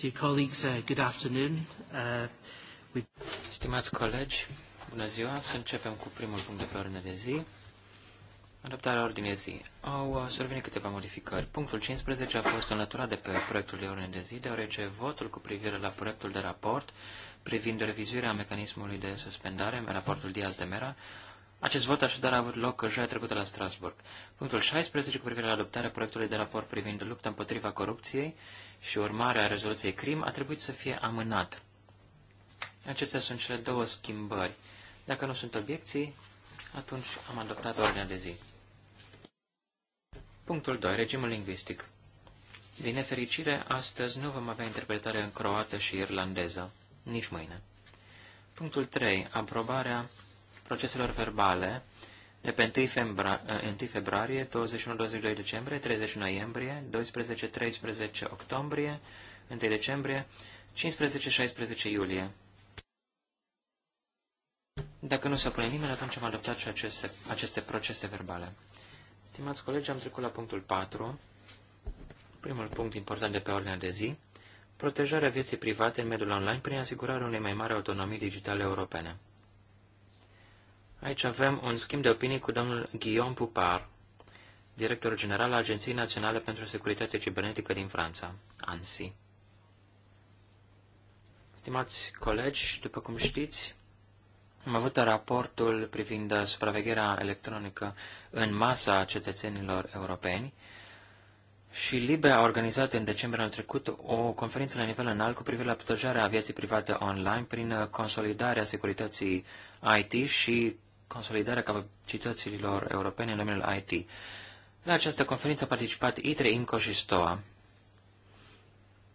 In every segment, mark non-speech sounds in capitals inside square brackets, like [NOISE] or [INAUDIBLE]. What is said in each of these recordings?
dear colleagues, uh, good afternoon. Uh, Stimați colegi, bună ziua. Să începem cu primul punct de pe ordine de zi. Adaptarea ordinei de zi. Au uh, survenit câteva modificări. Punctul 15 a fost înlăturat de pe proiectul de ordine de zi, deoarece votul cu privire la proiectul de raport privind revizuirea mecanismului de suspendare, raportul Diaz de Mera, acest vot așadar a avut loc joia trecută la Strasburg. Punctul 16 cu privire la adoptarea proiectului de raport privind lupta împotriva corupției și urmarea rezoluției CRIM a trebuit să fie amânat. Acestea sunt cele două schimbări. Dacă nu sunt obiecții, atunci am adoptat ordinea de zi. Punctul 2. Regimul lingvistic. Din nefericire, astăzi nu vom avea interpretare în croată și irlandeză, nici mâine. Punctul 3. Aprobarea proceselor verbale de pe 1 eh, februarie, 1 februarie 21-22 decembrie, 30 noiembrie, 12-13 octombrie, 1 decembrie, 15-16 iulie. Dacă nu se opune nimeni, atunci am adoptat și aceste, aceste procese verbale. Stimați colegi, am trecut la punctul 4, primul punct important de pe ordinea de zi, protejarea vieții private în mediul online prin asigurarea unei mai mari autonomii digitale europene. Aici avem un schimb de opinii cu domnul Guillaume Pupar, directorul general al Agenției Naționale pentru Securitate Cibernetică din Franța, ANSI. Stimați colegi, după cum știți, am avut raportul privind supravegherea electronică în masa cetățenilor europeni și LIBE a organizat în decembrie anul trecut o conferință la nivel înalt cu privire la protejarea aviației private online prin consolidarea securității IT și consolidarea capacităților europene în domeniul IT. La această conferință a participat ITRE, INCO și STOA.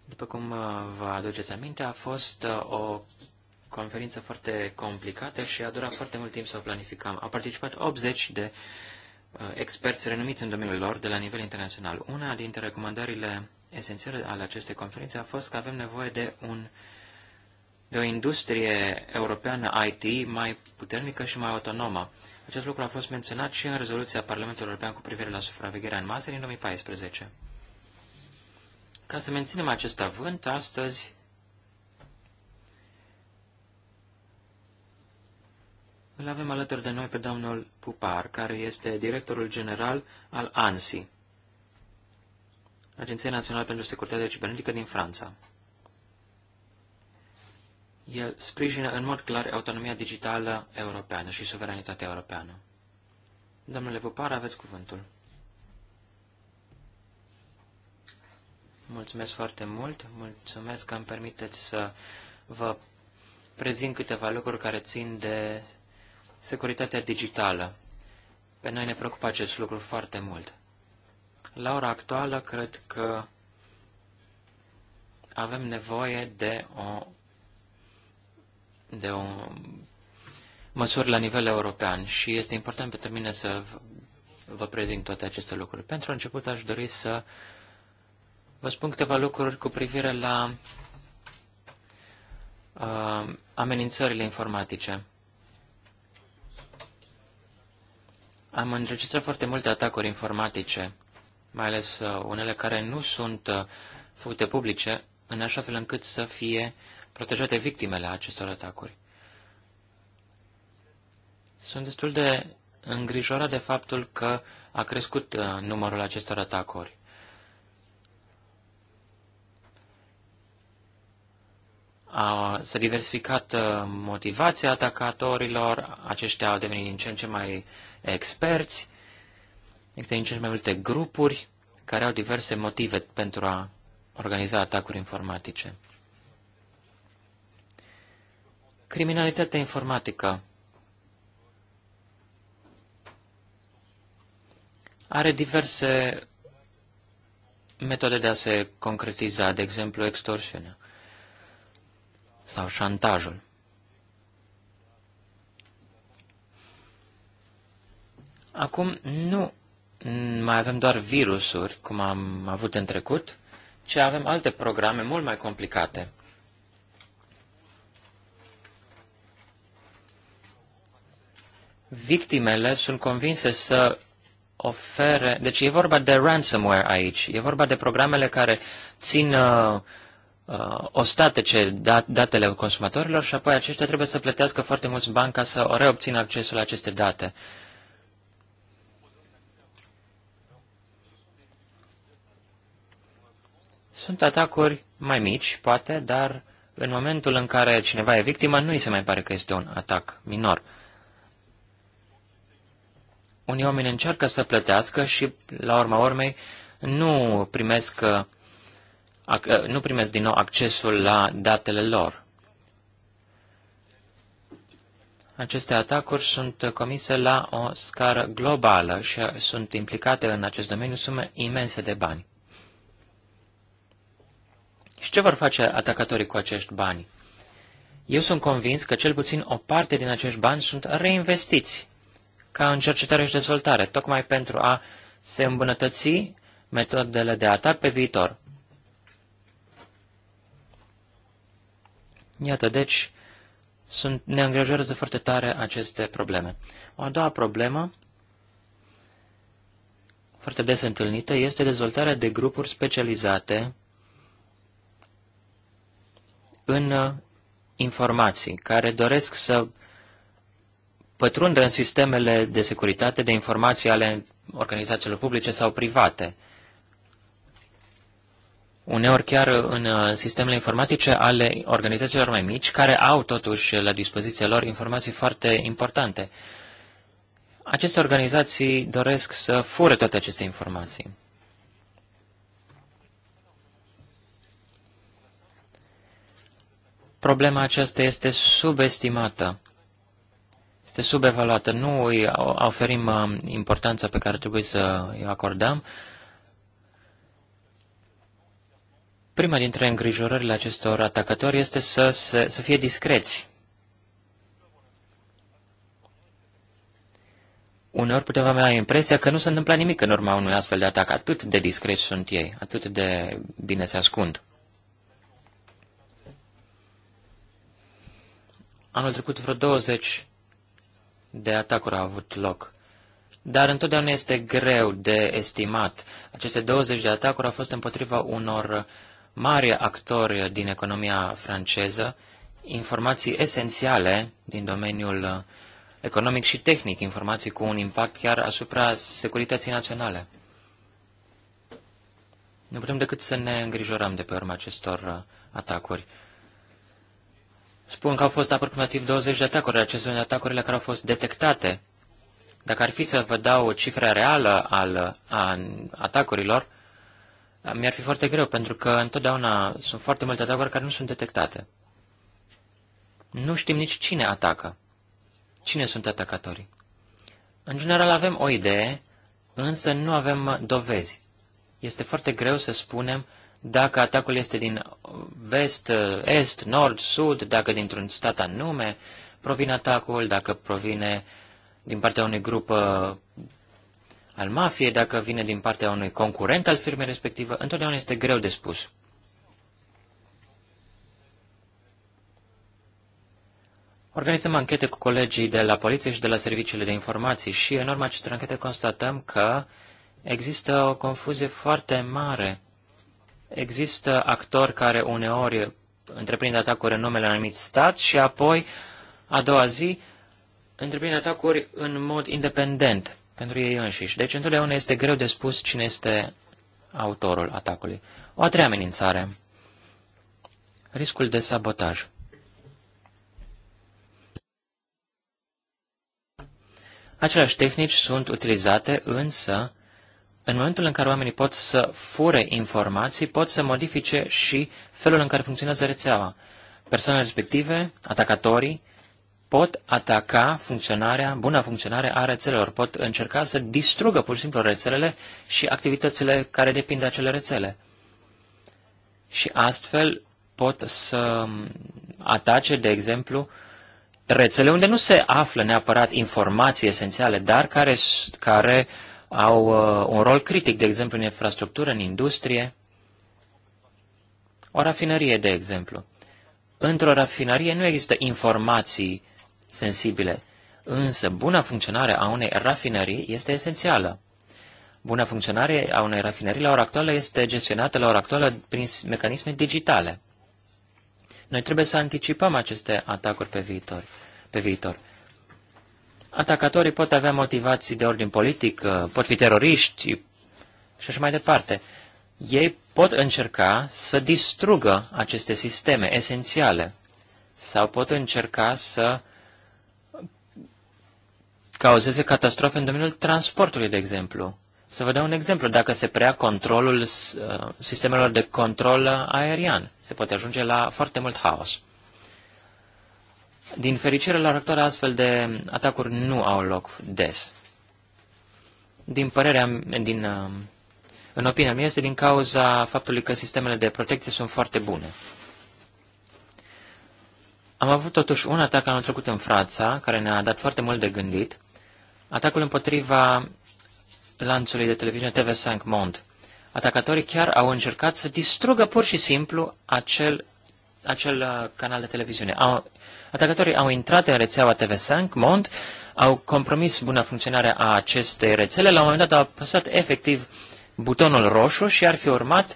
După cum uh, vă aduceți aminte, a fost uh, o conferință foarte complicată și a durat foarte mult timp să o planificăm. Au participat 80 de uh, experți renumiți în domeniul lor de la nivel internațional. Una dintre recomandările esențiale ale acestei conferințe a fost că avem nevoie de un uh, de o industrie europeană IT mai puternică și mai autonomă. Acest lucru a fost menționat și în rezoluția Parlamentului European cu privire la supravegherea în masă din 2014. Ca să menținem acest avânt, astăzi îl avem alături de noi pe domnul Pupar, care este directorul general al ANSI, Agenția Națională pentru Securitate Cibernetică din Franța. El sprijină în mod clar autonomia digitală europeană și suveranitatea europeană. Domnule Popar, aveți cuvântul. Mulțumesc foarte mult, mulțumesc că îmi permiteți să vă prezint câteva lucruri care țin de securitatea digitală. Pe noi ne preocupă acest lucru foarte mult. La ora actuală, cred că avem nevoie de o de o măsuri la nivel european și este important pentru mine să vă prezint toate aceste lucruri. Pentru început aș dori să vă spun câteva lucruri cu privire la uh, amenințările informatice. Am înregistrat foarte multe atacuri informatice, mai ales uh, unele care nu sunt uh, făcute publice, în așa fel încât să fie uh, protejate victimele acestor atacuri. Sunt destul de îngrijorat de faptul că a crescut uh, numărul acestor atacuri. a, s-a diversificat uh, motivația atacatorilor, aceștia au devenit din ce în ce mai experți, există din ce în ce mai multe grupuri care au diverse motive pentru a organiza atacuri informatice. Criminalitatea informatică are diverse metode de a se concretiza, de exemplu extorsiunea sau șantajul. Acum nu mai avem doar virusuri, cum am avut în trecut, ci avem alte programe mult mai complicate. victimele sunt convinse să ofere... Deci e vorba de ransomware aici. E vorba de programele care țin uh, uh, ostatece dat, datele consumatorilor și apoi aceștia trebuie să plătească foarte mulți bani ca să reobțină accesul la aceste date. Sunt atacuri mai mici, poate, dar în momentul în care cineva e victimă, nu îi se mai pare că este un atac minor unii oameni încearcă să plătească și, la urma urmei, nu primesc, uh, uh, nu primesc din nou accesul la datele lor. Aceste atacuri sunt comise la o scară globală și uh, sunt implicate în acest domeniu sume imense de bani. Și ce vor face atacatorii cu acești bani? Eu sunt convins că cel puțin o parte din acești bani sunt reinvestiți ca în cercetare și dezvoltare, tocmai pentru a se îmbunătăți metodele de atac pe viitor. Iată, deci, sunt, ne îngrijorează foarte tare aceste probleme. O a doua problemă, foarte des întâlnită, este dezvoltarea de grupuri specializate în uh, informații, care doresc să pătrundă în sistemele de securitate de informații ale organizațiilor publice sau private. Uneori chiar în uh, sistemele informatice ale organizațiilor mai mici, care au totuși la dispoziția lor informații foarte importante. Aceste organizații doresc să fure toate aceste informații. Problema aceasta este subestimată este subevaluată. Nu îi oferim uh, importanța pe care trebuie să îi acordăm. Prima dintre îngrijorările acestor atacatori este să, să, să fie discreți. Uneori putem avea impresia că nu se întâmplă nimic în urma unui astfel de atac. Atât de discreți sunt ei, atât de bine se ascund. Anul trecut vreo 20 de atacuri au avut loc. Dar întotdeauna este greu de estimat. Aceste 20 de atacuri au fost împotriva unor mari actori din economia franceză, informații esențiale din domeniul economic și tehnic, informații cu un impact chiar asupra securității naționale. Nu putem decât să ne îngrijorăm de pe urma acestor atacuri spun că au fost aproximativ 20 de atacuri. Acestea sunt atacurile care au fost detectate. Dacă ar fi să vă dau o cifră reală al, a atacurilor, mi-ar fi foarte greu, pentru că întotdeauna sunt foarte multe atacuri care nu sunt detectate. Nu știm nici cine atacă. Cine sunt atacatorii? În general avem o idee, însă nu avem dovezi. Este foarte greu să spunem dacă atacul este din vest, est, nord, sud, dacă dintr-un stat anume provine atacul, dacă provine din partea unui grup uh, al mafiei, dacă vine din partea unui concurent al firmei respectivă, întotdeauna este greu de spus. Organizăm anchete cu colegii de la poliție și de la serviciile de informații și în urma acestor anchete constatăm că există o confuzie foarte mare Există actori care uneori întreprind atacuri în numele anumit stat și apoi, a doua zi, întreprind atacuri în mod independent pentru ei înșiși. Deci întotdeauna este greu de spus cine este autorul atacului. O a treia amenințare. Riscul de sabotaj. Aceleași tehnici sunt utilizate, însă în momentul în care oamenii pot să fure informații, pot să modifice și felul în care funcționează rețeaua. Persoanele respective, atacatorii, pot ataca funcționarea, buna funcționare a rețelelor, pot încerca să distrugă pur și simplu rețelele și activitățile care depind de acele rețele. Și astfel pot să atace, de exemplu, rețele unde nu se află neapărat informații esențiale, dar care, care uh, au uh, un rol critic, de exemplu, în infrastructură, în industrie, o rafinărie, de exemplu. Într-o rafinărie nu există informații sensibile, însă buna funcționare a unei rafinării este esențială. Buna funcționare a unei rafinării la ora actuală este gestionată la ora actuală prin mecanisme digitale. Noi trebuie să anticipăm aceste atacuri pe viitor. Pe viitor. Atacatorii pot avea motivații de ordin politic, uh, pot fi teroriști și așa mai departe. Ei pot încerca să distrugă aceste sisteme esențiale sau pot încerca să cauzeze catastrofe în domeniul transportului, de exemplu. Să vă dau un exemplu. Dacă se preia controlul uh, sistemelor de control aerian, se poate ajunge la foarte mult haos. Din fericire, la actuală astfel de atacuri nu au loc des. Din părerea, din, uh, în opinia mea, este din cauza faptului că sistemele de protecție sunt foarte bune. Am avut totuși un atac anul trecut în Franța, care ne-a dat foarte mult de gândit. Atacul împotriva lanțului de televiziune TV5 Mond. Atacatorii chiar au încercat să distrugă pur și simplu acel, acel uh, canal de televiziune. Au Atacatorii au intrat în rețeaua TV5 Mond, au compromis buna funcționare a acestei rețele, la un moment dat au apăsat efectiv butonul roșu și ar fi urmat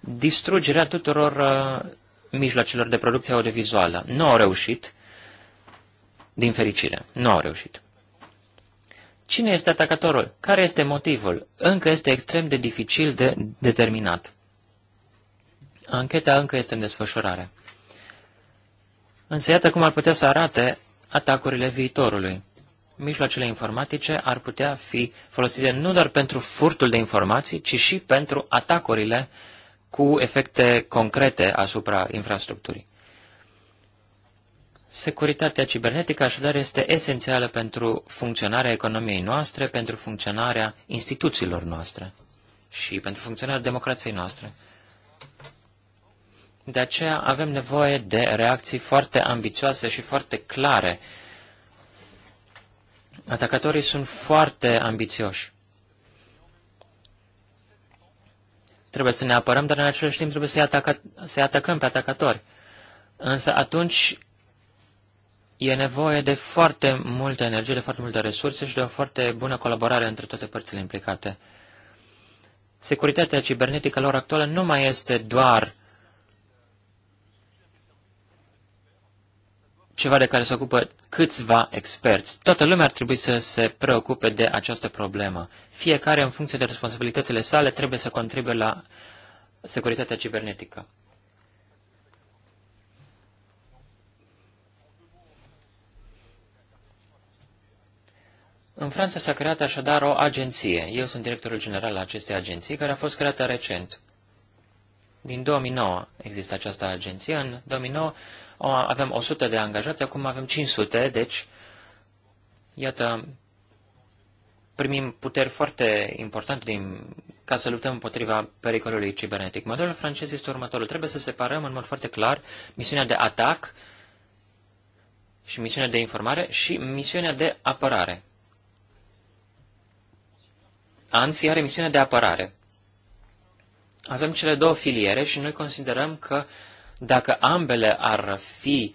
distrugerea tuturor uh, mijloacelor de producție audiovizuală. Nu au reușit, din fericire, nu au reușit. Cine este atacatorul? Care este motivul? Încă este extrem de dificil de determinat. Ancheta încă este în desfășurare. Însă iată cum ar putea să arate atacurile viitorului. Mijloacele informatice ar putea fi folosite nu doar pentru furtul de informații, ci și pentru atacurile cu efecte concrete asupra infrastructurii. Securitatea cibernetică așadar este esențială pentru funcționarea economiei noastre, pentru funcționarea instituțiilor noastre și pentru funcționarea democrației noastre. De aceea avem nevoie de reacții foarte ambițioase și foarte clare. Atacatorii sunt foarte ambițioși. Trebuie să ne apărăm, dar în același timp trebuie să-i, ataca- să atacăm pe atacatori. Însă atunci e nevoie de foarte multă energie, de foarte multe resurse și de o foarte bună colaborare între toate părțile implicate. Securitatea cibernetică lor actuală nu mai este doar ceva de care se ocupă câțiva experți. Toată lumea ar trebui să se preocupe de această problemă. Fiecare, în funcție de responsabilitățile sale, trebuie să contribuie la securitatea cibernetică. În Franța s-a creat așadar o agenție. Eu sunt directorul general al acestei agenții, care a fost creată recent. Din 2009 există această agenție. În 2009 avem 100 de angajați, acum avem 500, deci, iată, primim puteri foarte importante din, ca să luptăm împotriva pericolului cibernetic. Modelul francez este următorul. Trebuie să separăm în mod foarte clar misiunea de atac și misiunea de informare și misiunea de apărare. ANSI are misiunea de apărare. Avem cele două filiere și noi considerăm că dacă ambele ar fi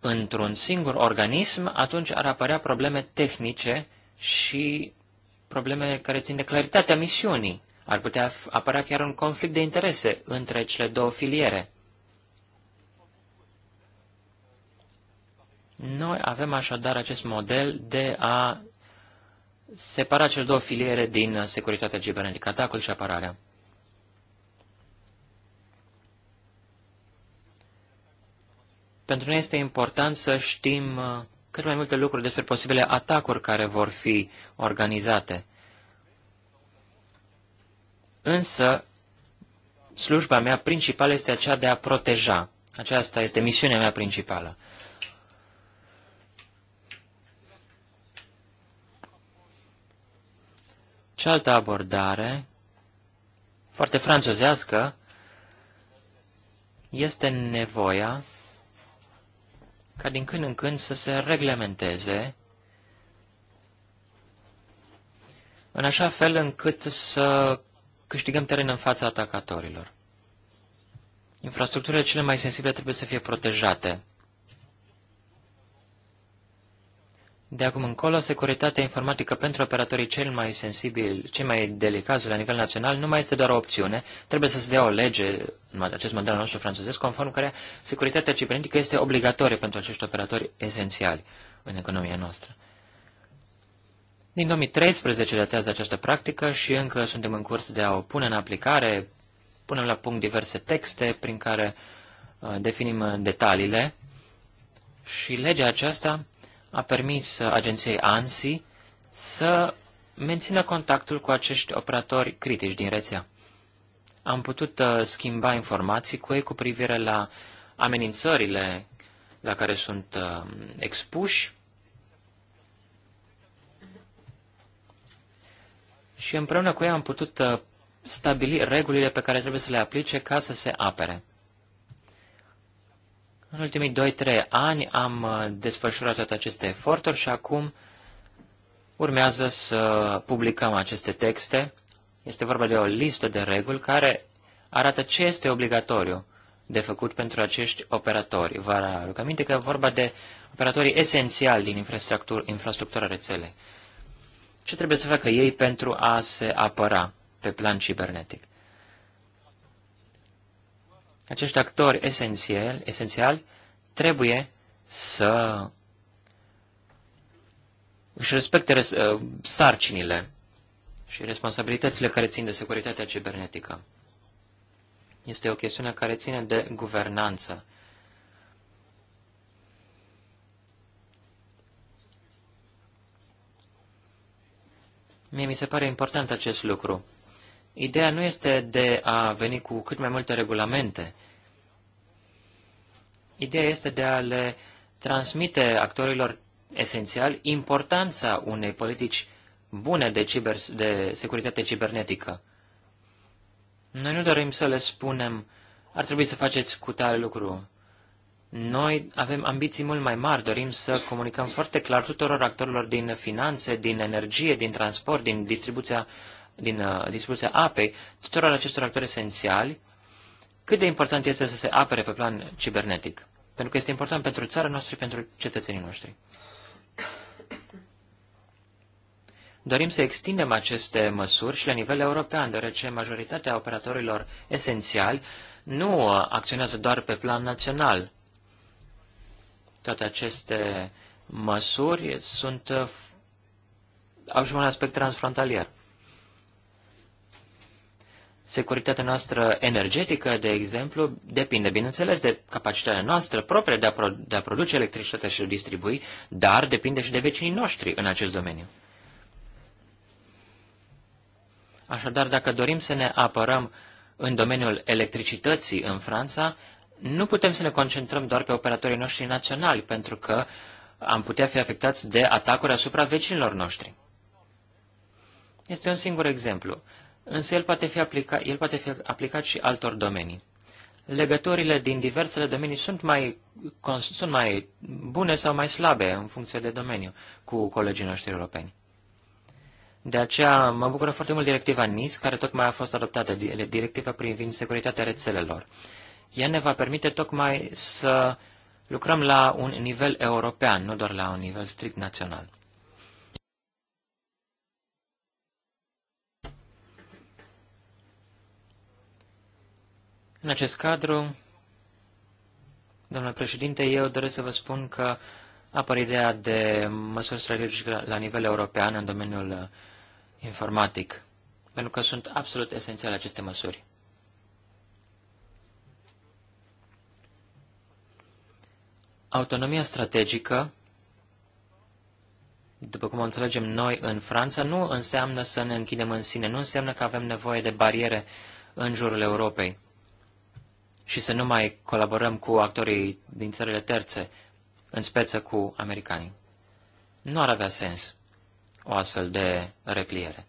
într-un singur organism, atunci ar apărea probleme tehnice și probleme care țin de claritatea misiunii. Ar putea apărea chiar un conflict de interese între cele două filiere. Noi avem așadar acest model de a separa cele două filiere din securitatea cibernetică, atacul și apărarea. Pentru noi este important să știm uh, cât mai multe lucruri despre posibile atacuri care vor fi organizate. Însă, slujba mea principală este aceea de a proteja. Aceasta este misiunea mea principală. Cealaltă abordare, foarte franțuzească, este nevoia ca din când în când să se reglementeze în așa fel încât să câștigăm teren în fața atacatorilor. Infrastructurile cele mai sensibile trebuie să fie protejate. De acum încolo, securitatea informatică pentru operatorii cel mai sensibili, cei mai delicați la nivel național, nu mai este doar o opțiune. Trebuie să se dea o lege, în acest model nostru francezesc, conform care securitatea cibernetică este obligatorie pentru acești operatori esențiali în economia noastră. Din 2013 datează această practică și încă suntem în curs de a o pune în aplicare. Punem la punct diverse texte prin care uh, definim uh, detaliile și legea aceasta a permis agenției ANSI să mențină contactul cu acești operatori critici din rețea. Am putut uh, schimba informații cu ei cu privire la amenințările la care sunt uh, expuși și împreună cu ei am putut uh, stabili regulile pe care trebuie să le aplice ca să se apere. În ultimii 2-3 ani am uh, desfășurat toate aceste eforturi și acum urmează să publicăm aceste texte. Este vorba de o listă de reguli care arată ce este obligatoriu de făcut pentru acești operatori. Vă aduc aminte că e vorba de operatorii esențiali din infrastructura, infrastructura rețelei. Ce trebuie să facă ei pentru a se apăra pe plan cibernetic? acești actori esențiali, esențiali trebuie să își respecte res- uh, sarcinile și responsabilitățile care țin de securitatea cibernetică. Este o chestiune care ține de guvernanță. Mie mi se pare important acest lucru. Ideea nu este de a veni cu cât mai multe regulamente. Ideea este de a le transmite actorilor esențial importanța unei politici bune de, ciber, de securitate cibernetică. Noi nu dorim să le spunem, ar trebui să faceți cu tare lucru. Noi avem ambiții mult mai mari, dorim să comunicăm foarte clar tuturor actorilor din finanțe, din energie, din transport, din distribuția din uh, discuția apei tuturor acestor actori esențiali, cât de important este să se apere pe plan cibernetic. Pentru că este important pentru țara noastră și pentru cetățenii noștri. Dorim să extindem aceste măsuri și la nivel european, deoarece majoritatea operatorilor esențiali nu uh, acționează doar pe plan național. Toate aceste măsuri sunt, uh, au și un aspect transfrontalier. Securitatea noastră energetică, de exemplu, depinde, bineînțeles, de capacitatea noastră proprie de a, pro- de a produce electricitate și o distribui, dar depinde și de vecinii noștri în acest domeniu. Așadar, dacă dorim să ne apărăm în domeniul electricității în Franța, nu putem să ne concentrăm doar pe operatorii noștri naționali, pentru că am putea fi afectați de atacuri asupra vecinilor noștri. Este un singur exemplu însă el poate fi aplicat, el poate fi aplicat și altor domenii. Legăturile din diversele domenii sunt mai, sunt mai bune sau mai slabe în funcție de domeniu cu colegii noștri europeni. De aceea mă bucură foarte mult directiva NIS, care tocmai a fost adoptată, directiva privind securitatea rețelelor. Ea ne va permite tocmai să lucrăm la un nivel european, nu doar la un nivel strict național. În acest cadru, domnule președinte, eu doresc să vă spun că apare ideea de măsuri strategice la nivel european în domeniul uh, informatic, pentru că sunt absolut esențiale aceste măsuri. Autonomia strategică, după cum o înțelegem noi în Franța, nu înseamnă să ne închidem în sine, nu înseamnă că avem nevoie de bariere în jurul Europei și să nu mai colaborăm cu actorii din țările terțe, în speță cu americanii. Nu ar avea sens o astfel de repliere.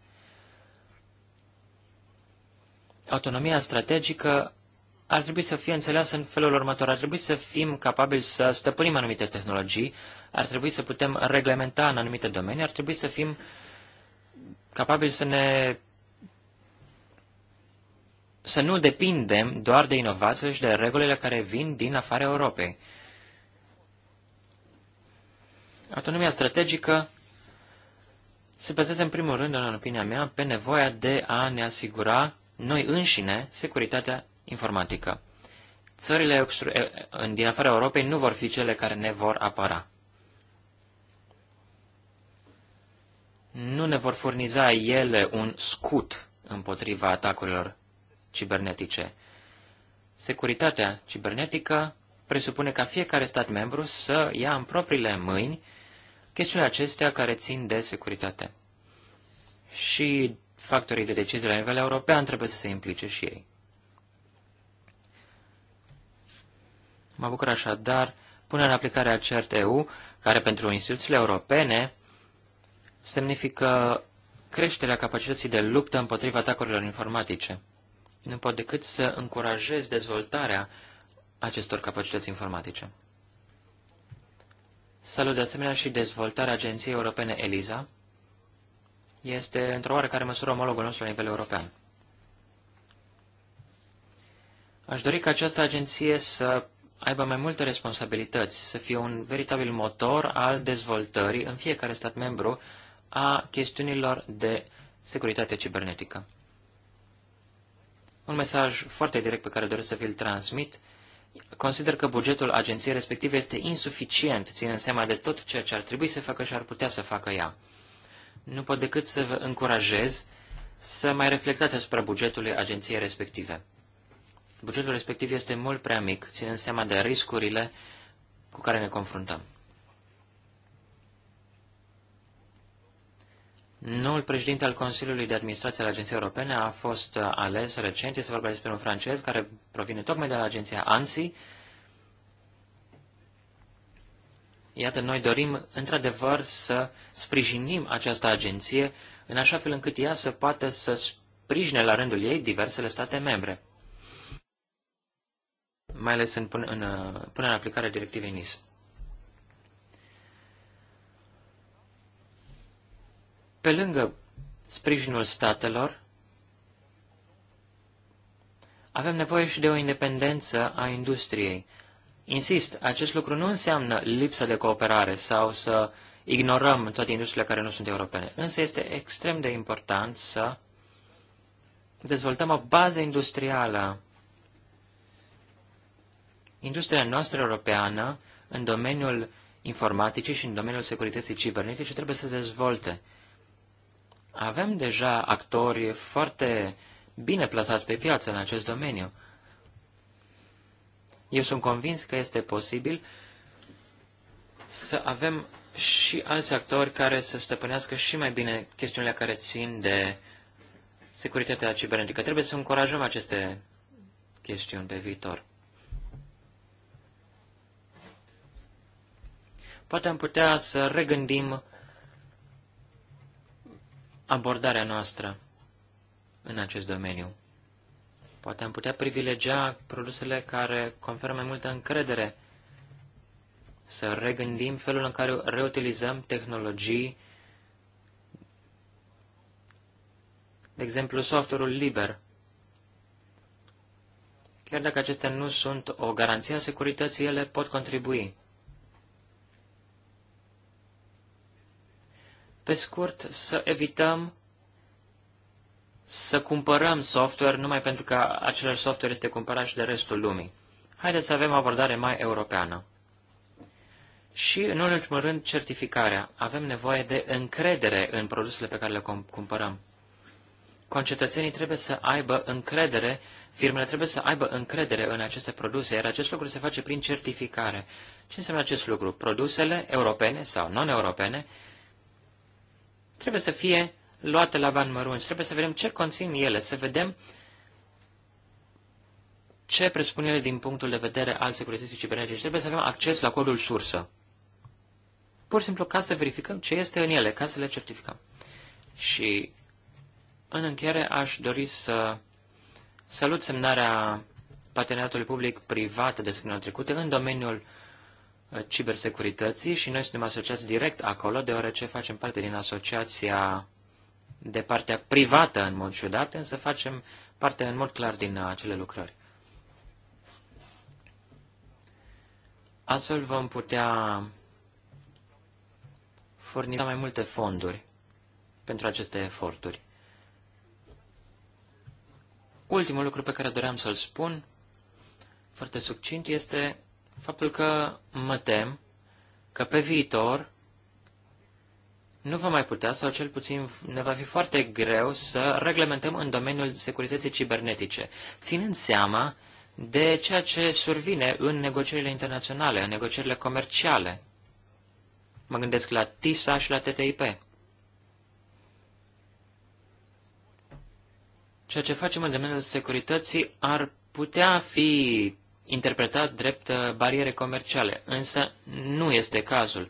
Autonomia strategică ar trebui să fie înțeleasă în felul următor. Ar trebui să fim capabili să stăpânim anumite tehnologii, ar trebui să putem reglementa în anumite domenii, ar trebui să fim capabili să ne să nu depindem doar de inovație și de regulile care vin din afara Europei. Autonomia strategică se bazează în primul rând, în opinia mea, pe nevoia de a ne asigura noi înșine securitatea informatică. Țările din afara Europei nu vor fi cele care ne vor apăra. Nu ne vor furniza ele un scut împotriva atacurilor cibernetice. Securitatea cibernetică presupune ca fiecare stat membru să ia în propriile mâini chestiunile acestea care țin de securitate. Și factorii de decizie la nivel european trebuie să se implice și ei. Mă bucur așadar punerea în aplicare a CERT-EU, care pentru instituțiile europene semnifică creșterea capacității de luptă împotriva atacurilor informatice nu pot decât să încurajez dezvoltarea acestor capacități informatice. Salut de asemenea și dezvoltarea Agenției Europene ELISA. Este într-o oarecare măsură omologul nostru la nivel european. Aș dori ca această agenție să aibă mai multe responsabilități, să fie un veritabil motor al dezvoltării în fiecare stat membru a chestiunilor de securitate cibernetică. Un mesaj foarte direct pe care doresc să vi-l transmit. Consider că bugetul agenției respective este insuficient, ținând seama de tot ceea ce ar trebui să facă și ar putea să facă ea. Nu pot decât să vă încurajez să mai reflectați asupra bugetului agenției respective. Bugetul respectiv este mult prea mic, ținând seama de riscurile cu care ne confruntăm. Noul președinte al Consiliului de Administrație al Agenției Europene a fost uh, ales recent. Este vorba despre un francez care provine tocmai de la agenția ANSI. Iată, noi dorim într-adevăr să sprijinim această agenție în așa fel încât ea să poată să sprijine la rândul ei diversele state membre, mai ales în, în, uh, până în aplicarea directivei NIS. Pe lângă sprijinul statelor, avem nevoie și de o independență a industriei. Insist, acest lucru nu înseamnă lipsă de cooperare sau să ignorăm toate industriile care nu sunt europene, însă este extrem de important să dezvoltăm o bază industrială. Industria noastră europeană, în domeniul informaticii și în domeniul securității cibernetice, trebuie să se dezvolte. Avem deja actori foarte bine plasați pe piață în acest domeniu. Eu sunt convins că este posibil să avem și alți actori care să stăpânească și mai bine chestiunile care țin de securitatea cibernetică. Trebuie să încurajăm aceste chestiuni pe viitor. Poate am putea să regândim abordarea noastră în acest domeniu. Poate am putea privilegia produsele care conferă mai multă încredere, să regândim felul în care reutilizăm tehnologii, de exemplu software-ul liber. Chiar dacă acestea nu sunt o garanție a securității, ele pot contribui. pe scurt, să evităm să cumpărăm software numai pentru că același software este cumpărat și de restul lumii. Haideți să avem o abordare mai europeană. Și, în ultimul rând, certificarea. Avem nevoie de încredere în produsele pe care le cumpărăm. Concetățenii trebuie să aibă încredere, firmele trebuie să aibă încredere în aceste produse, iar acest lucru se face prin certificare. Ce înseamnă acest lucru? Produsele europene sau non-europene trebuie să fie luate la bani mărunți. Trebuie să vedem ce conțin ele, să vedem ce presupun ele din punctul de vedere al securității cibernetice. Trebuie să avem acces la codul sursă. Pur și simplu ca să verificăm ce este în ele, ca să le certificăm. Și în încheiere aș dori să salut semnarea parteneriatului public-privat de săptămâna trecută în domeniul uh, cibersecurității și noi suntem asociați direct acolo, deoarece facem parte din asociația de partea privată în mod ciudat, însă facem parte în mod clar din uh, acele lucrări. Astfel vom putea furniza mai multe fonduri pentru aceste eforturi. Ultimul lucru pe care doream să-l spun, foarte succint, este faptul că mă tem că pe viitor nu va mai putea, sau cel puțin ne va fi foarte greu să reglementăm în domeniul securității cibernetice, ținând seama de ceea ce survine în negocierile internaționale, în negocierile comerciale. Mă gândesc la TISA și la TTIP. Ceea ce facem în domeniul securității ar putea fi interpretat drept uh, bariere comerciale, însă nu este cazul.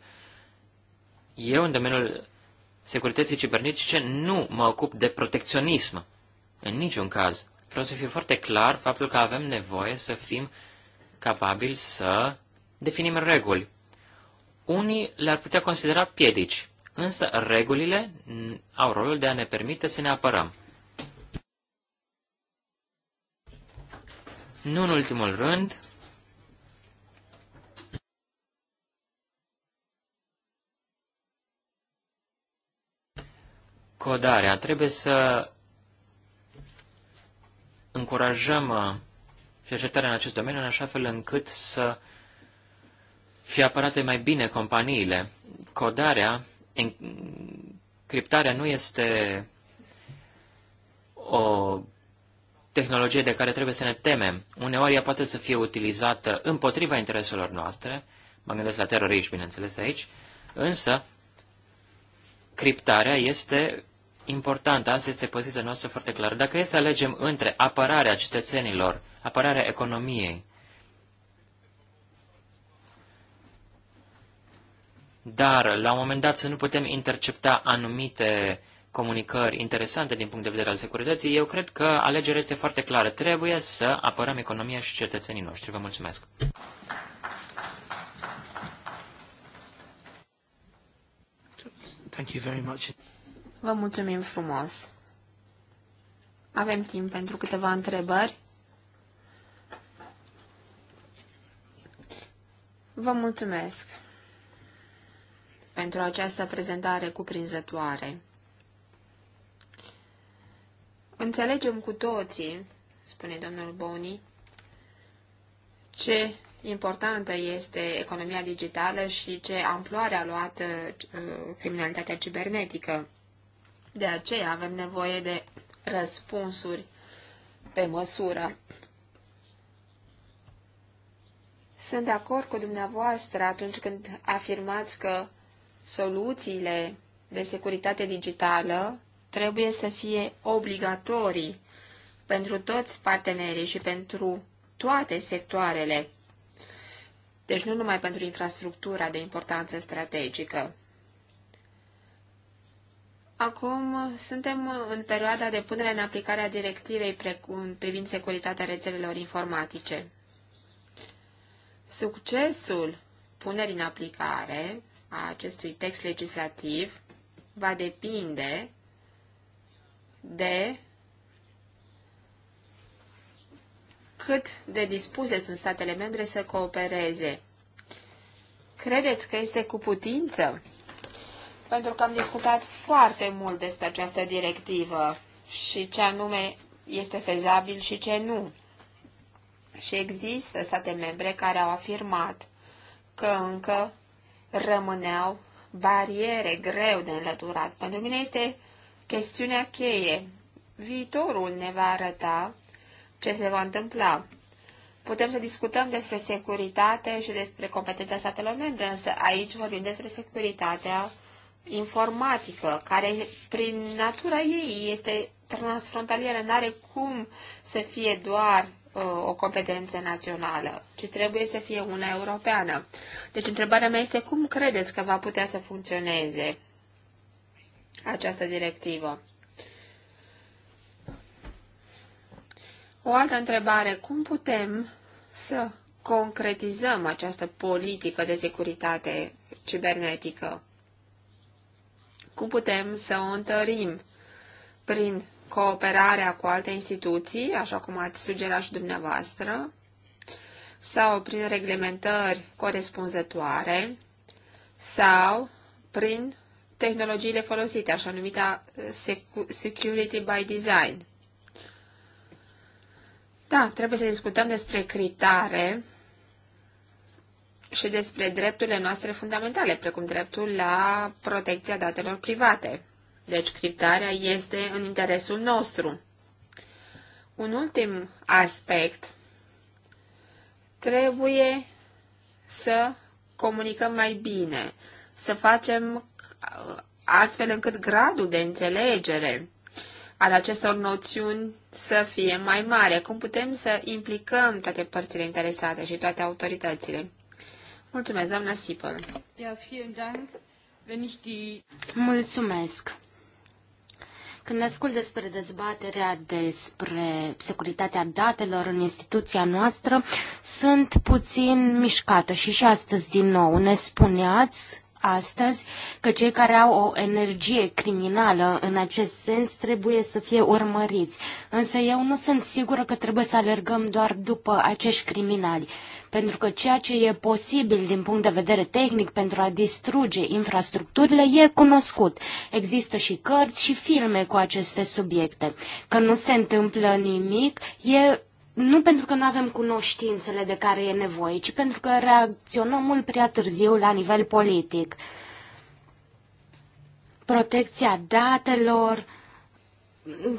Eu, în domeniul securității cibernetice, nu mă ocup de protecționism, în niciun caz. Vreau să fiu foarte clar faptul că avem nevoie să fim capabili să definim reguli. Unii le-ar putea considera piedici, însă regulile au rolul de a ne permite să ne apărăm. Nu în ultimul rând, codarea. Trebuie să încurajăm uh, cercetarea în acest domeniu în așa fel încât să fie apărate mai bine companiile. Codarea, criptarea nu este o tehnologie de care trebuie să ne temem. Uneori ea poate să fie utilizată împotriva intereselor noastre, mă gândesc la teroriști, bineînțeles, aici, însă criptarea este importantă, asta este poziția noastră foarte clară. Dacă e să alegem între apărarea cetățenilor, apărarea economiei, dar la un moment dat să nu putem intercepta anumite comunicări interesante din punct de vedere al securității, eu cred că alegerea este foarte clară. Trebuie să apărăm economia și cetățenii noștri. Vă mulțumesc! Thank you very much. Vă mulțumim frumos! Avem timp pentru câteva întrebări. Vă mulțumesc pentru această prezentare cuprinzătoare. Înțelegem cu toții, spune domnul Boni, ce importantă este economia digitală și ce amploare a luat uh, criminalitatea cibernetică. De aceea avem nevoie de răspunsuri pe măsură. Sunt de acord cu dumneavoastră atunci când afirmați că soluțiile de securitate digitală trebuie să fie obligatorii pentru toți partenerii și pentru toate sectoarele. Deci nu numai pentru infrastructura de importanță strategică. Acum suntem în perioada de punere în aplicare a directivei privind securitatea rețelelor informatice. Succesul punerii în aplicare a acestui text legislativ va depinde de cât de dispuse sunt statele membre să coopereze. Credeți că este cu putință? Pentru că am discutat foarte mult despre această directivă și ce anume este fezabil și ce nu. Și există state membre care au afirmat că încă rămâneau bariere greu de înlăturat. Pentru mine este chestiunea cheie. Viitorul ne va arăta ce se va întâmpla. Putem să discutăm despre securitate și despre competența statelor membre, însă aici vorbim despre securitatea informatică, care prin natura ei este transfrontalieră, nu are cum să fie doar uh, o competență națională, ci trebuie să fie una europeană. Deci întrebarea mea este cum credeți că va putea să funcționeze această directivă. O altă întrebare, cum putem să concretizăm această politică de securitate cibernetică? Cum putem să o întărim prin cooperarea cu alte instituții, așa cum ați sugerat și dumneavoastră, sau prin reglementări corespunzătoare, sau prin tehnologiile folosite, așa numita security by design. Da, trebuie să discutăm despre criptare și despre drepturile noastre fundamentale, precum dreptul la protecția datelor private. Deci criptarea este în interesul nostru. Un ultim aspect trebuie să comunicăm mai bine, să facem astfel încât gradul de înțelegere al acestor noțiuni să fie mai mare. Cum putem să implicăm toate părțile interesate și toate autoritățile? Mulțumesc, doamna Sipăl. Mulțumesc. Când ascult despre dezbaterea despre securitatea datelor în instituția noastră, sunt puțin mișcată și și astăzi din nou ne spuneați astăzi că cei care au o energie criminală în acest sens trebuie să fie urmăriți. Însă eu nu sunt sigură că trebuie să alergăm doar după acești criminali, pentru că ceea ce e posibil din punct de vedere tehnic pentru a distruge infrastructurile e cunoscut. Există și cărți și filme cu aceste subiecte. Că nu se întâmplă nimic e nu pentru că nu avem cunoștințele de care e nevoie, ci pentru că reacționăm mult prea târziu la nivel politic. Protecția datelor,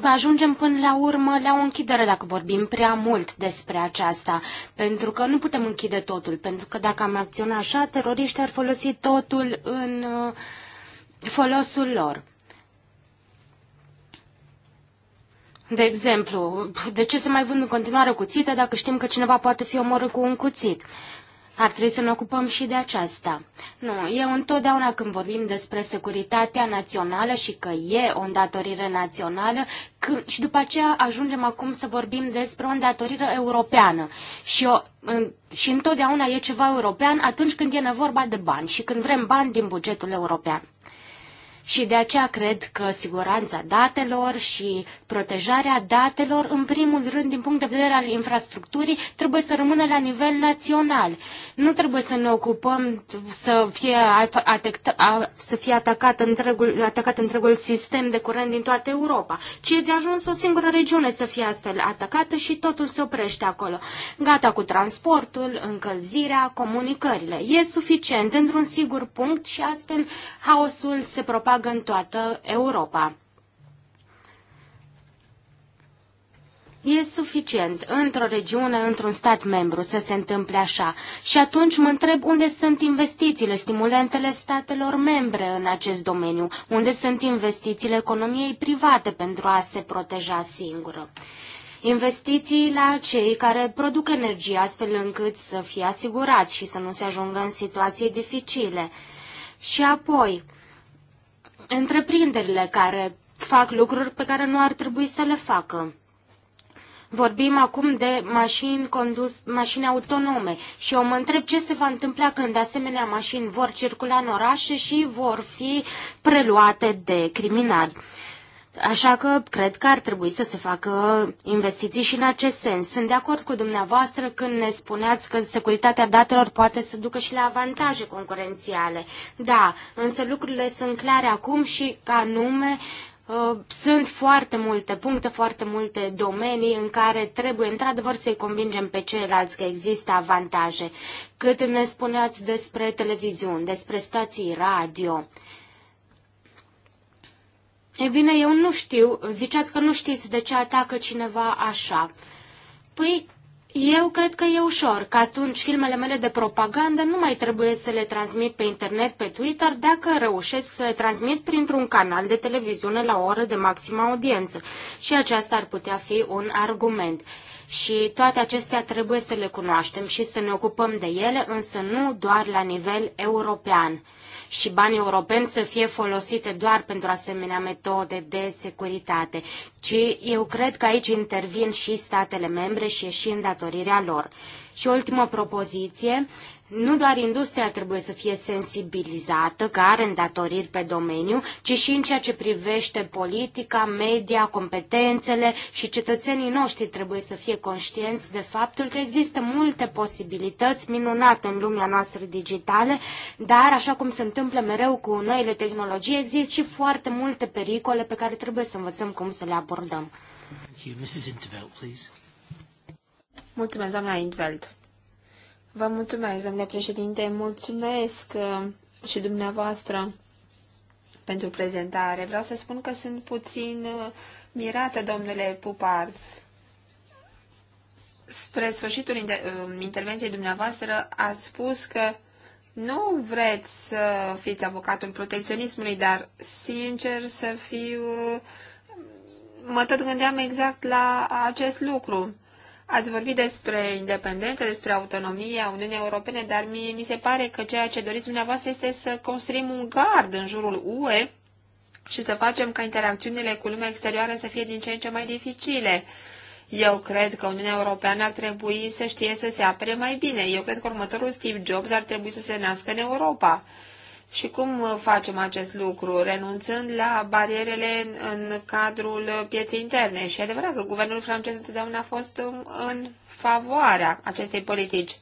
ajungem până la urmă la o închidere dacă vorbim prea mult despre aceasta, pentru că nu putem închide totul, pentru că dacă am acționa așa, teroriștii ar folosi totul în uh, folosul lor. De exemplu, de ce se mai vând în continuare cuțite dacă știm că cineva poate fi omorât cu un cuțit? Ar trebui să ne ocupăm și de aceasta. Nu, eu întotdeauna când vorbim despre securitatea națională și că e o îndatorire națională, când, și după aceea ajungem acum să vorbim despre o îndatorire europeană. Și, o, în, și întotdeauna e ceva european atunci când e vorba de bani și când vrem bani din bugetul european. Și de aceea cred că siguranța datelor și protejarea datelor, în primul rând, din punct de vedere al infrastructurii, trebuie să rămână la nivel național. Nu trebuie să ne ocupăm să fie, a, să fie atacat, întregul, atacat întregul sistem de curent din toată Europa, ci e de ajuns o singură regiune să fie astfel atacată și totul se oprește acolo. Gata cu transportul, încălzirea, comunicările. E suficient într-un sigur punct și astfel haosul se propagă propagă în toată Europa. E suficient într-o regiune, într-un stat membru să se întâmple așa. Și atunci mă întreb unde sunt investițiile, stimulentele statelor membre în acest domeniu, unde sunt investițiile economiei private pentru a se proteja singură. Investiții la cei care produc energie astfel încât să fie asigurați și să nu se ajungă în situații dificile. Și apoi, întreprinderile care fac lucruri pe care nu ar trebui să le facă. Vorbim acum de mașini, condus, mașini autonome și eu mă întreb ce se va întâmpla când asemenea mașini vor circula în orașe și vor fi preluate de criminali. Așa că cred că ar trebui să se facă investiții și în acest sens. Sunt de acord cu dumneavoastră când ne spuneați că securitatea datelor poate să ducă și la avantaje concurențiale. Da, însă lucrurile sunt clare acum și ca nume uh, sunt foarte multe puncte, foarte multe domenii în care trebuie într-adevăr să-i convingem pe ceilalți că există avantaje. Cât ne spuneați despre televiziuni, despre stații radio, E bine, eu nu știu, ziceați că nu știți de ce atacă cineva așa. Păi, eu cred că e ușor, că atunci filmele mele de propagandă nu mai trebuie să le transmit pe internet, pe Twitter, dacă reușesc să le transmit printr-un canal de televiziune la o oră de maximă audiență. Și aceasta ar putea fi un argument. Și toate acestea trebuie să le cunoaștem și să ne ocupăm de ele, însă nu doar la nivel european și banii europeni să fie folosite doar pentru asemenea metode de securitate, ci eu cred că aici intervin și statele membre și e și îndatorirea lor. Și ultimă propoziție, nu doar industria trebuie să fie sensibilizată, că are îndatoriri pe domeniu, ci și în ceea ce privește politica, media, competențele și cetățenii noștri trebuie să fie conștienți de faptul că există multe posibilități minunate în lumea noastră digitale, dar, așa cum se întâmplă mereu cu noile tehnologii, există și foarte multe pericole pe care trebuie să învățăm cum să le abordăm. Mulțumesc, doamna Intveld. Vă mulțumesc, domnule președinte, mulțumesc uh, și dumneavoastră pentru prezentare. Vreau să spun că sunt puțin uh, mirată, domnule Pupard. Spre sfârșitul uh, intervenției dumneavoastră ați spus că nu vreți să fiți avocatul protecționismului, dar sincer să fiu, mă tot gândeam exact la acest lucru. Ați vorbit despre independență, despre autonomia Uniunii Europene, dar mie mi se pare că ceea ce doriți dumneavoastră este să construim un gard în jurul UE și să facem ca interacțiunile cu lumea exterioară să fie din ce în ce mai dificile. Eu cred că Uniunea Europeană ar trebui să știe să se apere mai bine. Eu cred că următorul Steve Jobs ar trebui să se nască în Europa. Și cum uh, facem acest lucru? Renunțând la barierele în cadrul uh, pieței interne. Și e adevărat că guvernul francez întotdeauna a fost um, în favoarea acestei politici.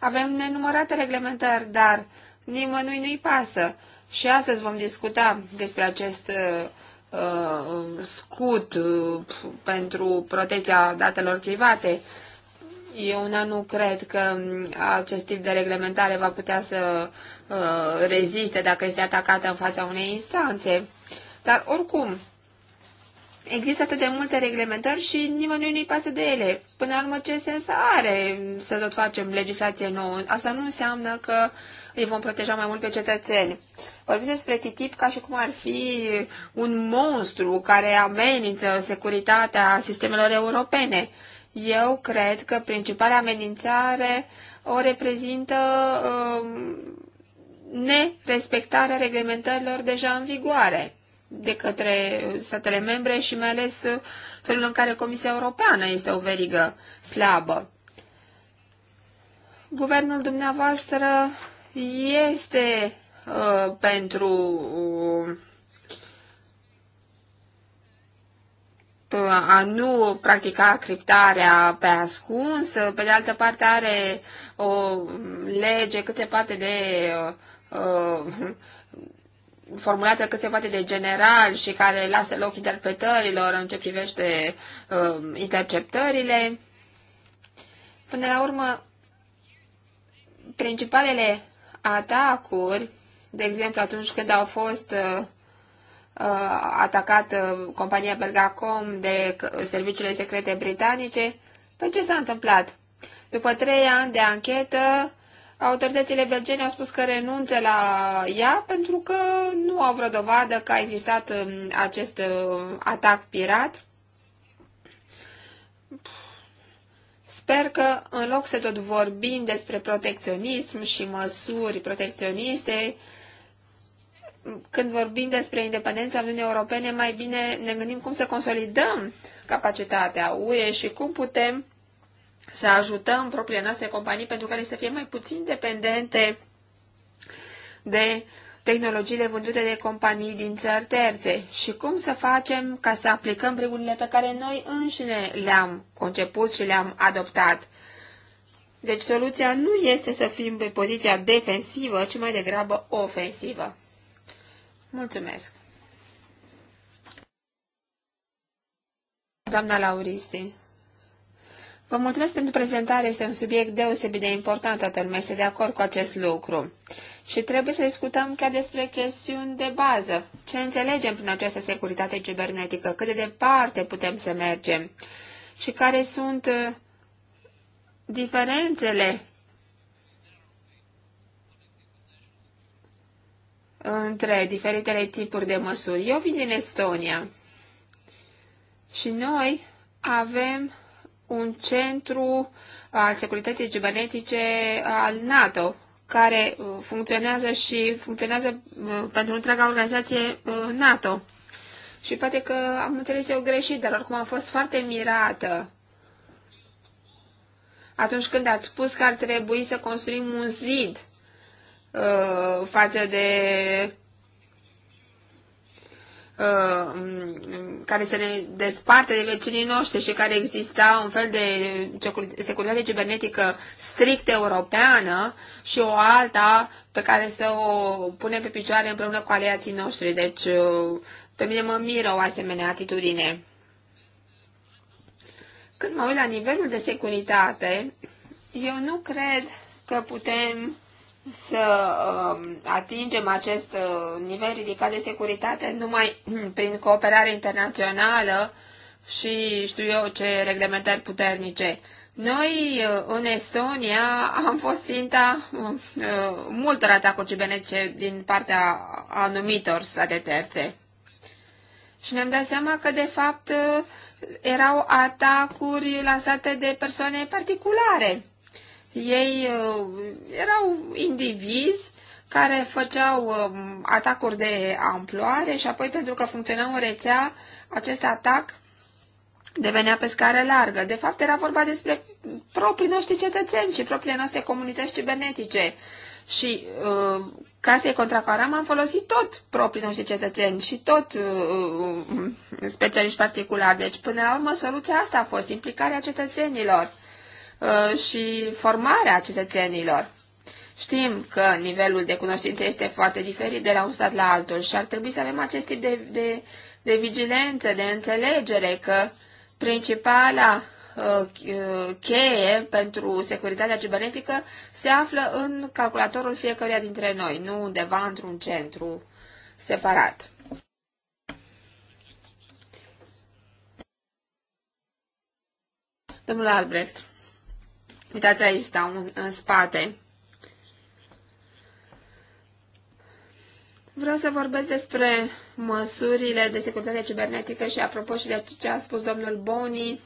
Avem nenumărate reglementări, dar nimănui nu-i pasă. Și astăzi vom discuta despre acest uh, uh scut uh, pentru protecția datelor private. Uh, eu una nu cred că acest tip de reglementare va putea să uh, reziste dacă este atacată în fața unei instanțe. Dar oricum, există atât de multe reglementări și nimănui nu-i pasă de ele. Până la urmă, ce sens are să tot facem legislație nouă? Asta nu înseamnă că îi vom proteja mai mult pe cetățeni. Vorbim despre TTIP ca și cum ar fi un monstru care amenință securitatea sistemelor europene. Eu cred că principala amenințare o reprezintă um, nerespectarea reglementărilor deja în vigoare de către statele membre și mai ales felul în care Comisia Europeană este o verigă slabă. Guvernul dumneavoastră este uh, pentru uh, a nu practica criptarea pe ascuns, pe de altă parte are o lege cât se poate de uh, formulată cât se poate de general și care lasă loc interpretărilor în ce privește uh, interceptările. Până la urmă, principalele atacuri, de exemplu atunci când au fost uh, Uh, atacat uh, compania Belgacom de serviciile secrete britanice. Păi ce s-a întâmplat? După trei ani de anchetă, autoritățile belgene au spus că renunță la ea pentru că nu au vreo dovadă că a existat um, acest uh, atac pirat. Sper că, în loc să tot vorbim despre protecționism și măsuri protecționiste, când vorbim despre independența Uniunii Europene, mai bine ne gândim cum să consolidăm capacitatea UE și cum putem să ajutăm propriile noastre companii pentru care să fie mai puțin dependente de tehnologiile vândute de companii din țări terțe și cum să facem ca să aplicăm regulile pe care noi înșine le-am conceput și le-am adoptat. Deci soluția nu este să fim pe poziția defensivă, ci mai degrabă ofensivă. Mulțumesc. Doamna Lauristi, vă mulțumesc pentru prezentare. Este un subiect deosebit de important. Toată lumea este de acord cu acest lucru. Și trebuie să discutăm chiar despre chestiuni de bază. Ce înțelegem prin această securitate cibernetică? Cât de departe putem să mergem? Și care sunt uh, diferențele între diferitele tipuri de măsuri. Eu vin din Estonia și noi avem un centru al securității cibernetice al NATO, care uh, funcționează și funcționează uh, pentru întreaga organizație uh, NATO. Și poate că am înțeles eu greșit, dar oricum am fost foarte mirată atunci când ați spus că ar trebui să construim un zid uh, față de uh, care se ne desparte de vecinii noștri și care exista un fel de securitate cibernetică strict europeană și o alta pe care să o punem pe picioare împreună cu aliații noștri. Deci, uh, pe mine mă miră o asemenea atitudine. Când mă uit la nivelul de securitate, eu nu cred că putem să um, atingem acest uh, nivel ridicat de securitate numai [CLEARS THROAT] prin cooperare internațională și știu eu ce reglementări puternice. Noi, uh, în Estonia, am fost ținta uh, multor atacuri cibernetice din partea anumitor state terțe. Și ne-am dat seama că, de fapt, erau atacuri lansate de persoane particulare ei uh, erau indivizi care făceau uh, atacuri de amploare și apoi pentru că funcționa o rețea, acest atac devenea pe scară largă. De fapt, era vorba despre proprii noștri cetățeni și propriile noastre comunități cibernetice. Și uh, ca să-i contracaram, am folosit tot proprii noștri cetățeni și tot uh, uh specialiști particulari. Deci, până la urmă, soluția asta a fost implicarea cetățenilor. Uh, și formarea cetățenilor. Știm că nivelul de cunoștință este foarte diferit de la un stat la altul și ar trebui să avem acest tip de, de, de vigilență, de înțelegere că principala uh, uh, cheie pentru securitatea cibernetică se află în calculatorul fiecăruia dintre noi, nu undeva într-un centru separat. Domnule Albrecht. Uitați aici, stau în, în spate. Vreau să vorbesc despre măsurile de securitate cibernetică și apropo și de ce a spus domnul Boni.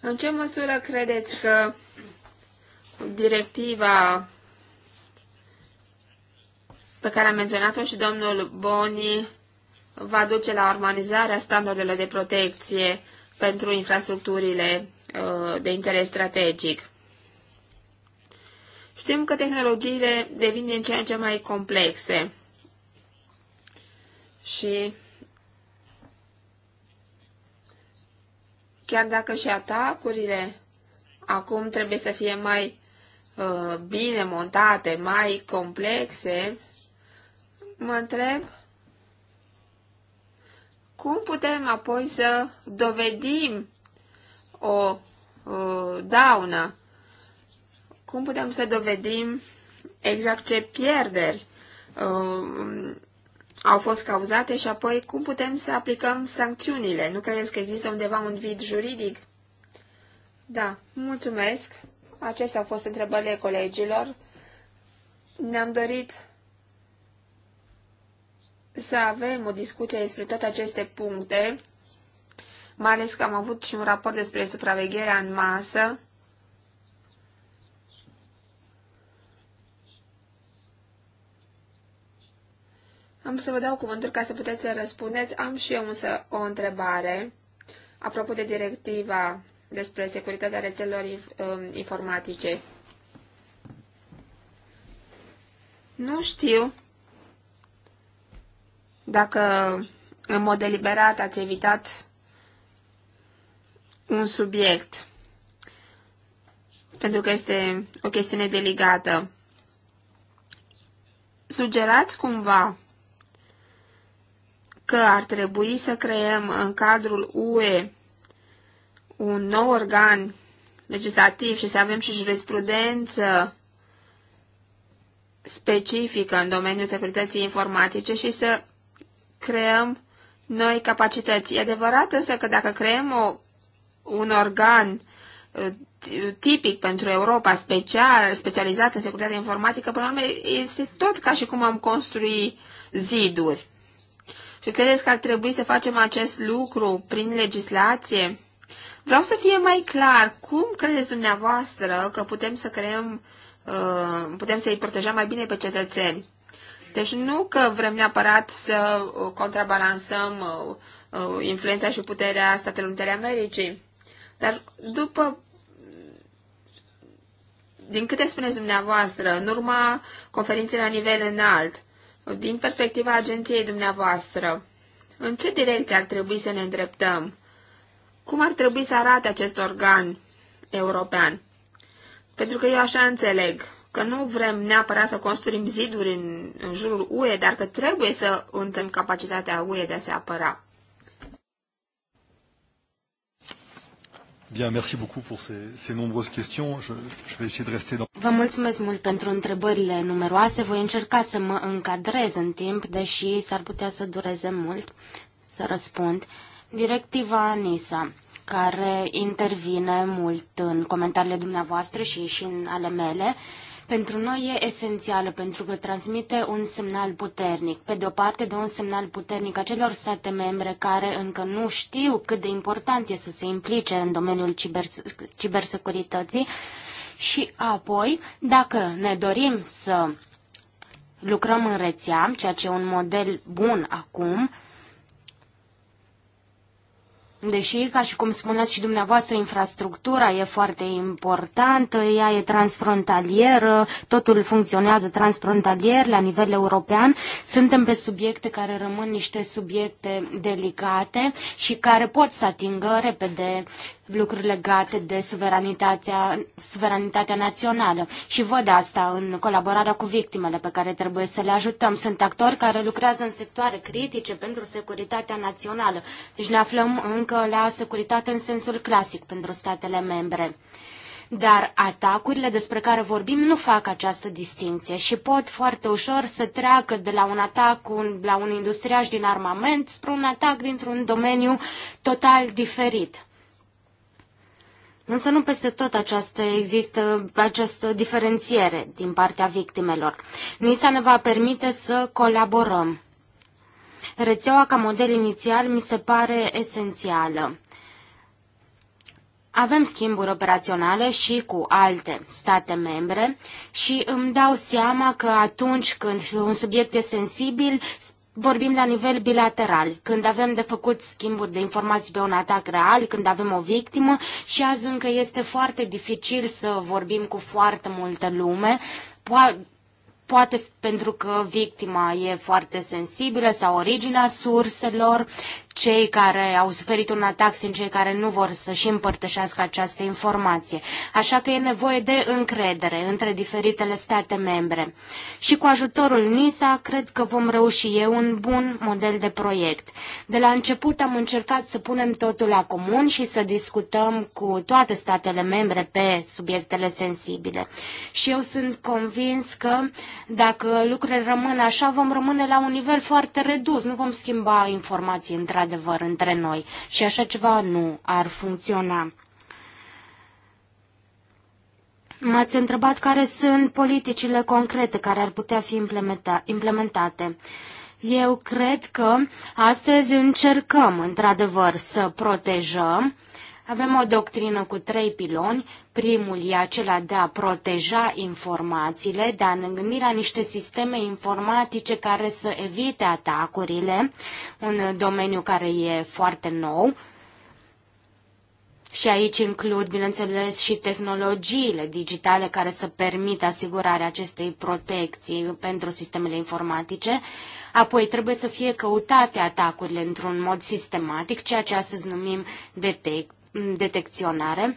În ce măsură credeți că directiva pe care a menționat-o și domnul Boni va duce la armonizarea standardelor de protecție pentru infrastructurile Uh, de interes strategic. Știm că tehnologiile devin din ce în ce mai complexe și chiar dacă și atacurile acum trebuie să fie mai uh, bine montate, mai complexe, mă întreb cum putem apoi să dovedim o uh, daună? Cum putem să dovedim exact ce pierderi uh, au fost cauzate și apoi cum putem să aplicăm sancțiunile? Nu credeți că există undeva un vid juridic? Da, mulțumesc. Acestea au fost întrebările colegilor. Ne-am dorit să avem o discuție despre toate aceste puncte mai ales că am avut și un raport despre supravegherea în masă. Am să vă dau cuvântul ca să puteți să răspundeți. Am și eu însă o întrebare apropo de directiva despre securitatea rețelelor um, informatice. Nu știu dacă în mod deliberat ați evitat un subiect, pentru că este o chestiune delicată. Sugerați cumva că ar trebui să creăm în cadrul UE un nou organ legislativ și să avem și jurisprudență specifică în domeniul securității informatice și să creăm noi capacități. E adevărat însă că dacă creăm o un organ uh, tipic pentru Europa, special, specializat în securitatea informatică, până la urmă, este tot ca și cum am construi ziduri. Și credeți că ar trebui să facem acest lucru prin legislație? Vreau să fie mai clar cum credeți dumneavoastră că putem să creăm, uh, putem să-i protejăm mai bine pe cetățeni. Deci nu că vrem neapărat să uh, contrabalansăm influența și puterea Statelor Unite ale Americii, dar după din câte spuneți dumneavoastră, în urma conferinței la nivel înalt, din perspectiva agenției dumneavoastră, în ce direcție ar trebui să ne îndreptăm? Cum ar trebui să arate acest organ european? Pentru că eu așa înțeleg că nu vrem neapărat să construim ziduri în, în jurul UE, dar că trebuie să întâlnim capacitatea UE de a se apăra. Bien, merci beaucoup pour ces, ces nombreuses questions. Je, je vais essayer de rester dans... Vă mulțumesc mult pentru întrebările numeroase. Voi încerca să mă încadrez în timp, deși s-ar putea să dureze mult să răspund. Directiva NISA, care intervine mult în comentariile dumneavoastră și și în ale mele, uh, pentru noi e esențială pentru că transmite un semnal puternic. Pe de o parte, de un semnal puternic acelor state membre care încă nu știu cât de important e să se implice în domeniul cibers- cibersecurității și apoi, dacă ne dorim să lucrăm în rețea, ceea ce e un model bun acum, Deși, ca și cum spuneați și dumneavoastră, infrastructura e foarte importantă, ea e transfrontalieră, totul funcționează transfrontalier la nivel european, suntem pe subiecte care rămân niște subiecte delicate și care pot să atingă repede lucruri legate de suveranitatea, suveranitatea națională și văd asta în colaborarea cu victimele pe care trebuie să le ajutăm. Sunt actori care lucrează în sectoare critice pentru securitatea națională, deci ne aflăm încă la securitate în sensul clasic pentru statele membre. Dar atacurile despre care vorbim nu fac această distinție și pot foarte ușor să treacă de la un atac un, la un industriaș din armament spre un atac dintr-un domeniu total diferit. Însă nu peste tot această, există această diferențiere din partea victimelor. NISA ne va permite să colaborăm. Rețeaua ca model inițial mi se pare esențială. Avem schimburi operaționale și cu alte state membre și îmi dau seama că atunci când un subiect e sensibil, vorbim la nivel bilateral, când avem de făcut schimburi de informații pe un atac real, când avem o victimă și azi încă este foarte dificil să vorbim cu foarte multă lume. Po- poate pentru că victima e foarte sensibilă sau originea surselor cei care au suferit un atac sunt cei care nu vor să-și împărtășească această informație. Așa că e nevoie de încredere între diferitele state membre. Și cu ajutorul NISA cred că vom reuși e un bun model de proiect. De la început am încercat să punem totul la comun și să discutăm cu toate statele membre pe subiectele sensibile. Și eu sunt convins că dacă lucrurile rămân așa, vom rămâne la un nivel foarte redus, nu vom schimba informații între într-adevăr între noi și așa ceva nu ar funcționa. M-ați întrebat care sunt politicile concrete care ar putea fi implementa implementate. Eu cred că astăzi încercăm, într-adevăr, să protejăm. Avem o doctrină cu trei piloni Primul e acela de a proteja informațiile, de a ne gândi la niște sisteme informatice care să evite atacurile, un domeniu care e foarte nou. Și aici includ, bineînțeles, și tehnologiile digitale care să permită asigurarea acestei protecții pentru sistemele informatice. Apoi trebuie să fie căutate atacurile într-un mod sistematic, ceea ce astăzi numim detec- detecționare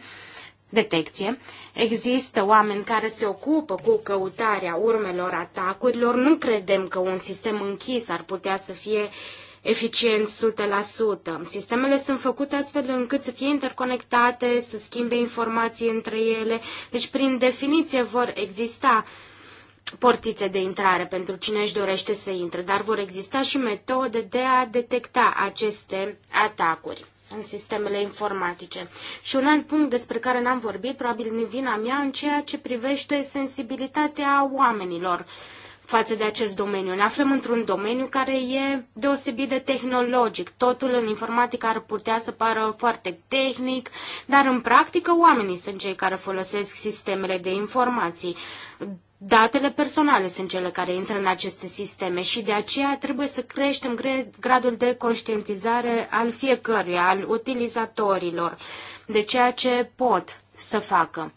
detecție. Există oameni care se ocupă cu căutarea urmelor atacurilor. Nu credem că un sistem închis ar putea să fie eficient 100%. Sistemele sunt făcute astfel încât să fie interconectate, să schimbe informații între ele. Deci, prin definiție, vor exista portițe de intrare pentru cine își dorește să intre, dar vor exista și metode de a detecta aceste atacuri în sistemele informatice. Și un alt punct despre care n-am vorbit, probabil din vina mea, în ceea ce privește sensibilitatea oamenilor față de acest domeniu. Ne aflăm într-un domeniu care e deosebit de tehnologic. Totul în informatică ar putea să pară foarte tehnic, dar în practică oamenii sunt cei care folosesc sistemele de informații. Datele personale sunt cele care intră în aceste sisteme și de aceea trebuie să creștem gradul de conștientizare al fiecăruia, al utilizatorilor, de ceea ce pot să facă.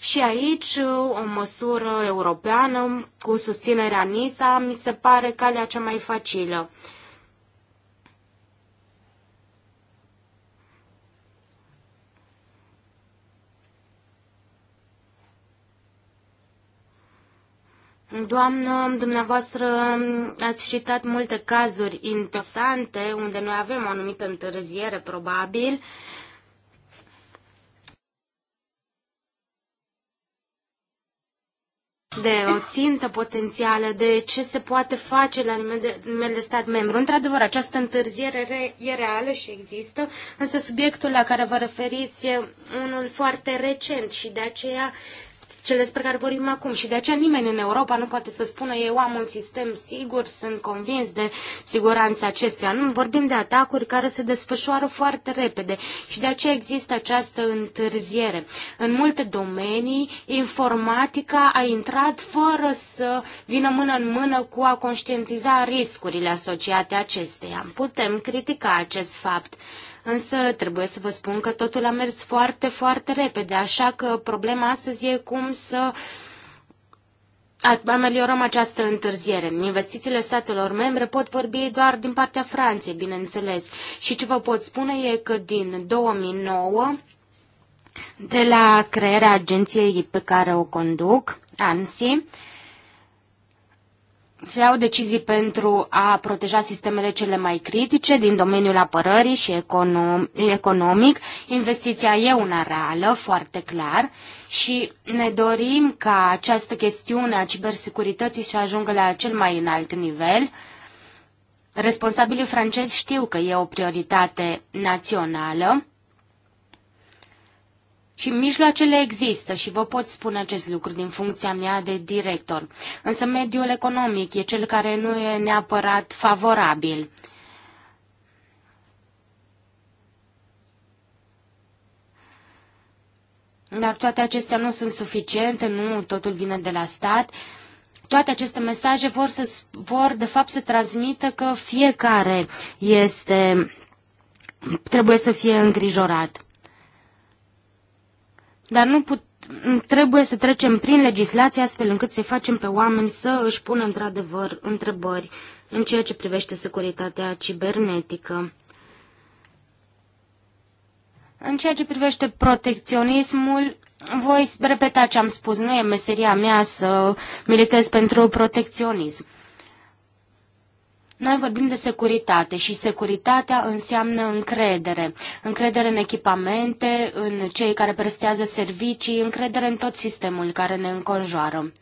Și aici o măsură europeană cu susținerea NISA mi se pare calea cea mai facilă. Doamnă, dumneavoastră ați citat multe cazuri interesante unde noi avem o anumită întârziere, probabil. de o țintă potențială, de ce se poate face la nivel de, nivel de stat membru. Într-adevăr, această întârziere re, e reală și există, însă subiectul la care vă referiți e unul foarte recent și de aceea cel despre care vorbim acum. Și de aceea nimeni în Europa nu poate să spună eu am un sistem sigur, sunt convins de siguranța acestuia. Nu vorbim de atacuri care se desfășoară foarte repede și de aceea există această întârziere. În multe domenii, informatica a intrat fără să vină mână în mână cu a conștientiza riscurile asociate acesteia. Putem critica acest fapt. Însă trebuie să vă spun că totul a mers foarte, foarte repede, așa că problema astăzi e cum să ameliorăm această întârziere. Investițiile statelor membre pot vorbi doar din partea Franței, bineînțeles. Și ce vă pot spune e că din 2009, de la crearea agenției pe care o conduc, ANSI, se iau decizii pentru a proteja sistemele cele mai critice din domeniul apărării și econom economic. Investiția e una reală, foarte clar, și ne dorim ca această chestiune a cibersecurității să ajungă la cel mai înalt nivel. Responsabilii francezi știu că e o prioritate națională și mijloacele există și vă pot spune acest lucru din funcția mea de director. Însă mediul economic e cel care nu e neapărat favorabil. Dar toate acestea nu sunt suficiente, nu totul vine de la stat. Toate aceste mesaje vor, să, vor de fapt să transmită că fiecare este, trebuie să fie îngrijorat dar nu put, trebuie să trecem prin legislație astfel încât să facem pe oameni să își pună într-adevăr întrebări în ceea ce privește securitatea cibernetică. În ceea ce privește protecționismul, voi repeta ce am spus, nu e meseria mea să militez pentru protecționism. Noi vorbim de securitate și securitatea înseamnă încredere. Încredere în echipamente, în cei care prestează servicii, încredere în tot sistemul care ne înconjoară.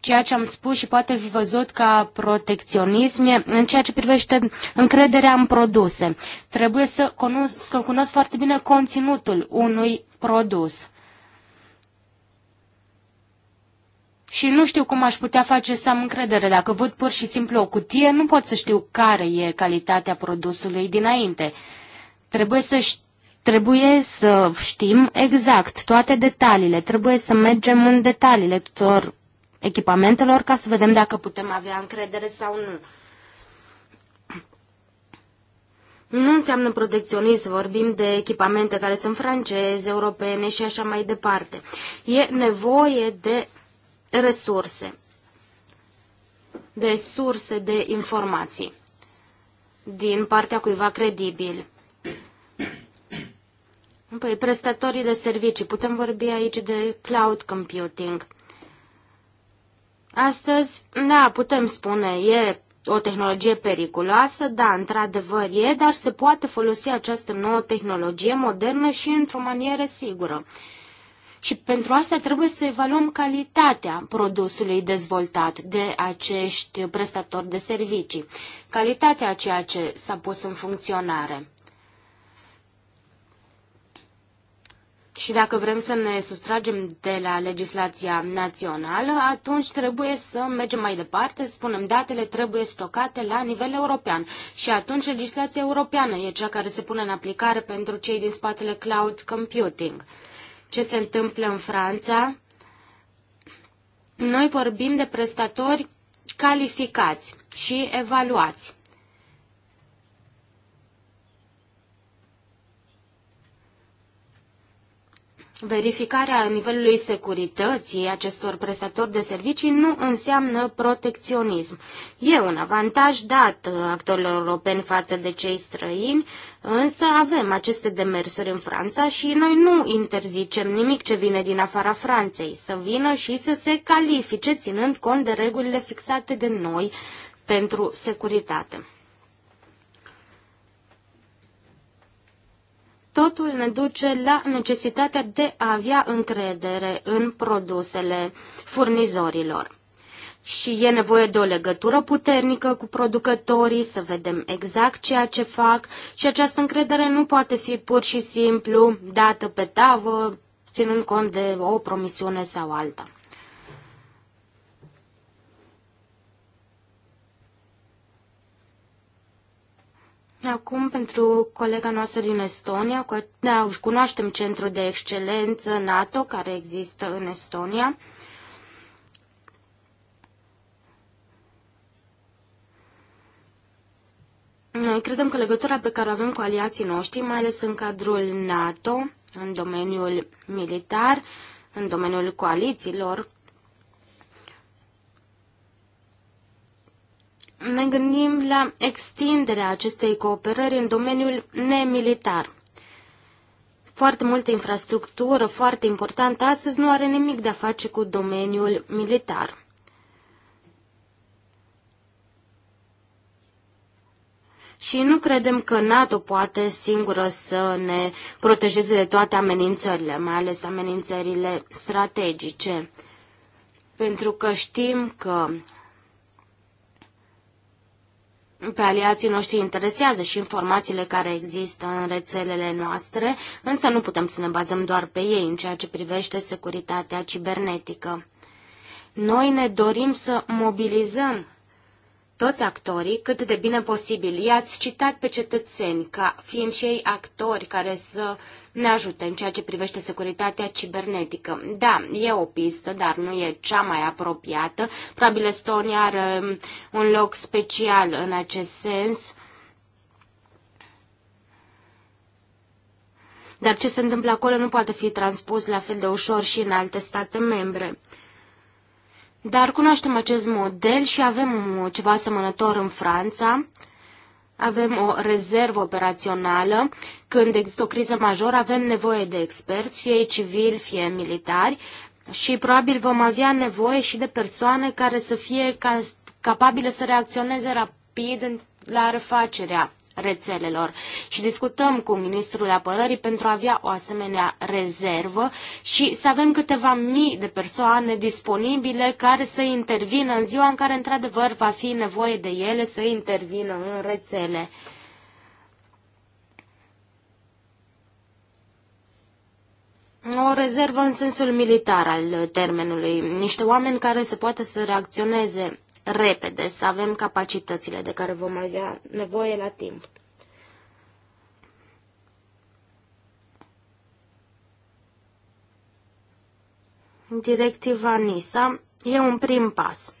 Ceea ce am spus și poate fi văzut ca protecționism e în ceea ce privește încrederea în produse. Trebuie să cunosc, să cunosc foarte bine conținutul unui produs și nu știu cum aș putea face să am încredere. Dacă văd pur și simplu o cutie, nu pot să știu care e calitatea produsului dinainte. Trebuie să știu Trebuie să știm exact toate detaliile, trebuie să mergem în detaliile tuturor echipamentelor ca să vedem dacă putem avea încredere sau nu. Nu înseamnă protecționism, vorbim de echipamente care sunt franceze, europene și așa mai departe. E nevoie de resurse, de surse de informații din partea cuiva credibil. Păi, prestatorii de servicii, putem vorbi aici de cloud computing. Astăzi, da, putem spune, e o tehnologie periculoasă, da, într-adevăr e, dar se poate folosi această nouă tehnologie modernă și într-o manieră sigură și pentru asta trebuie să evaluăm calitatea produsului dezvoltat de acești prestatori de servicii, calitatea a ceea ce s-a pus în funcționare. Și dacă vrem să ne sustragem de la legislația națională, atunci trebuie să mergem mai departe, spunem datele trebuie stocate la nivel european. Și atunci legislația europeană e cea care se pune în aplicare pentru cei din spatele cloud computing ce se întâmplă în Franța, noi vorbim de prestatori calificați și evaluați. Verificarea nivelului securității acestor prestatori de servicii nu înseamnă protecționism. E un avantaj dat actorilor europeni față de cei străini, Însă avem aceste demersuri în Franța și noi nu interzicem nimic ce vine din afara Franței, să vină și să se califice ținând cont de regulile fixate de noi pentru securitate. Totul ne duce la necesitatea de a avea încredere în produsele furnizorilor și e nevoie de o legătură puternică cu producătorii, să vedem exact ceea ce fac și această încredere nu poate fi pur și simplu dată pe tavă, ținând cont de o promisiune sau alta. Acum, pentru colega noastră din Estonia, cunoaștem centrul de excelență NATO care există în Estonia. Noi credem că legătura pe care o avem cu aliații noștri, mai ales în cadrul NATO, în domeniul militar, în domeniul coalițiilor, ne gândim la extinderea acestei cooperări în domeniul nemilitar. Foarte multă infrastructură, foarte importantă, astăzi nu are nimic de a face cu domeniul militar. și nu credem că NATO poate singură să ne protejeze de toate amenințările, mai ales amenințările strategice. Pentru că știm că pe aliații noștri interesează și informațiile care există în rețelele noastre, însă nu putem să ne bazăm doar pe ei în ceea ce privește securitatea cibernetică. Noi ne dorim să mobilizăm toți actorii cât de bine posibil. I-ați citat pe cetățeni ca fiind și ei actori care să ne ajute în ceea ce privește securitatea cibernetică. Da, e o pistă, dar nu e cea mai apropiată. Probabil Estonia are um, un loc special în acest sens. Dar ce se întâmplă acolo nu poate fi transpus la fel de ușor și în alte state membre. Dar cunoaștem acest model și avem uh, ceva asemănător în Franța. Avem o rezervă operațională. Când există o criză majoră, avem nevoie de experți, fie civili, fie militari. Și probabil vom avea nevoie și de persoane care să fie capabile să reacționeze rapid la refacerea rețelelor și discutăm cu Ministrul Apărării pentru a avea o asemenea rezervă și să avem câteva mii de persoane disponibile care să intervină în ziua în care într-adevăr va fi nevoie de ele să intervină în rețele. O rezervă în sensul militar al termenului, niște oameni care să poată să reacționeze repede, să avem capacitățile de care vom avea nevoie la timp. Directiva NISA e un prim pas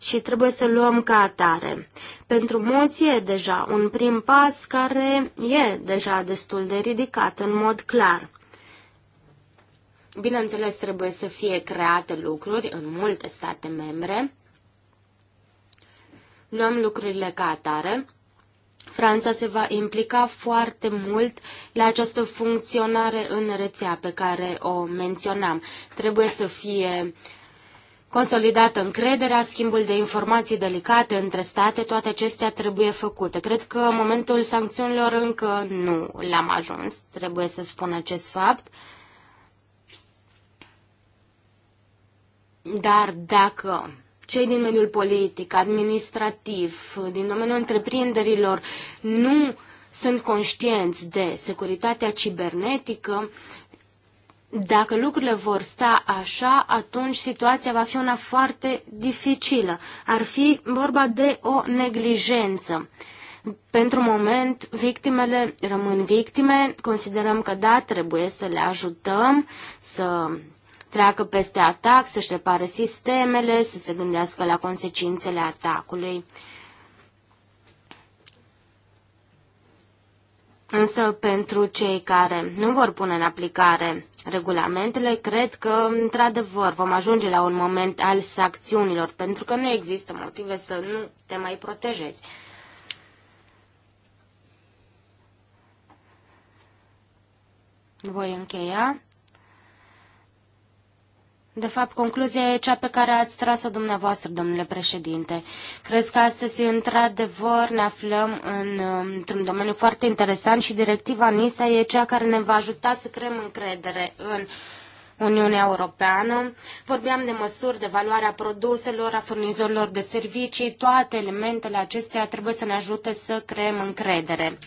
și trebuie să luăm ca atare. Pentru mulți e deja un prim pas care e deja destul de ridicat în mod clar. Bineînțeles, trebuie să fie create lucruri în multe state membre, luăm lucrurile ca atare. Franța se va implica foarte mult la această funcționare în rețea pe care o menționam. Trebuie să fie consolidată încrederea, schimbul de informații delicate între state, toate acestea trebuie făcute. Cred că în momentul sancțiunilor încă nu l-am ajuns, trebuie să spun acest fapt. Dar dacă cei din mediul politic, administrativ, din domeniul întreprinderilor, nu sunt conștienți de securitatea cibernetică, dacă lucrurile vor sta așa, atunci situația va fi una foarte dificilă. Ar fi vorba de o neglijență. Pentru moment, victimele rămân victime, considerăm că da, trebuie să le ajutăm să treacă peste atac, să-și repare sistemele, să se gândească la consecințele atacului. Însă pentru cei care nu vor pune în aplicare regulamentele, cred că, într-adevăr, vom ajunge la un moment al sancțiunilor, pentru că nu există motive să nu te mai protejezi. Voi încheia de fapt, concluzia e cea pe care ați tras-o dumneavoastră, domnule președinte. Cred că astăzi, într-adevăr, ne aflăm în, într-un domeniu foarte interesant și directiva NISA e cea care ne va ajuta să creăm încredere în Uniunea Europeană. Vorbeam de măsuri de valoare a produselor, a furnizorilor de servicii. Toate elementele acestea trebuie să ne ajute să creăm încredere.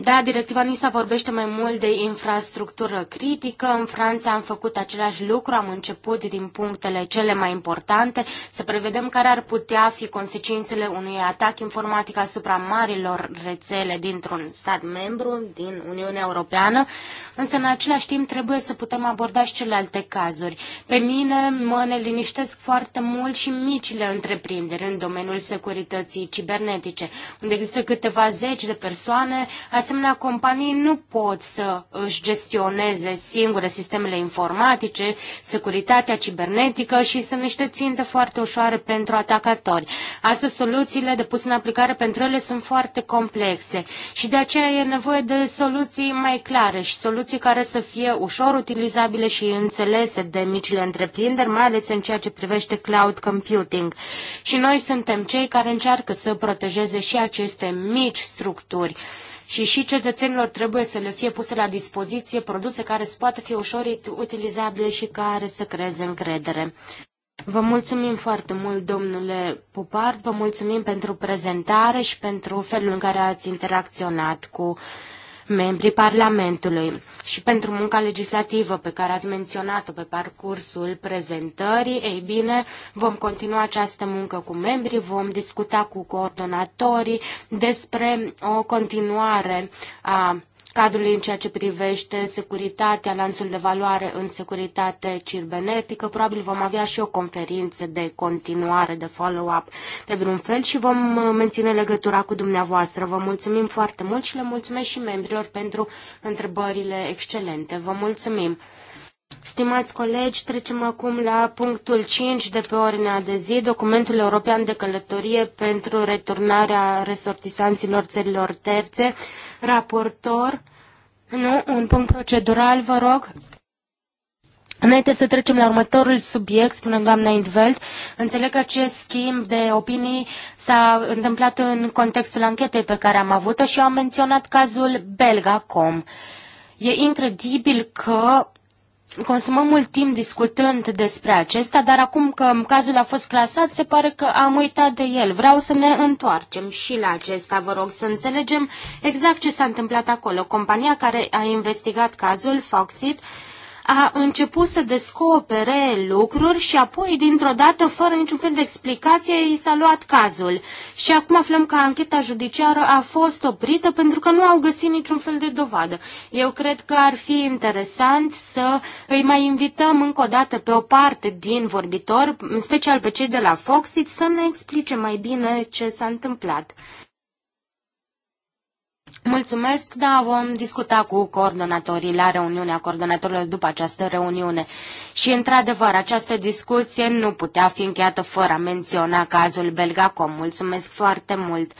Da, directiva NISA vorbește mai mult de infrastructură critică. În Franța am făcut același lucru, am început din punctele cele mai importante să prevedem care ar putea fi consecințele unui atac informatic asupra marilor rețele dintr-un stat membru, din Uniunea Europeană, însă în același timp trebuie să putem aborda și celelalte cazuri. Pe mine mă neliniștesc foarte mult și micile întreprinderi în domeniul securității cibernetice, unde există câteva zeci de persoane, asemenea, companii nu pot să își gestioneze singure sistemele informatice, securitatea cibernetică și sunt niște ținte foarte ușoare pentru atacatori. Astăzi, soluțiile de pus în aplicare pentru ele sunt foarte complexe și de aceea e nevoie de soluții mai clare și soluții care să fie ușor utilizabile și înțelese de micile întreprinderi, mai ales în ceea ce privește cloud computing. Și noi suntem cei care încearcă să protejeze și aceste mici structuri structuri și și cetățenilor trebuie să le fie puse la dispoziție produse care să poată fi ușor utilizabile și care să creeze încredere. Vă mulțumim foarte mult, domnule Pupart, vă mulțumim pentru prezentare și pentru felul în care ați interacționat cu membrii Parlamentului și pentru munca legislativă pe care ați menționat-o pe parcursul prezentării. Ei bine, vom continua această muncă cu membrii, vom discuta cu coordonatorii despre o continuare a cadrului în ceea ce privește securitatea, lanțul de valoare în securitate cibernetică. Probabil vom avea și o conferință de continuare, de follow-up de vreun fel și vom uh, menține legătura cu dumneavoastră. Vă mulțumim foarte mult și le mulțumesc și membrilor pentru întrebările excelente. Vă mulțumim! Stimați colegi, trecem acum la punctul 5 de pe ordinea de zi, documentul european de călătorie pentru returnarea resortisanților țărilor terțe raportor. Nu, un punct procedural, vă rog. Înainte să trecem la următorul subiect, spunem doamna Indveld, înțeleg că acest schimb de opinii s-a întâmplat în contextul anchetei pe care am avut-o și am menționat cazul Belgacom. E incredibil că consumăm mult timp discutând despre acesta, dar acum că cazul a fost clasat, se pare că am uitat de el. Vreau să ne întoarcem și la acesta, vă rog să înțelegem exact ce s-a întâmplat acolo. Compania care a investigat cazul, Foxit, a început să descopere lucruri și apoi, dintr-o dată, fără niciun fel de explicație, i s-a luat cazul. Și acum aflăm că ancheta judiciară a fost oprită pentru că nu au găsit niciun fel de dovadă. Eu cred că ar fi interesant să îi mai invităm încă o dată pe o parte din vorbitor, în special pe cei de la Foxit, să ne explice mai bine ce s-a întâmplat. Mulțumesc, da, vom discuta cu coordonatorii la reuniunea coordonatorilor după această reuniune. Și, într-adevăr, această discuție nu putea fi încheiată fără a menționa cazul Belgacom. Mulțumesc foarte mult!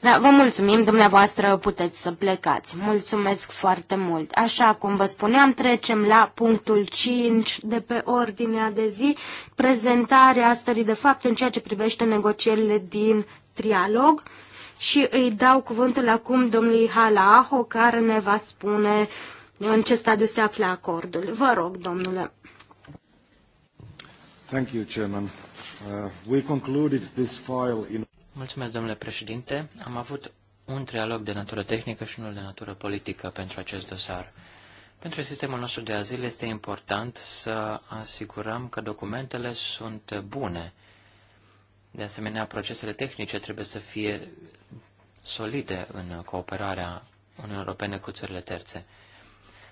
Da, vă mulțumim, dumneavoastră puteți să plecați. Mulțumesc foarte mult. Așa cum vă spuneam, trecem la punctul 5 de pe ordinea de zi, prezentarea stării de fapt în ceea ce privește negocierile din trialog și îi dau cuvântul acum domnului Halaaho, care ne va spune în ce stadiu se află acordul. Vă rog, domnule. Thank you, Chairman. Uh, we concluded this file in... Mulțumesc, domnule președinte. Am avut un trialog de natură tehnică și unul de natură politică pentru acest dosar. Pentru sistemul nostru de azil este important să asigurăm că documentele sunt bune. De asemenea, procesele tehnice trebuie să fie solide în cooperarea Uniunii Europene cu țările terțe.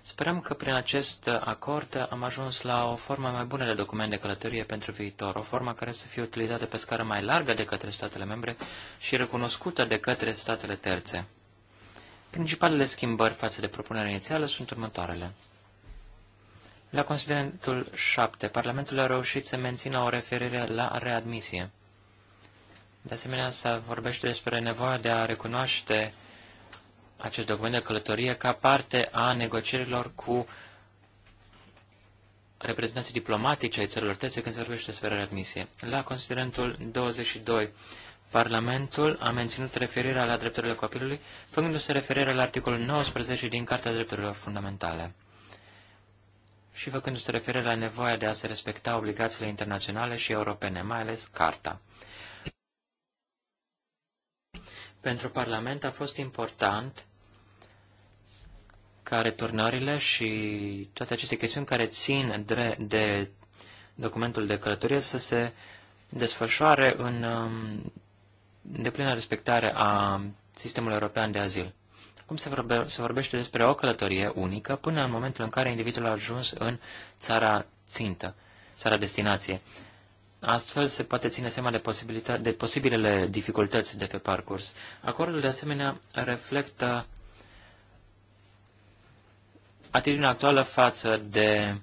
Sperăm că prin acest acord am ajuns la o formă mai bună de document de călătorie pentru viitor, o formă care să fie utilizată pe scară mai largă de către statele membre și recunoscută de către statele terțe. Principalele schimbări față de propunerea inițială sunt următoarele. La considerentul 7, Parlamentul a reușit să mențină o referire la readmisie. De asemenea, se vorbește despre nevoia de a recunoaște acest document de călătorie ca parte a negocierilor cu reprezentanții diplomatici ai țărilor terțe când se vorbește despre readmisie. La considerentul 22, Parlamentul a menținut referirea la drepturile copilului, făcându-se referire la articolul 19 din Carta Drepturilor Fundamentale și făcându-se referire la nevoia de a se respecta obligațiile internaționale și europene, mai ales Carta. Pentru Parlament a fost important ca returnările și toate aceste chestiuni care țin de, de documentul de călătorie să se desfășoare în um, deplină respectare a sistemului european de azil. Acum se, vorbe, se vorbește despre o călătorie unică până în momentul în care individul a ajuns în țara țintă, țara destinație. Astfel se poate ține seama de, de posibilele dificultăți de pe parcurs. Acordul, de asemenea, reflectă atitudinea actuală față de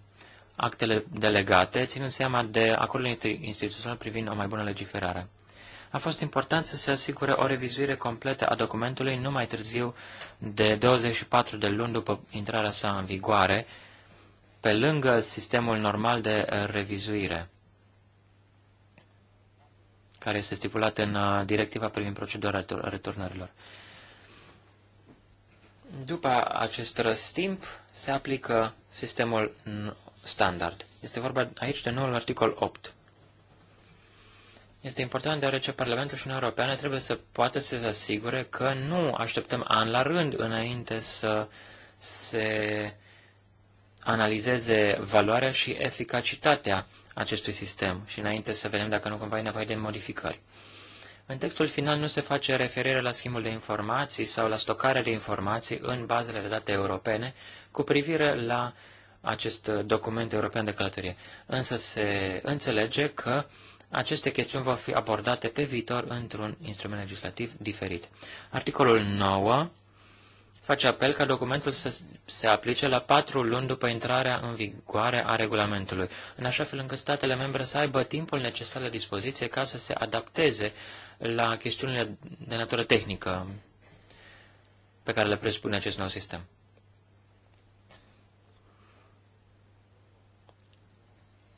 actele delegate, ținând seama de acordul instituțional privind o mai bună legiferare. A fost important să se asigure o revizuire completă a documentului nu mai târziu de 24 de luni după intrarea sa în vigoare, pe lângă sistemul normal de revizuire care este stipulat în uh, directiva privind procedura returnărilor. După acest răstimp se aplică sistemul standard. Este vorba aici de noul articol 8. Este important deoarece Parlamentul și Uniunea Europeană trebuie să poată să se asigure că nu așteptăm an la rând înainte să se analizeze valoarea și eficacitatea acestui sistem și înainte să vedem dacă nu cumva e nevoie de modificări. În textul final nu se face referire la schimbul de informații sau la stocarea de informații în bazele de date europene cu privire la acest document european de călătorie, însă se înțelege că aceste chestiuni vor fi abordate pe viitor într-un instrument legislativ diferit. Articolul 9 face apel ca documentul să se aplice la patru luni după intrarea în vigoare a regulamentului, în așa fel încât statele membre să aibă timpul necesar la dispoziție ca să se adapteze la chestiunile de natură tehnică pe care le presupune acest nou sistem.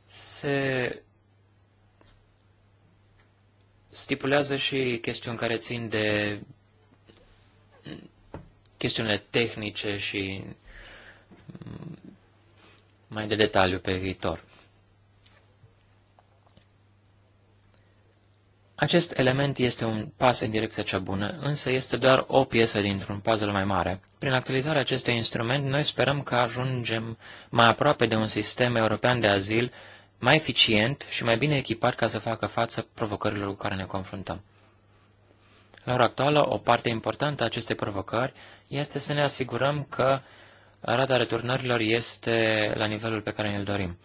Se stipulează și chestiuni care țin de chestiunile tehnice și mm, mai de detaliu pe viitor. Acest element este un pas în direcția cea bună, însă este doar o piesă dintr-un puzzle mai mare. Prin actualizarea acestui instrument, noi sperăm că ajungem mai aproape de un sistem european de azil mai eficient și mai bine echipat ca să facă față provocărilor cu care ne confruntăm. La ora actuală, o parte importantă a acestei provocări este să ne asigurăm că rata returnărilor este la nivelul pe care ne-l dorim.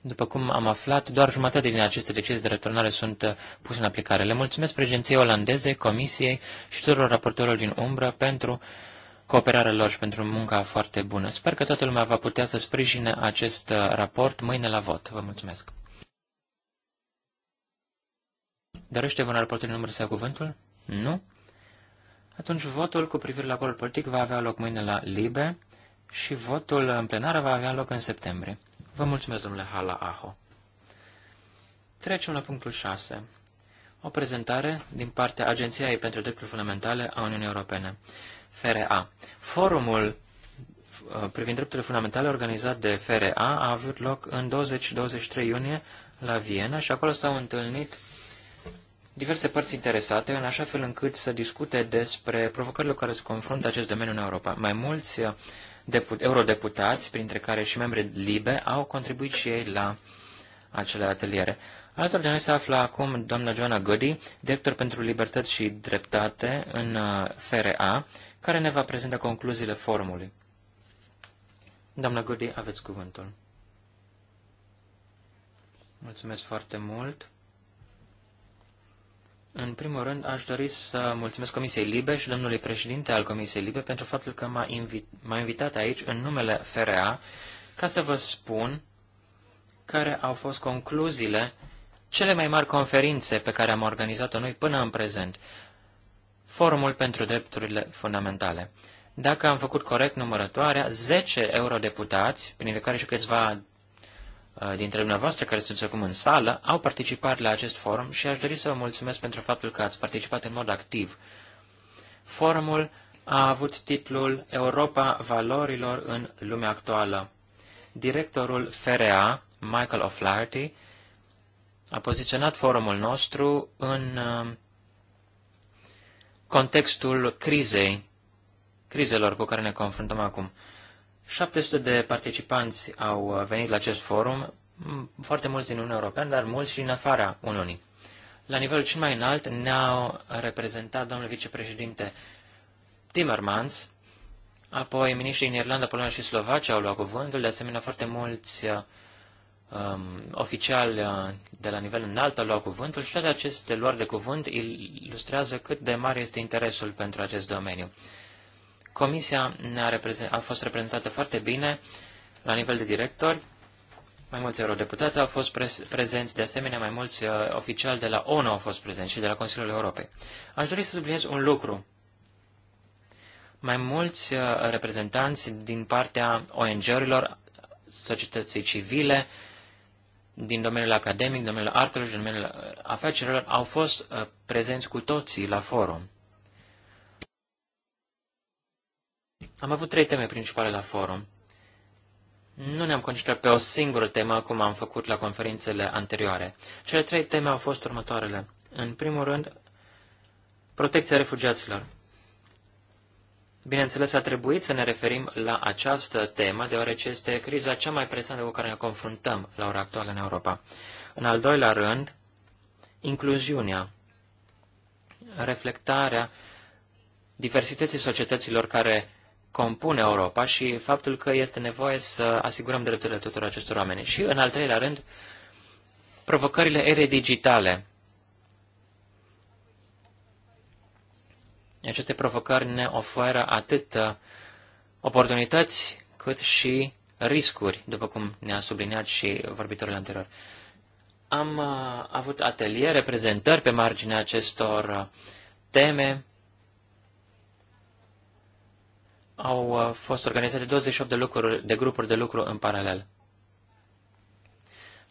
După cum am aflat, doar jumătate din aceste decizii de returnare sunt puse în aplicare. Le mulțumesc prezenției olandeze, comisiei și tuturor raportorilor din umbră pentru cooperarea lor și pentru munca foarte bună. Sper că toată lumea va putea să sprijine acest raport mâine la vot. Vă mulțumesc. Dorește vreun raportul număr să ia cuvântul? Nu? Atunci votul cu privire la acordul politic va avea loc mâine la Libe și votul în plenară va avea loc în septembrie. Vă mulțumesc, domnule Hala Aho. Trecem la punctul 6. O prezentare din partea Agenției pentru Drepturi Fundamentale a Uniunii Europene, FRA. Forumul uh, privind drepturile fundamentale organizat de FRA a avut loc în 20-23 iunie la Viena și acolo s-au întâlnit diverse părți interesate, în așa fel încât să discute despre provocările cu care se confruntă acest domeniu în Europa. Mai mulți uh, eurodeputați, printre care și membri LIBE, au contribuit și ei la acele ateliere. Alături de noi se află acum doamna Joana Gody, director pentru libertăți și dreptate în uh, FRA, care ne va prezenta concluziile forumului. Doamna Gody, aveți cuvântul. Mulțumesc foarte mult. În primul rând, aș dori să mulțumesc Comisiei Libe și domnului președinte al Comisiei Libe pentru faptul că m-a, invit, invitat aici în numele FRA ca să vă spun care au fost concluziile cele mai mari conferințe pe care am organizat-o noi până în prezent. Forumul pentru drepturile fundamentale. Dacă am făcut corect numărătoarea, 10 eurodeputați, printre care și câțiva Uh, dintre dumneavoastră care sunteți acum în sală au participat la acest forum și aș dori să vă mulțumesc pentru faptul că ați participat în mod activ. Forumul a avut titlul Europa valorilor în lumea actuală. Directorul FRA, Michael O'Flaherty, a poziționat forumul nostru în uh, contextul crizei, crizelor cu care ne confruntăm acum. 700 de participanți au uh, venit la acest forum, foarte mulți din Uniunea Europeană, dar mulți și în afara Uniunii. La nivelul cel mai înalt ne-au reprezentat domnul vicepreședinte Timmermans, apoi miniștrii din Irlanda, Polonia și Slovacia au luat cuvântul, de asemenea foarte mulți uh, um, oficiali uh, de la nivel înalt au luat cuvântul și toate aceste luări de cuvânt ilustrează cât de mare este interesul pentru acest domeniu. Comisia ne-a a fost reprezentată foarte bine la nivel de directori, mai mulți eurodeputați au fost prezenți, de asemenea mai mulți uh, oficiali de la ONU au fost prezenți și de la Consiliul Europei. Aș dori să subliniez un lucru. Mai mulți uh, reprezentanți din partea ONG-urilor, societății civile, din domeniul academic, domeniul artelor și domeniul uh, afacerilor, au fost uh, prezenți cu toții la forum. Am avut trei teme principale la forum. Nu ne-am concentrat pe o singură temă, cum am făcut la conferințele anterioare. Cele trei teme au fost următoarele. În primul rând, protecția refugiaților. Bineînțeles, a trebuit să ne referim la această temă, deoarece este criza cea mai presantă cu care ne confruntăm la ora actuală în Europa. În al doilea rând, incluziunea, reflectarea diversității societăților care compune Europa și faptul că este nevoie să asigurăm drepturile tuturor acestor oameni. Și, în al treilea rând, provocările ere digitale. Aceste provocări ne oferă atât uh, oportunități cât și riscuri, după cum ne-a subliniat și vorbitorul anterior. Am uh, avut ateliere, prezentări pe marginea acestor uh, teme au uh, fost organizate 28 de, lucruri, de grupuri de lucru în paralel.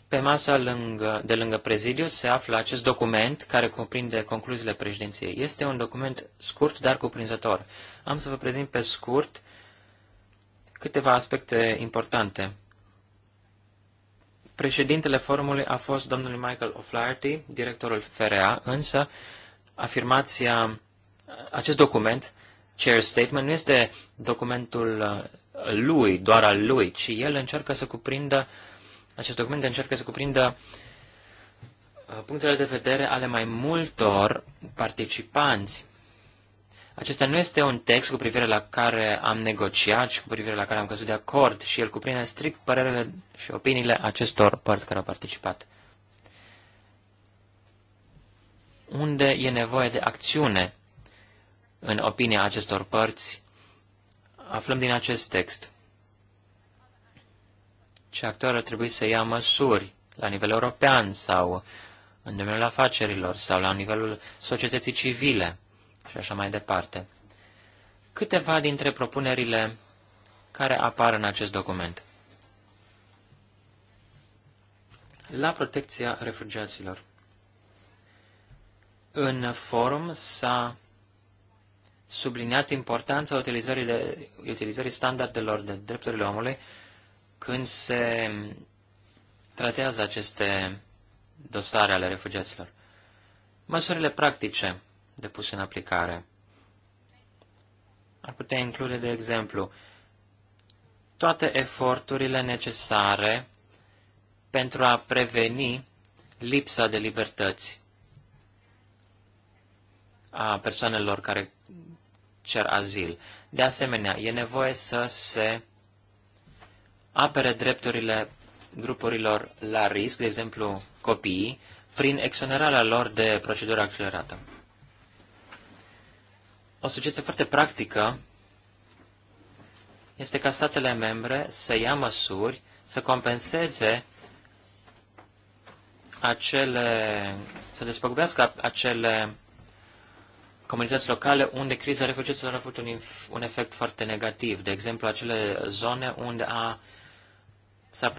Pe masa lângă, de lângă prezidiu se află acest document care cuprinde concluziile președinției. Este un document scurt, dar cuprinzător. Am să vă prezint pe scurt câteva aspecte importante. Președintele forumului a fost domnul Michael O'Flaherty, directorul FRA, însă afirmația, acest document chair statement nu este documentul uh, lui, doar al lui, ci el încearcă să cuprindă, acest document încearcă să cuprindă uh, punctele de vedere ale mai multor participanți. Acesta nu este un text cu privire la care am negociat și cu privire la care am căzut de acord și el cuprinde strict părerele și opiniile acestor părți care au participat. Unde e nevoie de acțiune în opinia acestor părți, aflăm din acest text. Ce actor ar trebui să ia măsuri la nivel european sau în domeniul afacerilor sau la nivelul societății civile și așa mai departe. Câteva dintre propunerile care apar în acest document. La protecția refugiaților. În forum s-a subliniat importanța utilizării, de, utilizării standardelor de drepturile omului când se tratează aceste dosare ale refugiaților. Măsurile practice depuse în aplicare ar putea include, de exemplu, toate eforturile necesare pentru a preveni lipsa de libertăți a persoanelor care cer azil. De asemenea, e nevoie să se apere drepturile grupurilor la risc, de exemplu copiii, prin exonerarea lor de procedură accelerată. O sugestie foarte practică este ca statele membre să ia măsuri să compenseze acele, să despăgubească acele comunități locale unde criza refugiaților a avut un, un efect foarte negativ. De exemplu, acele zone unde a, s-a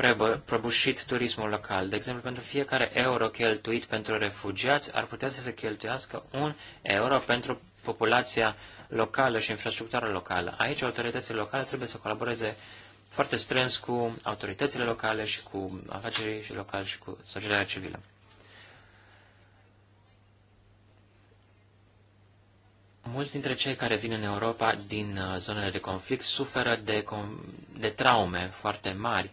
prăbușit turismul local. De exemplu, pentru fiecare euro cheltuit pentru refugiați, ar putea să se cheltuiască un euro pentru populația locală și infrastructura locală. Aici, autoritățile locale trebuie să colaboreze foarte strâns cu autoritățile locale și cu afacerii locale și cu societatea civilă. Mulți dintre cei care vin în Europa din uh, zonele de conflict suferă de, de traume foarte mari.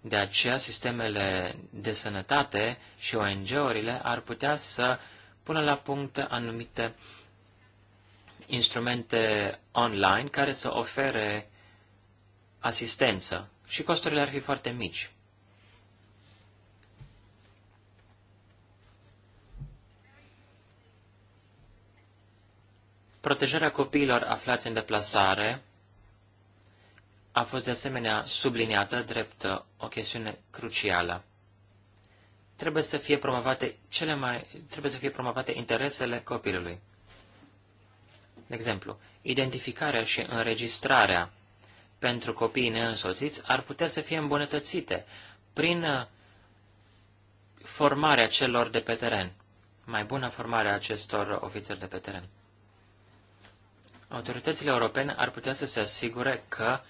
De aceea, sistemele de sănătate și ONG-urile ar putea să pună la punct anumite instrumente online care să ofere asistență și costurile ar fi foarte mici. Protejarea copiilor aflați în deplasare a fost de asemenea subliniată drept uh, o chestiune crucială. Trebuie să fie promovate cele mai trebuie să fie promovate interesele copilului. De exemplu, identificarea și înregistrarea pentru copiii neînsoțiți ar putea să fie îmbunătățite prin uh, formarea celor de pe teren, mai bună formarea acestor ofițeri de pe teren autoritățile europene ar putea să se asigure că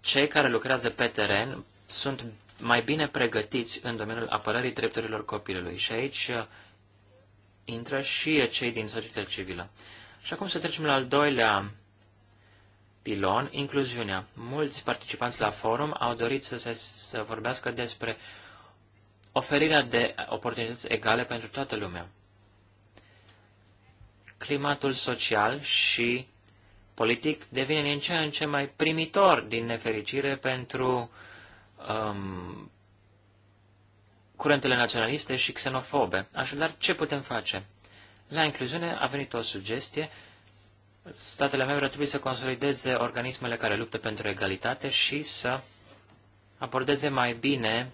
cei care lucrează pe teren sunt mai bine pregătiți în domeniul apărării drepturilor copilului. Și aici uh, intră și cei din societatea civilă. Și acum să trecem la al doilea pilon, incluziunea. Mulți participanți la forum au dorit să, se, să vorbească despre oferirea de oportunități egale pentru toată lumea climatul social și politic devine din ce în ce mai primitor, din nefericire, pentru um, curentele naționaliste și xenofobe. Așadar, ce putem face? La incluziune a venit o sugestie. Statele membre trebuie să consolideze organismele care luptă pentru egalitate și să abordeze mai bine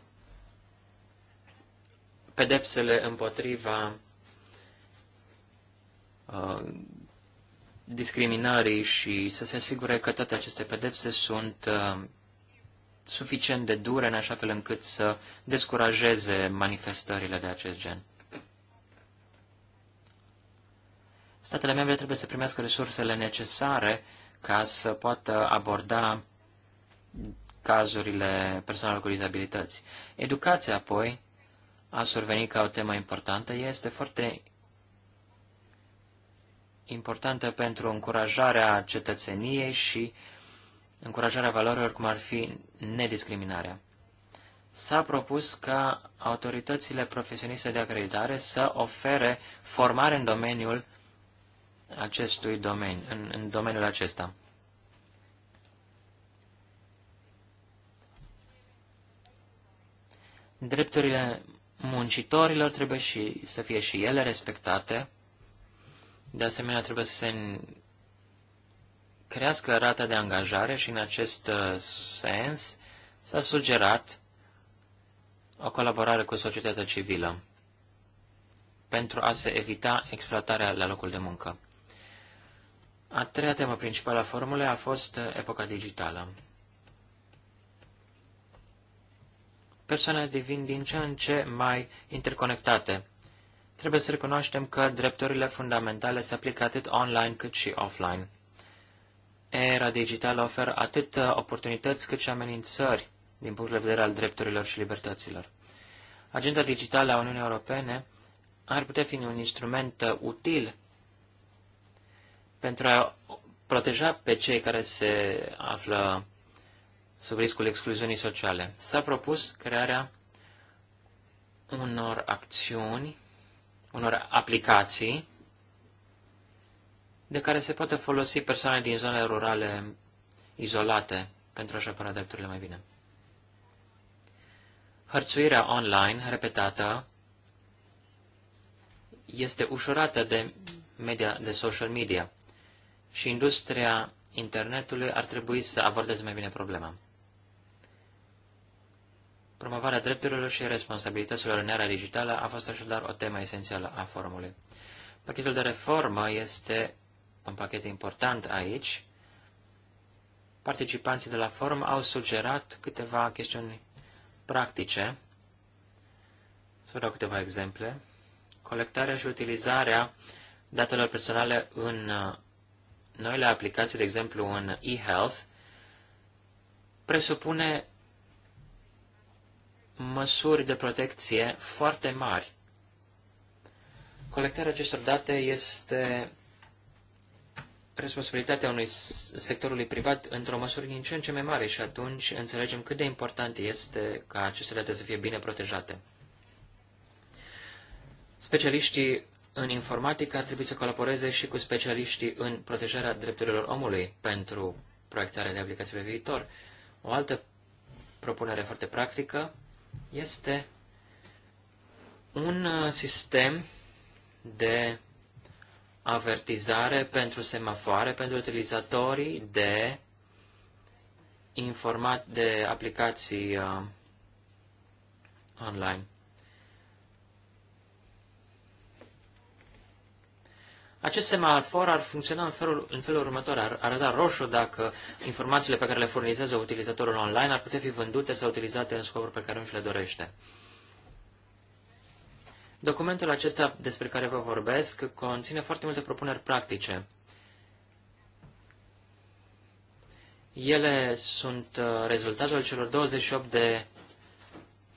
pedepsele împotriva Uh, discriminării și să se asigure că toate aceste pedepse sunt uh, suficient de dure în așa fel încât să descurajeze manifestările de acest gen. Statele membre trebuie să primească resursele necesare ca să poată aborda cazurile persoanelor cu dizabilități. Educația, apoi, a survenit ca o temă importantă, este foarte importantă pentru încurajarea cetățeniei și încurajarea valorilor cum ar fi nediscriminarea. S-a propus ca autoritățile profesioniste de acreditare să ofere formare în domeniul acestui domeniu, în, în domeniul acesta. Drepturile muncitorilor trebuie și, să fie și ele respectate de asemenea, trebuie să se crească rata de angajare și în acest uh, sens s-a sugerat o colaborare cu societatea civilă pentru a se evita exploatarea la locul de muncă. A treia temă principală a formulei a fost uh, epoca digitală. Persoanele devin din ce în ce mai interconectate, Trebuie să recunoaștem că drepturile fundamentale se aplică atât online cât și offline. Era digitală oferă atât uh, oportunități cât și amenințări din punct de vedere al drepturilor și libertăților. Agenda digitală a Uniunii Europene ar putea fi un instrument uh, util pentru a proteja pe cei care se află sub riscul excluziunii sociale. S-a propus crearea unor acțiuni unor aplicații de care se poate folosi persoane din zone rurale izolate pentru a-și apăra drepturile mai bine. Hărțuirea online repetată este ușurată de media de social media și industria internetului ar trebui să abordeze mai bine problema. Promovarea drepturilor și responsabilităților în era digitală a fost așadar o temă esențială a forumului. Pachetul de reformă este un pachet important aici. Participanții de la forum au sugerat câteva chestiuni practice. Să vă dau câteva exemple. Colectarea și utilizarea datelor personale în uh, noile aplicații, de exemplu în e-health, presupune măsuri de protecție foarte mari. Colectarea acestor date este responsabilitatea unui sectorului privat într-o măsură din ce în ce mai mare și atunci înțelegem cât de important este ca aceste date să fie bine protejate. Specialiștii în informatică ar trebui să colaboreze și cu specialiștii în protejarea drepturilor omului pentru proiectarea de aplicații pe viitor. O altă propunere foarte practică este un uh, sistem de avertizare pentru semafoare, pentru utilizatorii de informat de aplicații uh, online. Acest semafor ar funcționa în felul, în felul următor. Ar arăta roșu dacă informațiile pe care le furnizează utilizatorul online ar putea fi vândute sau utilizate în scopuri pe care nu și le dorește. Documentul acesta despre care vă vorbesc conține foarte multe propuneri practice. Ele sunt uh, rezultatul celor 28 de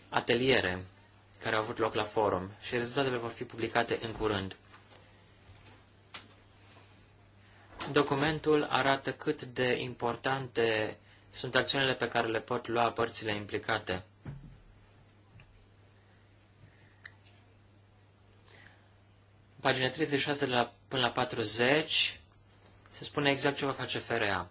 ateliere care au avut loc la forum și rezultatele vor fi publicate în curând. Documentul arată cât de importante sunt acțiunile pe care le pot lua părțile implicate. Pagina 36 de la, până la 40 se spune exact ce va face FRA.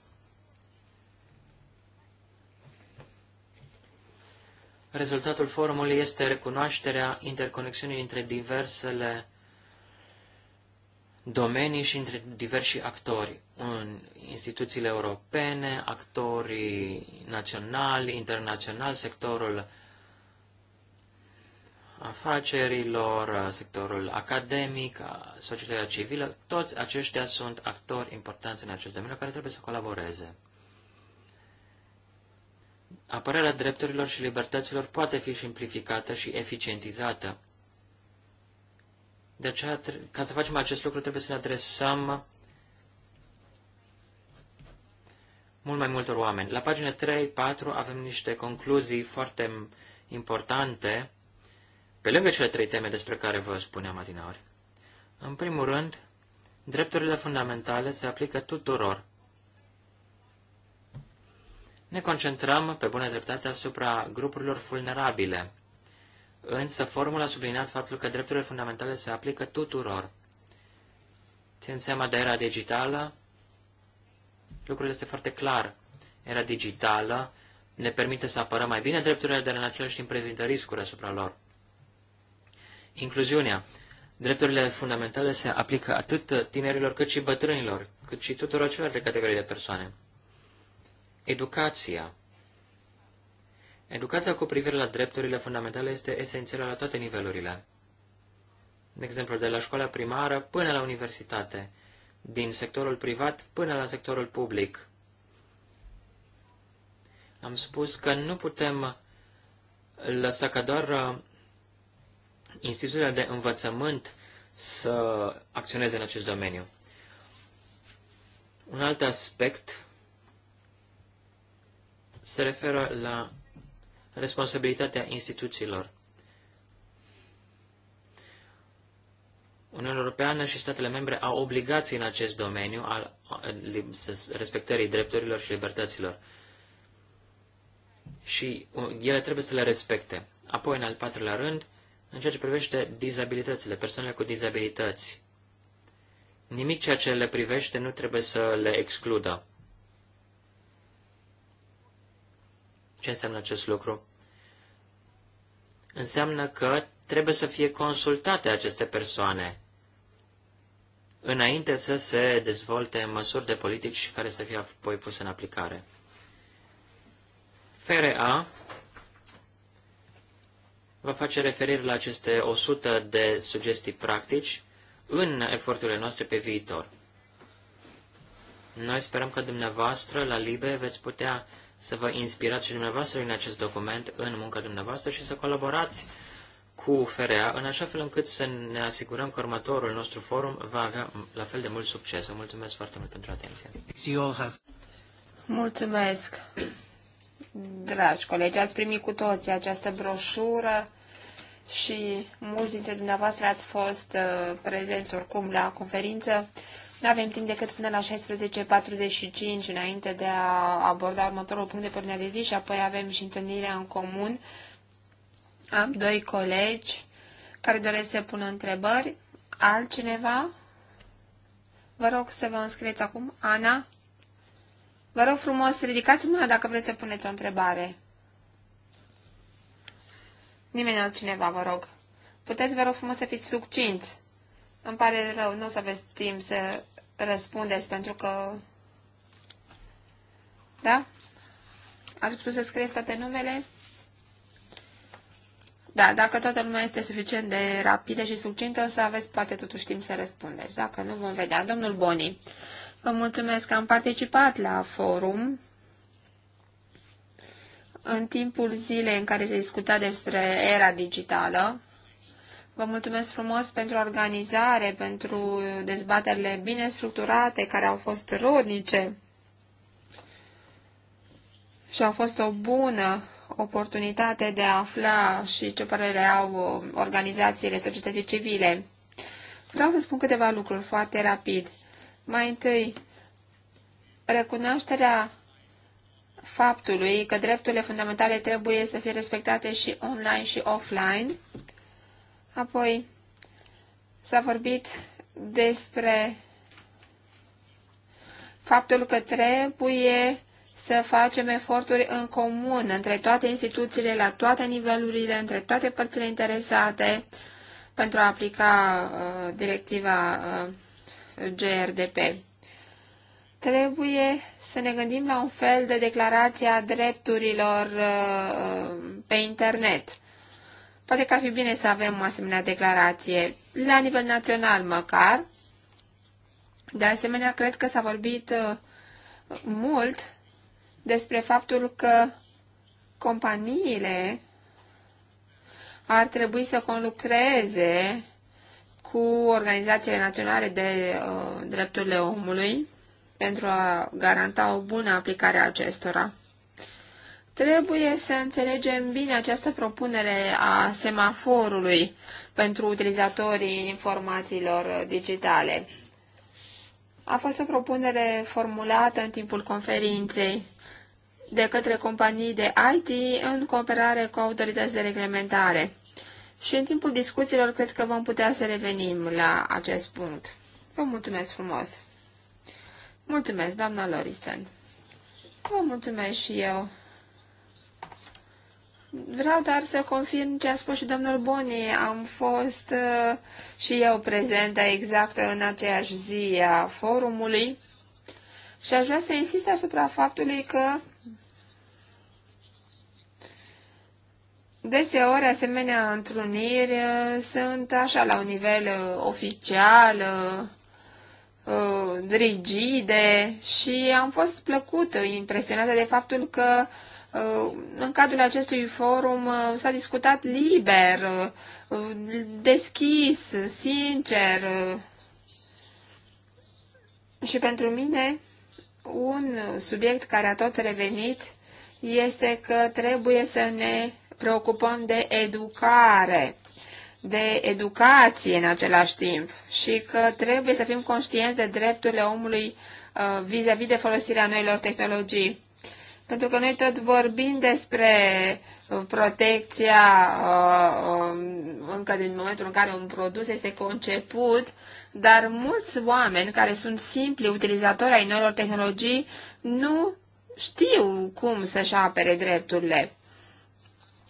Rezultatul forumului este recunoașterea interconexiunii între diversele domenii și între diversi actori, în instituțiile europene, actorii naționali, internaționali, sectorul afacerilor, sectorul academic, societatea civilă, toți aceștia sunt actori importanți în acest domeniu care trebuie să colaboreze. Apărarea drepturilor și libertăților poate fi simplificată și eficientizată de aceea, ca să facem acest lucru, trebuie să ne adresăm mult mai multor oameni. La pagina 3-4 avem niște concluzii foarte importante, pe lângă cele trei teme despre care vă spuneam adineori. În primul rând, drepturile fundamentale se aplică tuturor. Ne concentrăm pe bună dreptate asupra grupurilor vulnerabile, însă formula subliniat faptul că drepturile fundamentale se aplică tuturor. Țin seama de era digitală, lucrul este foarte clar. Era digitală ne permite să apărăm mai bine drepturile, dar în același timp prezintă riscuri asupra lor. Incluziunea. Drepturile fundamentale se aplică atât tinerilor cât și bătrânilor, cât și tuturor de categorii de persoane. Educația. Educația cu privire la drepturile fundamentale este esențială la toate nivelurile. De exemplu, de la școala primară până la universitate, din sectorul privat până la sectorul public. Am spus că nu putem lăsa ca doar uh, instituțiile de învățământ să acționeze în acest domeniu. Un alt aspect se referă la responsabilitatea instituțiilor. Uniunea Europeană și statele membre au obligații în acest domeniu al respectării drepturilor și libertăților. Și uh, ele trebuie să le respecte. Apoi, în al patrulea rând, în ceea ce privește dizabilitățile, persoanele cu dizabilități. Nimic ceea ce le privește nu trebuie să le excludă. Ce înseamnă acest lucru? Înseamnă că trebuie să fie consultate aceste persoane înainte să se dezvolte măsuri de politici care să fie apoi puse în aplicare. FRA va face referire la aceste 100 de sugestii practici în eforturile noastre pe viitor. Noi sperăm că dumneavoastră, la LIBE, veți putea să vă inspirați și dumneavoastră în acest document, în munca dumneavoastră și să colaborați cu FRA, în așa fel încât să ne asigurăm că următorul nostru forum va avea la fel de mult succes. Vă mulțumesc foarte mult pentru atenție. Mulțumesc, dragi colegi. Ați primit cu toții această broșură și mulți dintre dumneavoastră ați fost uh, prezenți oricum la conferință. Nu avem timp decât până la 16.45 înainte de a aborda următorul punct de pornire de zi și apoi avem și întâlnirea în comun. Am doi colegi care doresc să pună întrebări. Altcineva? Vă rog să vă înscrieți acum. Ana? Vă rog frumos, ridicați mâna dacă vreți să puneți o întrebare. Nimeni altcineva, vă rog. Puteți, vă rog frumos, să fiți succinți. Îmi pare rău, nu o să aveți timp să răspundeți, pentru că... Da? Ați putut să scrieți toate numele? Da, dacă toată lumea este suficient de rapidă și succintă, o să aveți poate totuși timp să răspundeți. Dacă nu, vom vedea. Domnul Boni, vă mulțumesc că am participat la forum în timpul zilei în care se discuta despre era digitală Vă mulțumesc frumos pentru organizare, pentru dezbaterile bine structurate, care au fost rodnice și au fost o bună oportunitate de a afla și ce părere au organizațiile societății civile. Vreau să spun câteva lucruri foarte rapid. Mai întâi, recunoașterea faptului că drepturile fundamentale trebuie să fie respectate și online și offline Apoi s-a vorbit despre faptul că trebuie să facem eforturi în comun între toate instituțiile, la toate nivelurile, între toate părțile interesate pentru a aplica uh, directiva uh, GRDP. Trebuie să ne gândim la un fel de declarație a drepturilor uh, pe internet. Poate că ar fi bine să avem o asemenea declarație, la nivel național măcar. De asemenea, cred că s-a vorbit uh, mult despre faptul că companiile ar trebui să conlucreze cu organizațiile naționale de uh, drepturile omului pentru a garanta o bună aplicare a acestora. Trebuie să înțelegem bine această propunere a semaforului pentru utilizatorii informațiilor digitale. A fost o propunere formulată în timpul conferinței de către companii de IT în cooperare cu autorități de reglementare. Și în timpul discuțiilor cred că vom putea să revenim la acest punct. Vă mulțumesc frumos! Mulțumesc, doamna Loristan! Vă mulțumesc și eu! Vreau doar să confirm ce a spus și domnul Boni. Am fost uh, și eu prezentă exact în aceeași zi a forumului și aș vrea să insist asupra faptului că Deseori, asemenea întruniri uh, sunt așa la un nivel uh, oficial, uh, rigide și am fost plăcută, impresionată de faptul că în cadrul acestui forum uh, s-a discutat liber, uh, deschis, sincer. Uh. Și pentru mine, un subiect care a tot revenit este că trebuie să ne preocupăm de educare, de educație în același timp și că trebuie să fim conștienți de drepturile omului vis-a-vis -vis de folosirea noilor tehnologii pentru că noi tot vorbim despre uh, protecția uh, um, încă din momentul în care un produs este conceput, dar mulți oameni care sunt simpli utilizatori ai noilor tehnologii nu știu cum să-și apere drepturile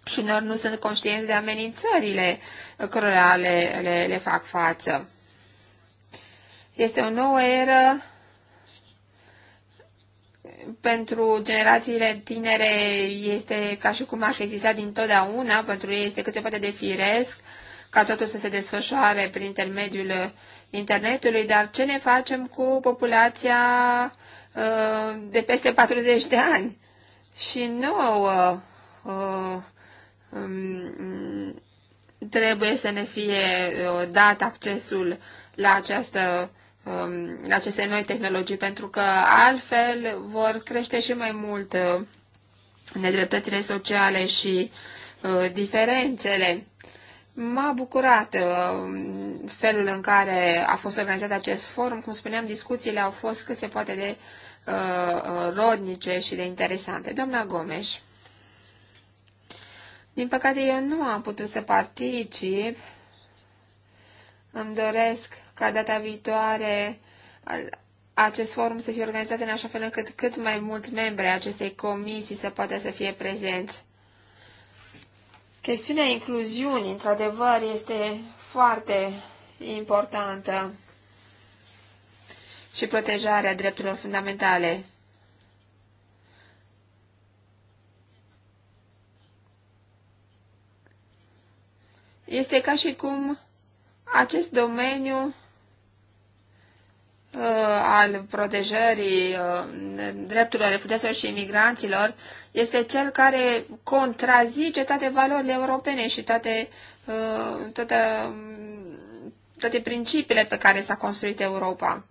și uneori nu sunt conștienți de amenințările cărora le, le, le fac față. Este o nouă eră pentru generațiile tinere este ca și cum ar fi existat dintotdeauna, pentru ei este cât se poate de firesc ca totul să se desfășoare prin intermediul internetului, dar ce ne facem cu populația uh, de peste 40 de ani? Și nouă uh, um, trebuie să ne fie uh, dat accesul la această Um, aceste noi tehnologii, pentru că altfel vor crește și mai mult uh, nedreptățile sociale și uh, diferențele. M-a bucurat uh, felul în care a fost organizat acest forum. Cum spuneam, discuțiile au fost cât se poate de rodnice și de interesante. Doamna Gomes, din păcate eu nu am putut să particip. Îmi doresc ca data viitoare acest forum să fie organizat în așa fel încât cât mai mulți membri ai acestei comisii să poată să fie prezenți. Chestiunea incluziunii, într-adevăr, este foarte importantă și protejarea drepturilor fundamentale. Este ca și cum acest domeniu Uh, al protejării uh, drepturilor refugiaților și imigranților este cel care contrazice toate valorile europene și toate, uh, toate, toate principiile pe care s-a construit Europa.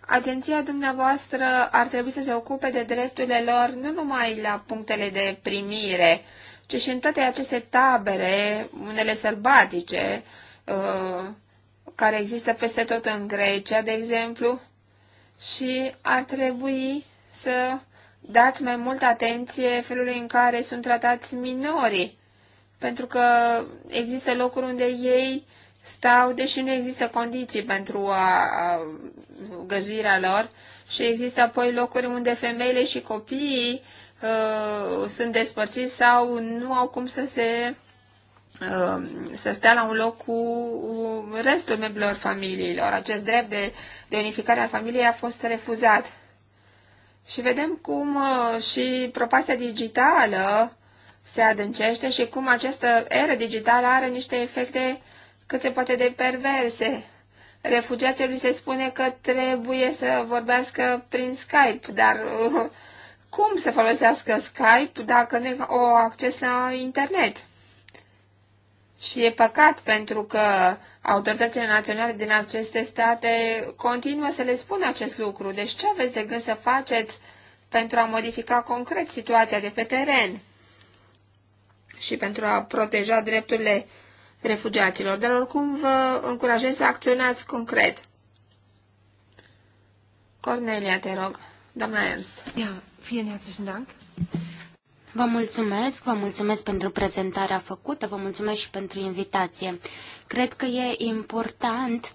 Agenția dumneavoastră ar trebui să se ocupe de drepturile lor nu numai la punctele de primire, ci și în toate aceste tabere, unele sălbatice, uh, care există peste tot în Grecia, de exemplu, și ar trebui să dați mai multă atenție felului în care sunt tratați minorii, pentru că există locuri unde ei stau, deși nu există condiții pentru a, a găzuirea lor, și există apoi locuri unde femeile și copiii Uh, sunt despărțiți sau nu au cum să se uh, să stea la un loc cu restul membrilor familiilor. Acest drept de, de unificare a familiei a fost refuzat. Și vedem cum uh, și propastia digitală se adâncește și cum această eră digitală are niște efecte cât se poate de perverse. Refugiaților se spune că trebuie să vorbească prin Skype, dar uh, cum să folosească Skype dacă nu au acces la internet. Și e păcat pentru că autoritățile naționale din aceste state continuă să le spună acest lucru. Deci ce aveți de gând să faceți pentru a modifica concret situația de pe teren și pentru a proteja drepturile refugiaților? Dar oricum vă încurajez să acționați concret. Cornelia, te rog. Doamna Ernst. Yeah. Vielen herzlichen Dank. Vă mulțumesc, vă mulțumesc pentru prezentarea făcută, vă mulțumesc și pentru invitație. Cred că e important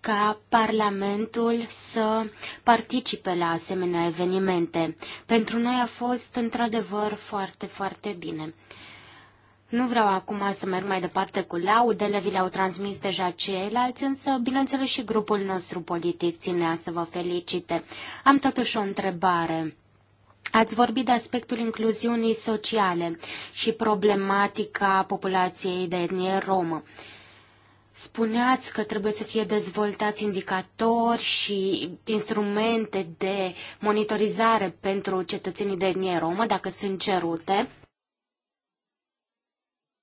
ca Parlamentul să participe la asemenea evenimente. Pentru noi a fost într-adevăr foarte, foarte bine. Nu vreau acum să merg mai departe cu laudele, vi le-au transmis deja ceilalți, însă, bineînțeles, și grupul nostru politic ținea să vă felicite. Am totuși o întrebare. Ați vorbit de aspectul incluziunii sociale și problematica populației de etnie romă. Spuneați că trebuie să fie dezvoltați indicatori și instrumente de monitorizare pentru cetățenii de etnie romă, dacă sunt cerute.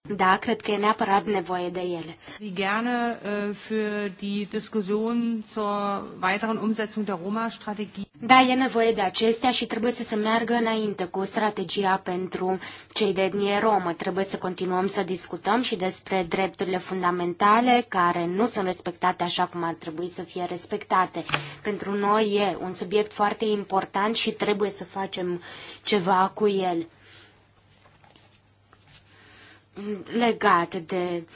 Da, cred că e neapărat nevoie de ele. Sie gerne äh, für die Diskussion zur weiteren Umsetzung der Roma-Strategie. Da, e nevoie de acestea și trebuie să se meargă înainte cu strategia pentru cei de etnie romă. Trebuie să continuăm să discutăm și despre drepturile fundamentale care nu sunt respectate așa cum ar trebui să fie respectate. Pentru noi e un subiect foarte important și trebuie să facem ceva cu el legat de...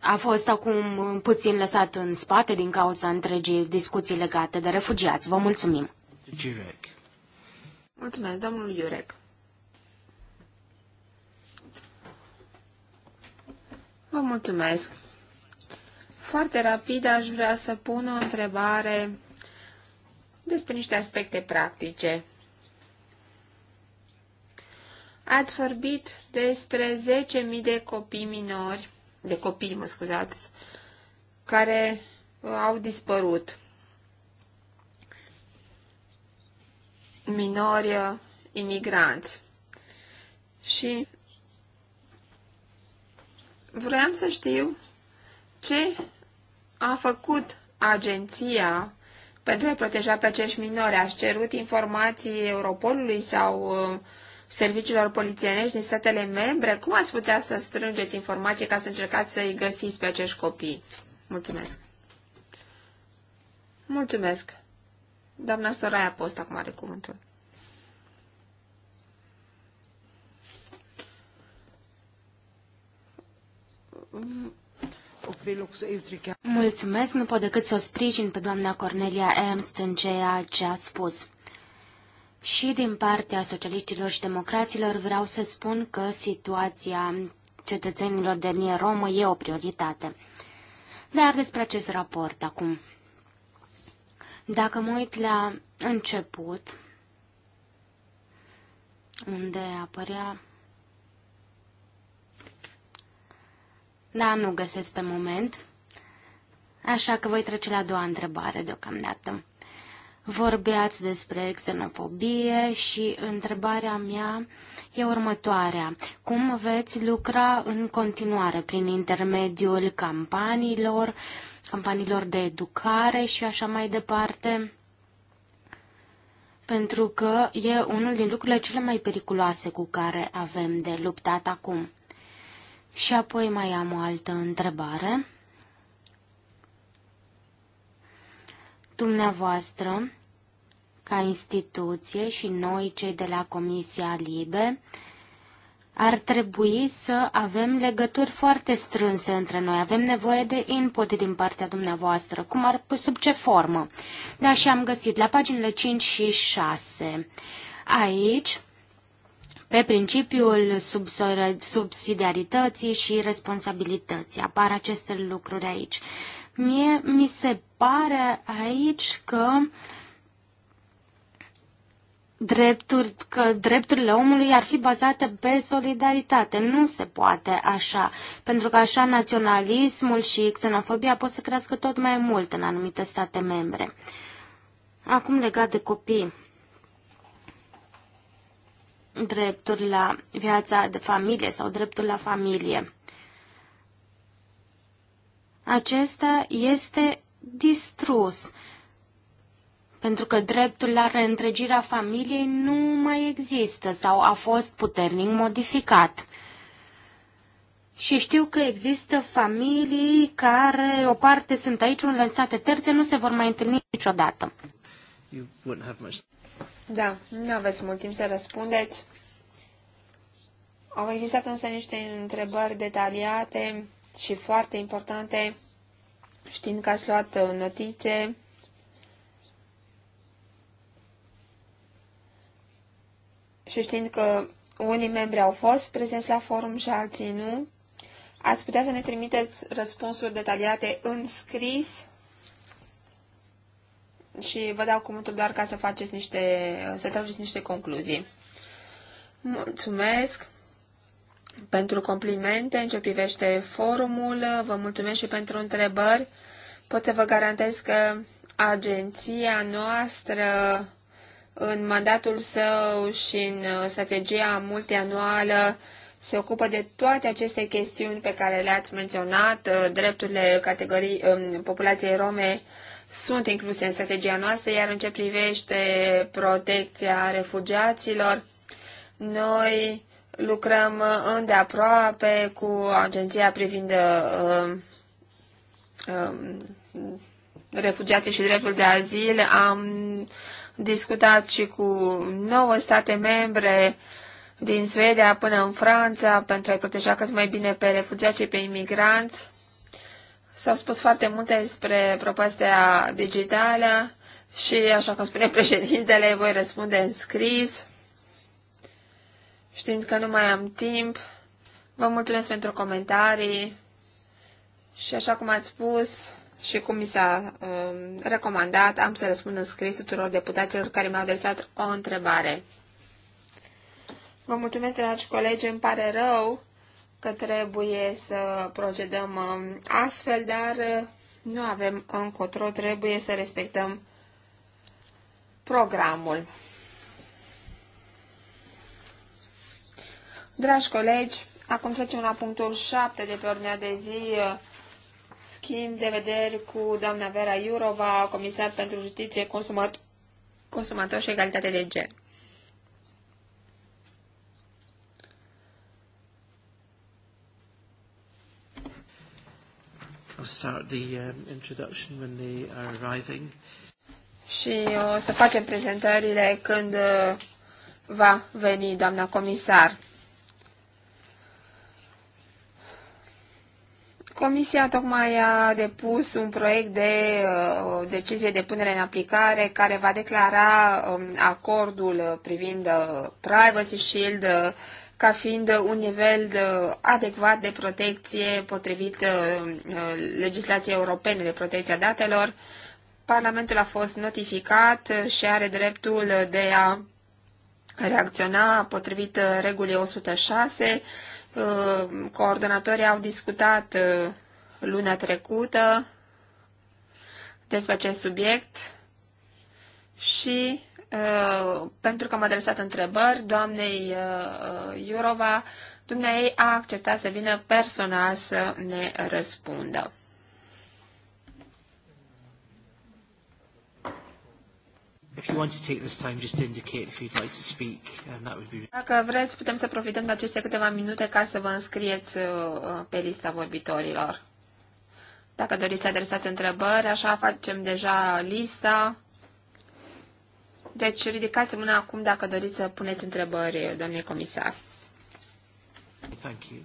a fost acum puțin lăsat în spate din cauza întregii discuții legate de refugiați. Vă mulțumim! Jurek. Mulțumesc, domnul Iurec. Vă mulțumesc. Foarte rapid aș vrea să pun o întrebare despre niște aspecte practice. Ați vorbit despre 10.000 de copii minori, de copii, mă scuzați, care uh, au dispărut. Minori uh, imigranți. Și vreau să știu ce a făcut agenția pentru a proteja pe acești minori. Ați cerut informații Europolului sau uh, serviciilor polițienești din statele membre? Cum ați putea să strângeți informații ca să încercați să-i găsiți pe acești copii? Mulțumesc! Mulțumesc! Doamna Soraya Post acum are cuvântul. Mulțumesc, nu pot decât să o sprijin pe doamna Cornelia Ernst în ceea ce a spus. Și din partea socialiștilor și democraților vreau să spun că situația cetățenilor de linie romă e o prioritate. Dar despre acest raport acum. Dacă mă uit la început, unde apărea... Da, nu găsesc pe moment, așa că voi trece la a doua întrebare deocamdată. Vorbeați despre xenofobie și întrebarea mea e următoarea. Cum veți lucra în continuare prin intermediul campaniilor, campaniilor de educare și așa mai departe? Pentru că e unul din lucrurile cele mai periculoase cu care avem de luptat acum. Și apoi mai am o altă întrebare. Dumneavoastră ca instituție și noi, cei de la Comisia Libe, ar trebui să avem legături foarte strânse între noi. Avem nevoie de input din partea dumneavoastră, cum ar, sub ce formă. Da, și am găsit la paginile 5 și 6. Aici, pe principiul subsidiarității și responsabilității, apar aceste lucruri aici. Mie mi se pare aici că uh, drepturi, că drepturile omului ar fi bazate pe solidaritate. Nu se poate așa, pentru că așa naționalismul și xenofobia pot să crească tot mai mult în anumite state membre. Acum legat de copii, drepturi la viața de familie sau dreptul la familie. Acesta este distrus pentru că dreptul la reîntregirea familiei nu mai există sau a fost puternic modificat. Și știu că există familii care, o parte sunt aici, unele în state terțe, nu se vor mai întâlni niciodată. Da, nu aveți mult timp să răspundeți. Au existat însă niște întrebări detaliate și foarte importante, știind că ați luat uh, notițe și știind că unii membri au fost prezenți la forum și alții nu, ați putea să ne trimiteți răspunsuri detaliate în scris și vă dau cuvântul doar ca să faceți niște, să trageți niște concluzii. Mulțumesc pentru complimente în ce privește forumul, vă mulțumesc și pentru întrebări. Pot să vă garantez că agenția noastră în mandatul său și în uh, strategia multianuală se ocupă de toate aceste chestiuni pe care le-ați menționat. Uh, drepturile categorii um, populației rome sunt incluse în strategia noastră, iar în ce privește protecția refugiaților, noi lucrăm îndeaproape cu agenția privind uh, um, um, refugiații și dreptul de azil. Am discutat și cu nouă state membre din Suedia până în Franța pentru a-i proteja cât mai bine pe refugiați și pe imigranți. S-au spus foarte multe despre propastea digitală și, așa cum spune [LAUGHS] președintele, voi răspunde în scris. Știind că nu mai am timp, vă mulțumesc pentru comentarii și, așa cum ați spus, și cum mi s-a um, recomandat, am să răspund în scris tuturor deputaților care mi-au adresat o întrebare. Vă mulțumesc, dragi colegi, îmi pare rău că trebuie să procedăm um, astfel, dar uh, nu avem încotro, trebuie să respectăm programul. Dragi colegi, acum trecem la punctul 7 de pe ordinea de zi, uh, schimb de vederi cu doamna Vera Iurova, comisar pentru justiție, consumat, consumator și egalitate de gen. I'll start the uh, introduction when they are arriving. Și o să facem prezentările când uh, va veni doamna comisar. Comisia tocmai a depus un proiect de uh, decizie de punere în aplicare care va declara um, acordul privind uh, Privacy Shield uh, ca fiind un nivel de, adecvat de protecție potrivit uh, uh legislației europene de protecția datelor. Parlamentul a fost notificat și are dreptul de a reacționa potrivit uh, regulii 106 Uh, coordonatorii au discutat uh, luna trecută despre acest subiect și uh, pentru că am adresat întrebări doamnei Iurova, dumneai a acceptat să vină personal să ne răspundă. If you want to take this time just indicate if you'd like to speak, and um, that would be... Dacă vreți, putem să profităm de aceste câteva minute ca să vă înscrieți uh, pe lista vorbitorilor. Dacă doriți să adresați întrebări, așa facem deja lista. Deci ridicați mâna acum dacă doriți să puneți întrebări, domnule comisar. Thank you.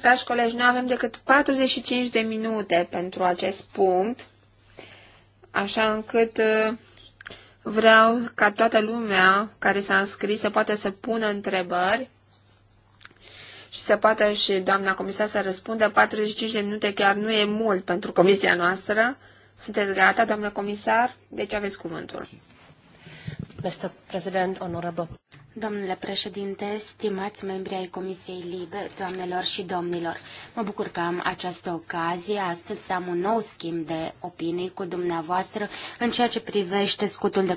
Dragi colegi, nu avem decât 45 de minute pentru acest punct, așa încât uh, vreau ca toată lumea care s-a înscris să poată să pună întrebări și să poată și doamna comisar să răspundă. 45 de minute chiar nu e mult pentru comisia noastră. Sunteți gata, doamnă comisar? Deci aveți cuvântul. Okay. Mr. President, Honorable. Domnule președinte, stimați membri ai Comisiei Libe, doamnelor și domnilor, mă bucur că am această ocazie astăzi să am un nou schimb de opinii cu dumneavoastră în ceea ce privește scutul de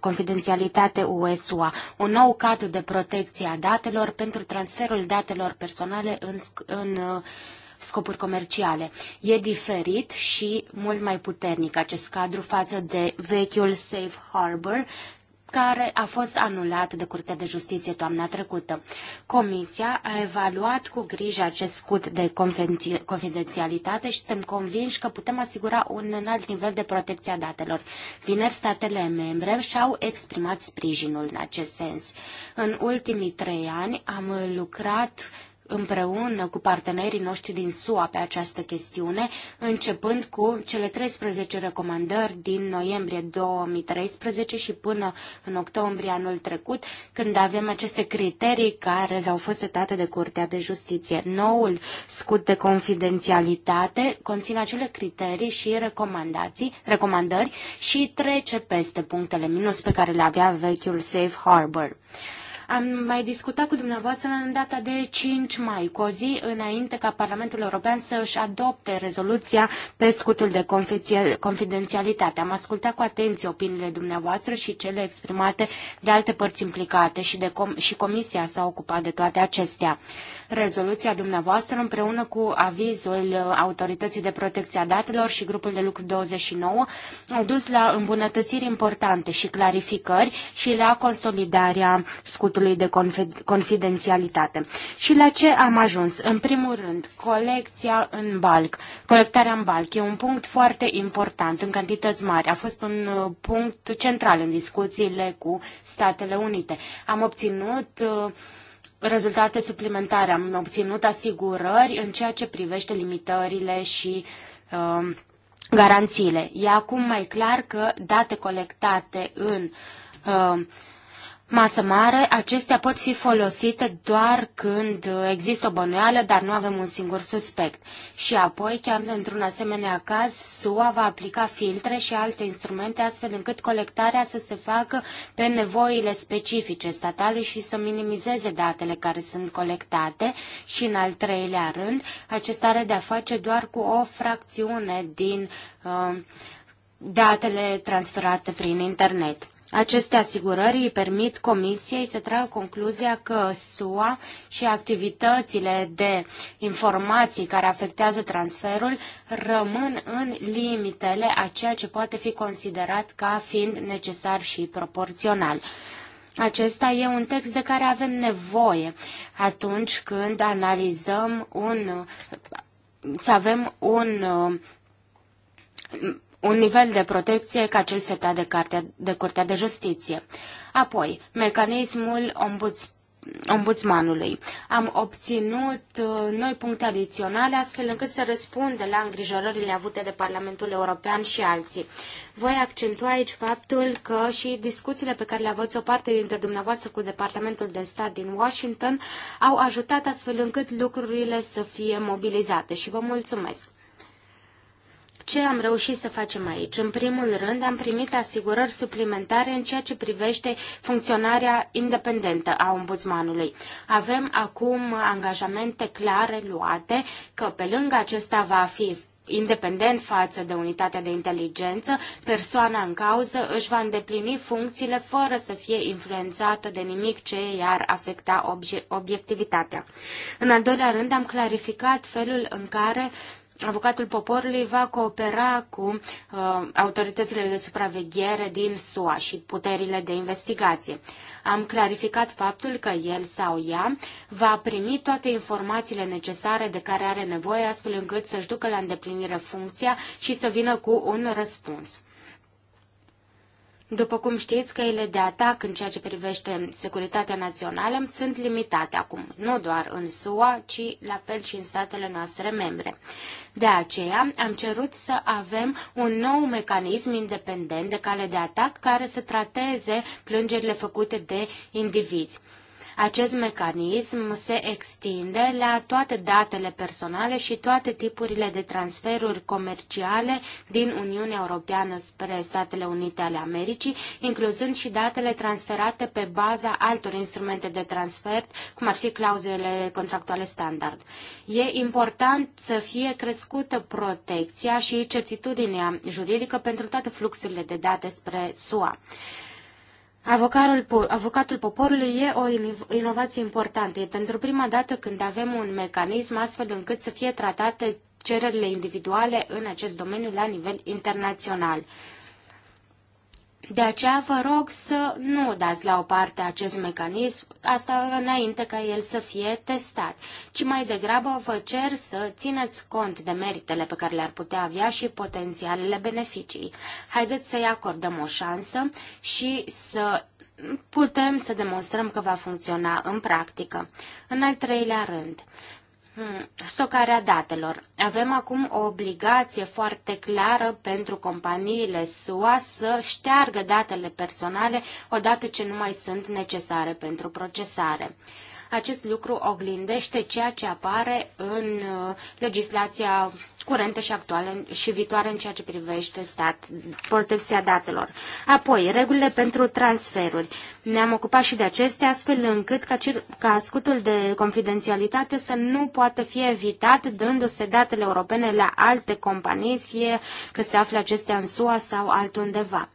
confidențialitate USUA, un nou cadru de protecție a datelor pentru transferul datelor personale în, în uh, scopuri comerciale. E diferit și mult mai puternic acest cadru față de vechiul Safe Harbor, care a fost anulat de Curtea de Justiție toamna trecută. Comisia a evaluat cu grijă acest scut de confidențialitate și suntem convinși că putem asigura un înalt nivel de protecție a datelor. Vineri, statele membre și-au exprimat sprijinul în acest sens. În ultimii trei ani am lucrat împreună cu partenerii noștri din SUA pe această chestiune, începând cu cele 13 recomandări din noiembrie 2013 și până în octombrie anul trecut, când avem aceste criterii care au fost setate de Curtea de Justiție. Noul scut de confidențialitate conține acele criterii și recomandații, recomandări și trece peste punctele minus pe care le avea vechiul Safe Harbor. Am mai discutat cu dumneavoastră în data de 5 mai, cu o zi înainte ca Parlamentul European să își adopte rezoluția pe scutul de confidențialitate. Am ascultat cu atenție opiniile dumneavoastră și cele exprimate de alte părți implicate și, de com- și Comisia s-a ocupat de toate acestea rezoluția dumneavoastră împreună cu avizul uh, Autorității de Protecție a Datelor și grupul de lucru 29 au dus la îmbunătățiri importante și clarificări și la consolidarea scutului de confidențialitate. Și la ce am ajuns? În primul rând, colecția în balc. Colectarea în balc e un punct foarte important în cantități mari. A fost un uh, punct central în discuțiile cu Statele Unite. Am obținut uh, rezultate suplimentare. Am obținut asigurări în ceea ce privește limitările și uh, garanțiile. E acum mai clar că date colectate în uh, masă mare, acestea pot fi folosite doar când există o bănuială, dar nu avem un singur suspect. Și apoi, chiar într-un asemenea caz, SUA va aplica filtre și alte instrumente astfel încât colectarea să se facă pe nevoile specifice statale și să minimizeze datele care sunt colectate și, în al treilea rând, acesta are de-a face doar cu o fracțiune din uh, datele transferate prin internet. Aceste asigurări îi permit Comisiei să tragă concluzia că SUA și activitățile de informații care afectează transferul rămân în limitele a ceea ce poate fi considerat ca fiind necesar și proporțional. Acesta e un text de care avem nevoie atunci când analizăm un. să avem un un nivel de protecție ca cel setat de, cartea, de Curtea de Justiție. Apoi, mecanismul ombuds, ombudsmanului. Am obținut uh, noi puncte adiționale astfel încât să răspundă la îngrijorările avute de Parlamentul European și alții. Voi accentua aici faptul că și discuțiile pe care le aveți o parte dintre dumneavoastră cu Departamentul de Stat din Washington au ajutat astfel încât lucrurile să fie mobilizate și vă mulțumesc. Ce am reușit să facem aici? În primul rând, am primit asigurări suplimentare în ceea ce privește funcționarea independentă a ombudsmanului. Avem acum angajamente clare luate că pe lângă acesta va fi independent față de unitatea de inteligență, persoana în cauză își va îndeplini funcțiile fără să fie influențată de nimic ce i-ar afecta obiectivitatea. În al doilea rând, am clarificat felul în care avocatul poporului va coopera cu uh, autoritățile de supraveghere din SUA și puterile de investigație. Am clarificat faptul că el sau ea va primi toate informațiile necesare de care are nevoie astfel încât să-și ducă la îndeplinire funcția și să vină cu un răspuns. După cum știți, căile de atac în ceea ce privește securitatea națională sunt limitate acum, nu doar în SUA, ci la fel și în statele noastre membre. De aceea am cerut să avem un nou mecanism independent de cale de atac care să trateze plângerile făcute de indivizi. Acest mecanism se extinde la toate datele personale și toate tipurile de transferuri comerciale din Uniunea Europeană spre Statele Unite ale Americii, incluzând și datele transferate pe baza altor instrumente de transfer, cum ar fi clauzele contractuale standard. E important să fie crescută protecția și certitudinea juridică pentru toate fluxurile de date spre SUA avocatul poporului e o inovație importantă. E pentru prima dată când avem un mecanism astfel încât să fie tratate cererile individuale în acest domeniu la nivel internațional. De aceea vă rog să nu dați la o parte acest mecanism, asta înainte ca el să fie testat, ci mai degrabă vă cer să țineți cont de meritele pe care le-ar putea avea și potențialele beneficii. Haideți să-i acordăm o șansă și să putem să demonstrăm că va funcționa în practică. În al treilea rând, Hmm, stocarea datelor. Avem acum o obligație foarte clară pentru companiile SUA să șteargă datele personale odată ce nu mai sunt necesare pentru procesare. Acest lucru oglindește ceea ce apare în uh, legislația curentă și actuală și viitoare în ceea ce privește stat, protecția datelor. Apoi, regulile pentru transferuri. Ne-am ocupat și de acestea, astfel încât ca, ca scutul de confidențialitate să nu poată fi evitat dându-se datele europene la alte companii, fie că se află acestea în SUA sau altundeva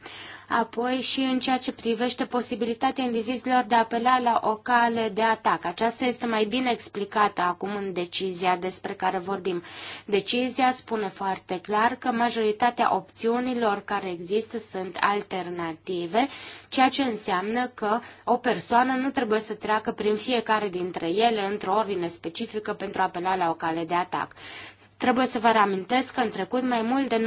apoi și în ceea ce privește posibilitatea indivizilor de a apela la o cale de atac. Aceasta este mai bine explicată acum în decizia despre care vorbim. Decizia spune foarte clar că majoritatea opțiunilor care există sunt alternative, ceea ce înseamnă că o persoană nu trebuie să treacă prin fiecare dintre ele într-o ordine specifică pentru a apela la o cale de atac. Trebuie să vă reamintesc că în trecut mai mult de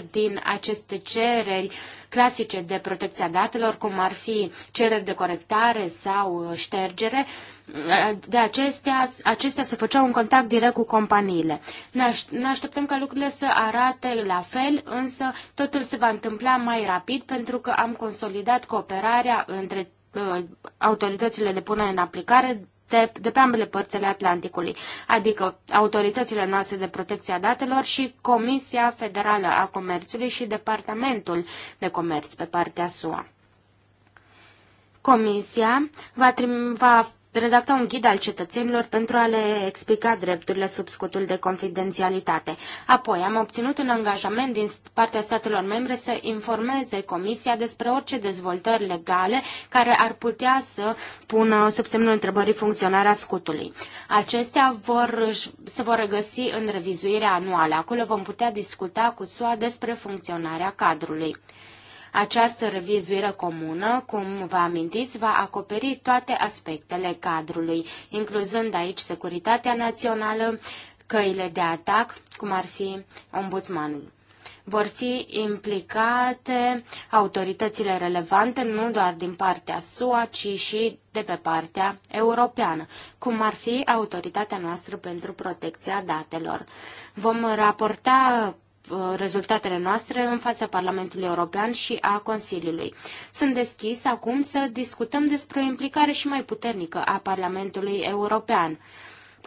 90% din aceste cereri clasice de protecția datelor, cum ar fi cereri de corectare sau uh, ștergere, uh, de acestea, acestea se făceau un contact direct cu companiile. Ne așteptăm ca lucrurile să arate la fel, însă totul se va întâmpla mai rapid pentru că am consolidat cooperarea între uh, autoritățile de punere în aplicare de, de pe ambele părțile Atlanticului, adică autoritățile noastre de protecție a datelor și Comisia Federală a Comerțului și Departamentul de Comerț pe partea SUA. Comisia va, trim, va redacta un ghid al cetățenilor pentru a le explica drepturile sub scutul de confidențialitate. Apoi, am obținut un angajament din partea statelor membre să informeze Comisia despre orice dezvoltări legale care ar putea să pună sub semnul întrebării funcționarea scutului. Acestea vor, se vor regăsi în revizuirea anuală. Acolo vom putea discuta cu SUA despre funcționarea cadrului. Această revizuire comună, cum vă amintiți, va acoperi toate aspectele cadrului, incluzând aici securitatea națională, căile de atac, cum ar fi ombudsmanul vor fi implicate autoritățile relevante, nu doar din partea SUA, ci și de pe partea europeană, cum ar fi autoritatea noastră pentru protecția datelor. Vom raporta Uh, rezultatele noastre în fața Parlamentului European și a Consiliului. Sunt deschis acum să discutăm despre o implicare și mai puternică a Parlamentului European.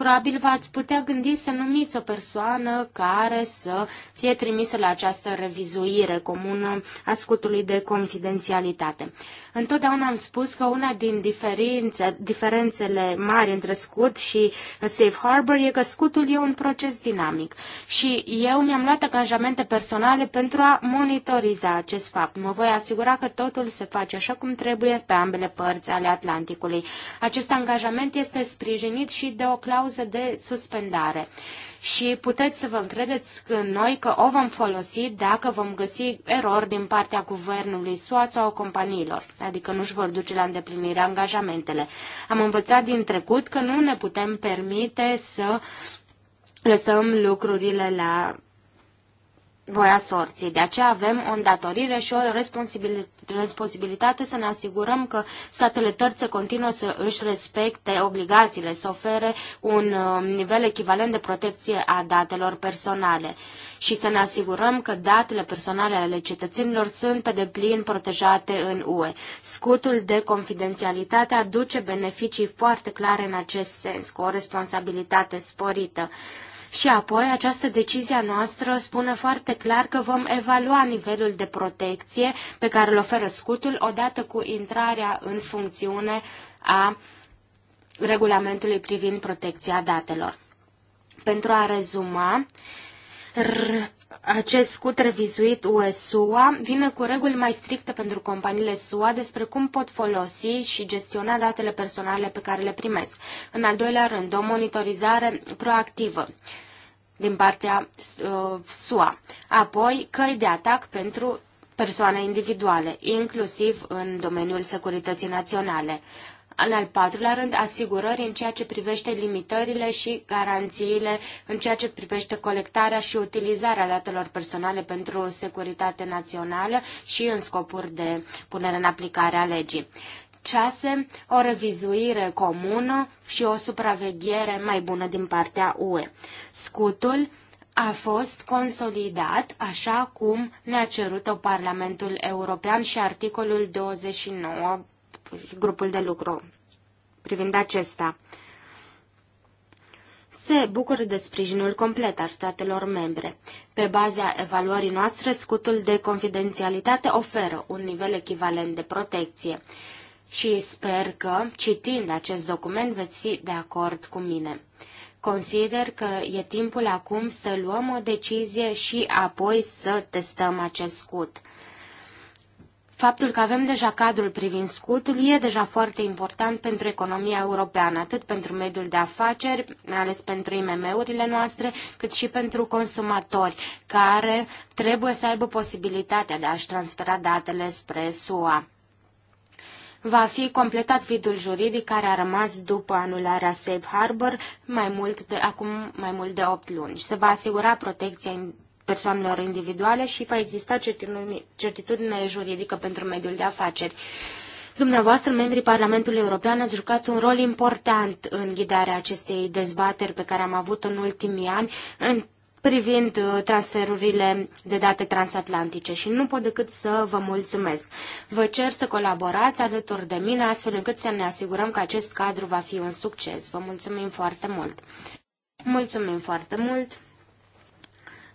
Probabil v-ați putea gândi să numiți o persoană care să fie trimisă la această revizuire comună a scutului de confidențialitate. Întotdeauna am spus că una din diferențe, diferențele mari între scut și safe harbor e că scutul e un proces dinamic și eu mi-am luat angajamente personale pentru a monitoriza acest fapt. Mă voi asigura că totul se face așa cum trebuie pe ambele părți ale Atlanticului. Acest angajament este sprijinit și de o clauză clauză de suspendare și puteți să vă încredeți în noi că o vom folosi dacă vom găsi erori din partea guvernului SUA sau companiilor, adică nu își vor duce la îndeplinire angajamentele. Am învățat din trecut că nu ne putem permite să lăsăm lucrurile la voia sorții. De aceea avem o îndatorire și o responsabilitate să ne asigurăm că statele terțe continuă să își respecte obligațiile, să ofere un uh, nivel echivalent de protecție a datelor personale și să ne asigurăm că datele personale ale cetățenilor sunt pe deplin protejate în UE. Scutul de confidențialitate aduce beneficii foarte clare în acest sens, cu o responsabilitate sporită. Și apoi această decizie a noastră spune foarte clar că vom evalua nivelul de protecție pe care îl oferă scutul odată cu intrarea în funcțiune a regulamentului privind protecția datelor. Pentru a rezuma, acest scut revizuit USUA vine cu reguli mai stricte pentru companiile SUA despre cum pot folosi și gestiona datele personale pe care le primesc. În al doilea rând, o monitorizare proactivă din partea uh, SUA. Apoi, căi de atac pentru persoane individuale, inclusiv în domeniul securității naționale. În al patrulea rând, asigurări în ceea ce privește limitările și garanțiile în ceea ce privește colectarea și utilizarea datelor personale pentru securitate națională și în scopuri de punere în aplicare a legii. 6. O revizuire comună și o supraveghere mai bună din partea UE. Scutul a fost consolidat așa cum ne-a cerut-o Parlamentul European și articolul 29 grupul de lucru privind acesta. Se bucură de sprijinul complet al statelor membre. Pe baza evaluării noastre, scutul de confidențialitate oferă un nivel echivalent de protecție și sper că, citind acest document, veți fi de acord cu mine. Consider că e timpul acum să luăm o decizie și apoi să testăm acest scut. Faptul că avem deja cadrul privind scutul e deja foarte important pentru economia europeană, atât pentru mediul de afaceri, ales pentru IMM-urile noastre, cât și pentru consumatori, care trebuie să aibă posibilitatea de a-și transfera datele spre SUA va fi completat vidul juridic care a rămas după anularea Safe Harbor mai mult de, acum mai mult de 8 luni. Se va asigura protecția persoanelor individuale și va exista certitudine juridică pentru mediul de afaceri. Dumneavoastră, membrii Parlamentului European, ați jucat un rol important în ghidarea acestei dezbateri pe care am avut-o în ultimii ani în privind uh, transferurile de date transatlantice și nu pot decât să vă mulțumesc. Vă cer să colaborați alături de mine astfel încât să ne asigurăm că acest cadru va fi un succes. Vă mulțumim foarte mult! Mulțumim foarte mult!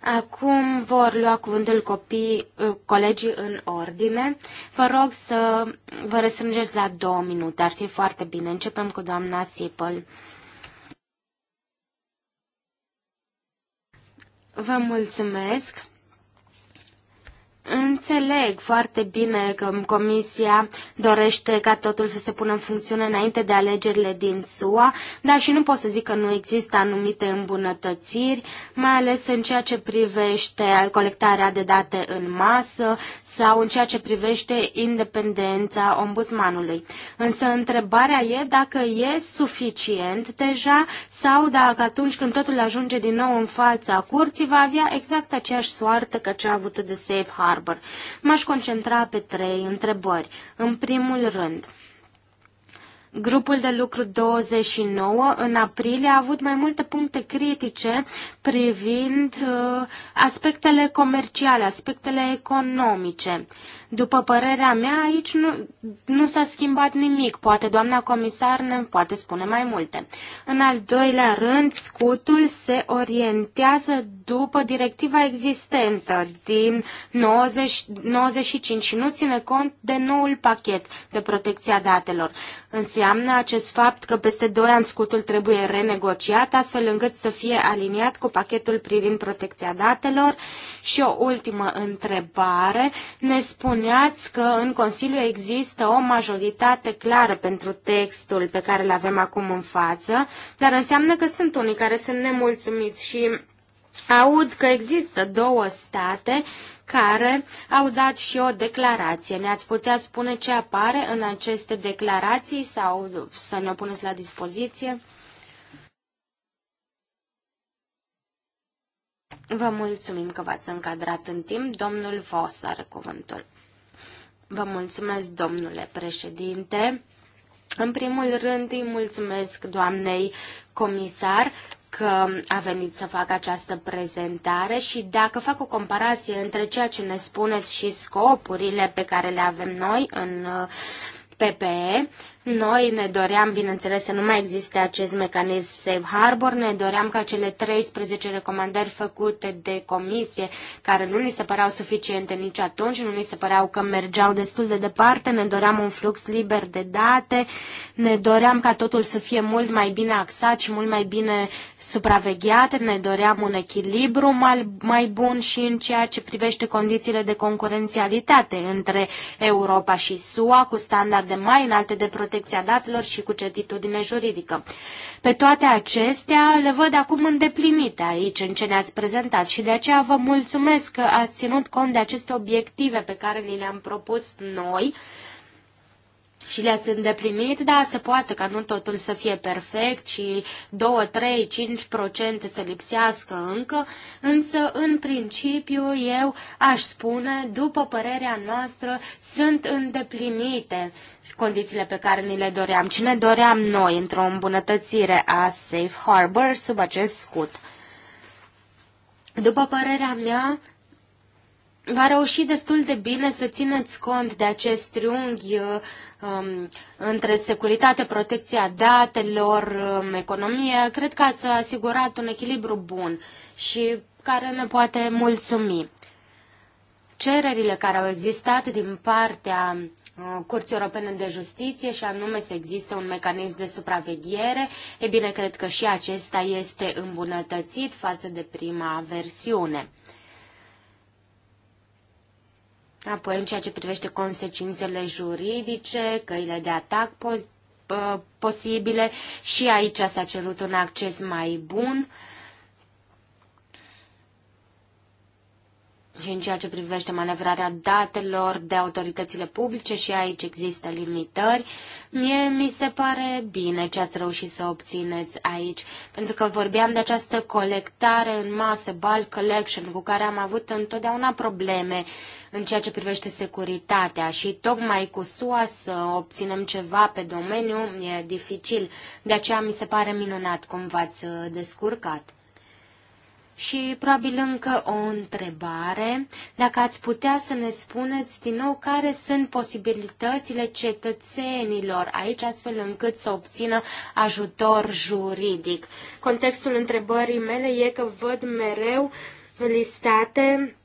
Acum vor lua cuvântul copii, uh, colegii în ordine. Vă rog să vă restrângeți la două minute. Ar fi foarte bine. Începem cu doamna Sipăl. Vă mulțumesc. Înțeleg foarte bine că Comisia dorește ca totul să se pună în funcțiune înainte de alegerile din SUA, dar și nu pot să zic că nu există anumite îmbunătățiri, mai ales în ceea ce privește colectarea de date în masă sau în ceea ce privește independența ombudsmanului. Însă întrebarea e dacă e suficient deja sau dacă atunci când totul ajunge din nou în fața curții va avea exact aceeași soartă ca cea avută de Safe Harbor. Harbor. M-aș concentra pe trei întrebări. În primul rând, Grupul de lucru 29 în aprilie a avut mai multe puncte critice privind uh, aspectele comerciale, aspectele economice. Uh, după părerea mea, aici nu, nu s-a schimbat nimic. Poate doamna comisar ne poate spune mai multe. În al doilea rând, scutul se orientează după directiva existentă din 90, 95 și nu ține cont de noul pachet de protecția datelor. Înseamnă acest fapt că peste doi ani scutul trebuie renegociat, astfel încât să fie aliniat cu pachetul privind protecția datelor. Și o ultimă întrebare. Ne spuneați că în Consiliu există o majoritate clară pentru textul pe care îl avem acum în față, dar înseamnă că sunt unii care sunt nemulțumiți și Aud că există două state care au dat și o declarație. Ne-ați putea spune ce apare în aceste declarații sau să ne o puneți la dispoziție? Vă mulțumim că v-ați încadrat în timp. Domnul Vos are cuvântul. Vă mulțumesc, domnule președinte. În primul rând îi mulțumesc doamnei comisar că a venit să facă această prezentare și dacă fac o comparație între ceea ce ne spuneți și scopurile pe care le avem noi în uh, PPE, noi ne doream, bineînțeles, să nu mai existe acest mecanism Safe Harbor, ne doream ca cele 13 recomandări făcute de comisie, care nu ni se păreau suficiente nici atunci, nu ni se păreau că mergeau destul de departe, ne doream un flux liber de date, ne doream ca totul să fie mult mai bine axat și mult mai bine supravegheat, ne doream un echilibru mai, mai bun și în ceea ce privește condițiile de concurențialitate între Europa și SUA, cu standarde mai înalte de protecție protecția datelor și cu certitudine juridică. Pe toate acestea le văd acum îndeplinite aici în ce ne-ați prezentat și de aceea vă mulțumesc că ați ținut cont de aceste obiective pe care ni le-am propus noi și le-ați îndeplinit, da, se poate ca nu totul să fie perfect și 2, 3, 5% să lipsească încă, însă în principiu eu aș spune, după părerea noastră, sunt îndeplinite condițiile pe care ni le doream, Cine ne doream noi într-o îmbunătățire a Safe Harbor sub acest scut. După părerea mea, va reuși destul de bine să țineți cont de acest triunghi uh, um, între securitate, protecția datelor, um, economie, cred că ați asigurat un echilibru bun și care ne poate mulțumi. Cererile care au existat din partea uh, Curții Europene de Justiție și anume să existe un mecanism de supraveghere. E bine, cred că și acesta este îmbunătățit față de prima versiune. Apoi, în ceea ce privește consecințele juridice, căile de atac pos- ă, posibile, și aici s-a cerut un acces mai bun. Uh, și în ceea ce privește manevrarea datelor de autoritățile publice și aici există limitări. Mie mi se pare bine ce ați reușit să obțineți aici, pentru că vorbeam de această colectare în masă, bulk collection, cu care am avut întotdeauna probleme în ceea ce privește securitatea și tocmai cu SUA să obținem ceva pe domeniu e dificil. De aceea mi se pare minunat cum v-ați descurcat. Și probabil încă o întrebare, dacă ați putea să ne spuneți din nou care sunt posibilitățile cetățenilor aici, astfel încât să obțină ajutor juridic. Contextul întrebării mele e că văd mereu listate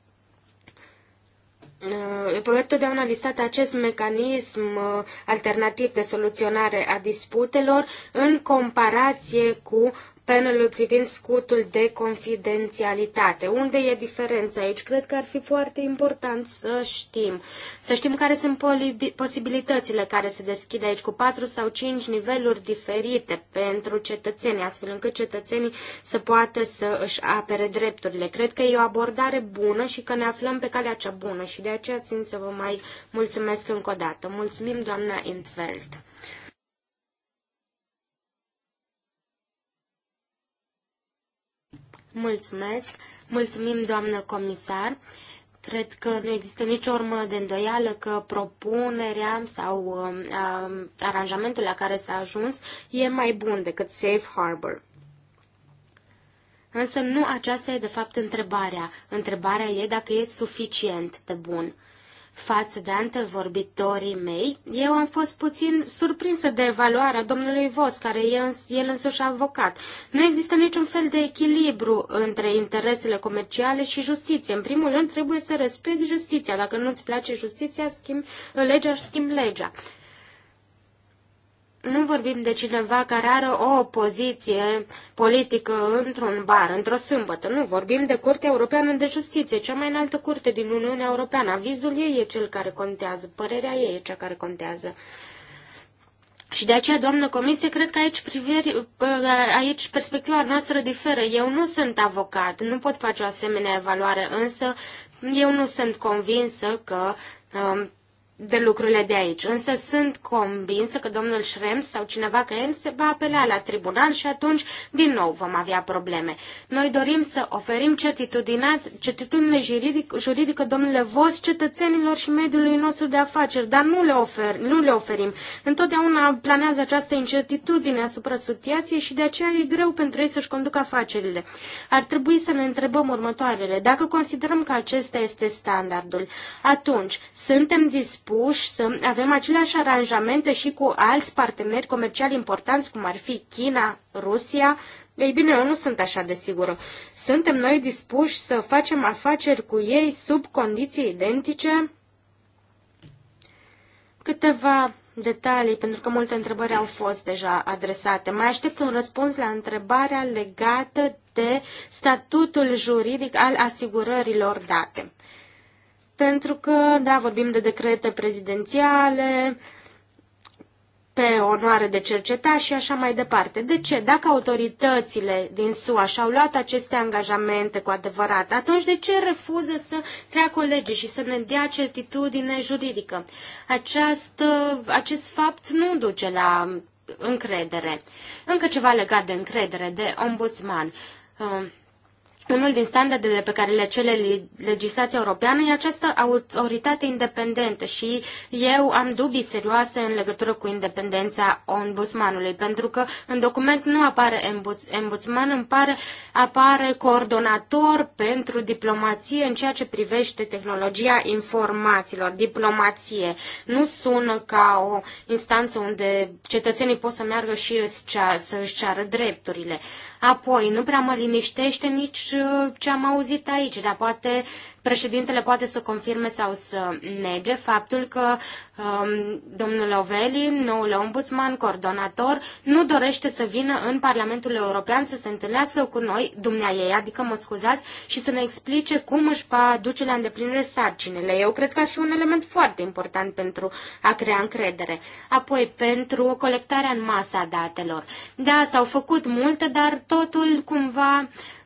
uh, Văd totdeauna listat acest mecanism uh, alternativ de soluționare a disputelor în comparație cu panelul privind scutul de confidențialitate. Unde e diferența aici? Cred că ar fi foarte important să știm. Să știm care sunt posibilitățile care se deschid aici cu patru sau cinci niveluri diferite pentru cetățenii, astfel încât cetățenii să poată să își apere drepturile. Cred că e o abordare bună și că ne aflăm pe calea cea bună și de aceea țin să vă mai mulțumesc încă o dată. Mulțumim, doamna Intveld. Mulțumesc. Mulțumim, doamnă comisar. Cred că nu există nicio urmă de îndoială că propunerea sau uh, aranjamentul la care s-a ajuns e mai bun decât Safe Harbor. Însă nu aceasta e de fapt întrebarea. Întrebarea e dacă e suficient de bun față de antevorbitorii mei, eu am fost puțin surprinsă de evaluarea domnului Vos, care e îns- el însuși avocat. Nu există niciun fel de echilibru între interesele comerciale și justiție. În primul rând, trebuie să respect justiția. Dacă nu-ți place justiția, schimb legea și schimb legea nu vorbim de cineva care are o poziție politică într-un bar, într-o sâmbătă. Nu, vorbim de Curtea Europeană de Justiție, cea mai înaltă curte din Uniunea Europeană. Avizul ei e cel care contează, părerea ei e cea care contează. Și de aceea, doamnă comisie, cred că aici, priveri, aici perspectiva noastră diferă. Eu nu sunt avocat, nu pot face o asemenea evaluare, însă eu nu sunt convinsă că um, de lucrurile de aici. Însă sunt convinsă că domnul Schrems sau cineva ca el se va apela la tribunal și atunci din nou vom avea probleme. Noi dorim să oferim certitudine juridică, juridică domnule Vos, cetățenilor și mediului nostru de afaceri, dar nu le, ofer, nu le oferim. Întotdeauna planează această incertitudine asupra asociației și de aceea e greu pentru ei să-și conducă afacerile. Ar trebui să ne întrebăm următoarele. Dacă considerăm că acesta este standardul, atunci suntem dispuși dispuși să avem aceleași aranjamente și cu alți parteneri comerciali importanți, cum ar fi China, Rusia, ei bine, eu nu sunt așa de sigură. Suntem noi dispuși să facem afaceri cu ei sub condiții identice? Câteva detalii, pentru că multe întrebări au fost deja adresate. Mai aștept un răspuns la întrebarea legată de statutul juridic al asigurărilor date pentru că, da, vorbim de decrete prezidențiale, pe onoare de cerceta și așa mai departe. De ce? Dacă autoritățile din SUA și-au luat aceste angajamente cu adevărat, atunci de ce refuză să treacă o lege și să ne dea certitudine juridică? Aceast, acest fapt nu duce la încredere. Încă ceva legat de încredere, de ombudsman. Uh, unul din standardele pe care le cere legislația europeană e această autoritate independentă și eu am dubii serioase în legătură cu independența ombudsmanului, pentru că în document nu apare ombudsman, îmi pare, apare coordonator pentru diplomație în ceea ce privește tehnologia informațiilor, diplomație. Nu sună ca o instanță unde cetățenii pot să meargă și să-și ceară drepturile. Apoi, nu prea mă liniștește nici uh, ce am auzit aici, dar poate președintele poate să confirme sau să nege faptul că um, domnul Oveli, noul ombudsman, coordonator, nu dorește să vină în Parlamentul European să se întâlnească cu noi, dumnea adică mă scuzați, și să ne explice cum își va duce la îndeplinire sarcinile. Eu cred că ar fi un element foarte important pentru a crea încredere. Apoi, pentru colectarea în masa datelor. Da, s-au făcut multe, dar totul cumva uh,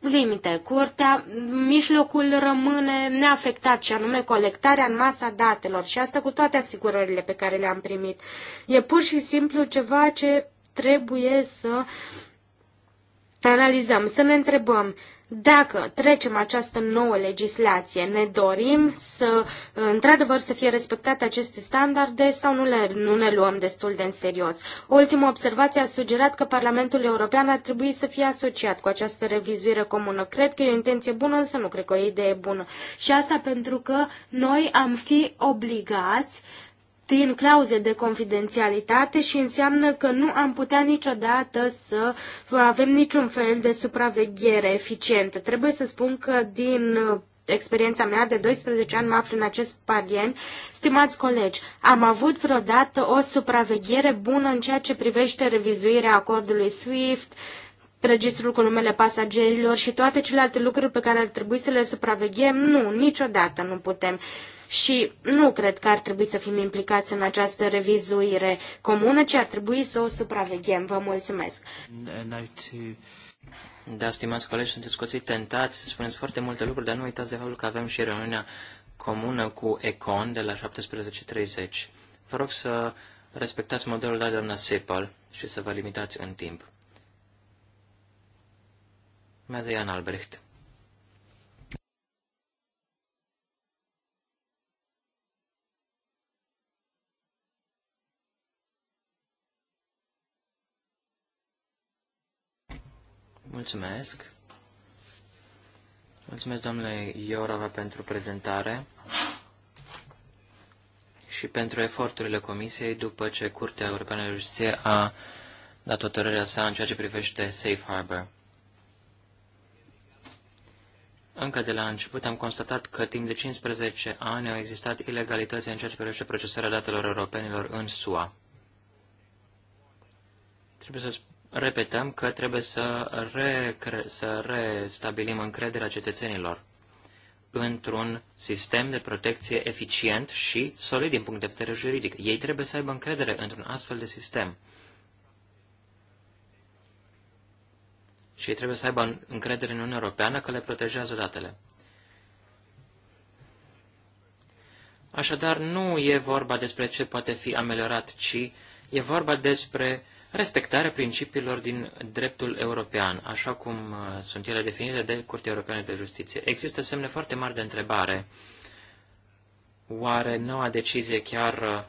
limite. Curtea, mijlocul rămâne neafectat și anume colectarea în masa datelor și asta cu toate asigurările pe care le-am primit. E pur și simplu ceva ce trebuie să analizăm, să ne întrebăm dacă trecem această nouă legislație, ne dorim să, într-adevăr, să fie respectate aceste standarde sau nu, le, nu ne luăm destul de în serios? O ultimă observație a sugerat că Parlamentul European ar trebui să fie asociat cu această revizuire comună. Cred că e o intenție bună, însă nu cred că e o idee bună. Și asta pentru că noi am fi obligați uh, prin clauze de confidențialitate și înseamnă că nu am putea niciodată să avem niciun fel de supraveghere eficientă. Trebuie să spun că din uh, experiența mea de 12 ani mă aflu în acest parien. Stimați colegi, am avut vreodată o supraveghere bună în ceea ce privește revizuirea acordului SWIFT, registrul cu numele pasagerilor și toate celelalte lucruri pe care ar trebui să le supraveghem? Nu, niciodată nu putem și nu cred că ar trebui să fim implicați în această revizuire comună, ci ar trebui să o supraveghem. Vă mulțumesc! Da, stimați colegi, sunteți cu toții tentați să spuneți foarte multe lucruri, dar nu uitați de faptul că avem și reuniunea comună cu Econ de la 17.30. Vă rog să respectați modelul dat de doamna Sepal și să vă limitați în timp. Urmează Ian Albrecht. Mulțumesc. Mulțumesc, domnule Iorava, pentru prezentare și pentru eforturile Comisiei după ce Curtea Europeană de Justiție a dat hotărârea sa în ceea ce privește Safe Harbor. Încă de la început am constatat că timp de 15 ani au existat ilegalități în ceea ce privește procesarea datelor europenilor în SUA. Trebuie să repetăm că trebuie să, re, să restabilim încrederea cetățenilor într-un sistem de protecție eficient și solid din punct de vedere juridic. Ei trebuie să aibă încredere într-un astfel de sistem. Și ei trebuie să aibă încredere în Uniunea Europeană că le protejează datele. Așadar, nu e vorba despre ce poate fi ameliorat, ci e vorba despre uh, respectarea principiilor din dreptul european, așa cum uh, sunt ele definite de Curtea Europeană de Justiție. Există semne foarte mari de întrebare. Oare noua decizie chiar, uh,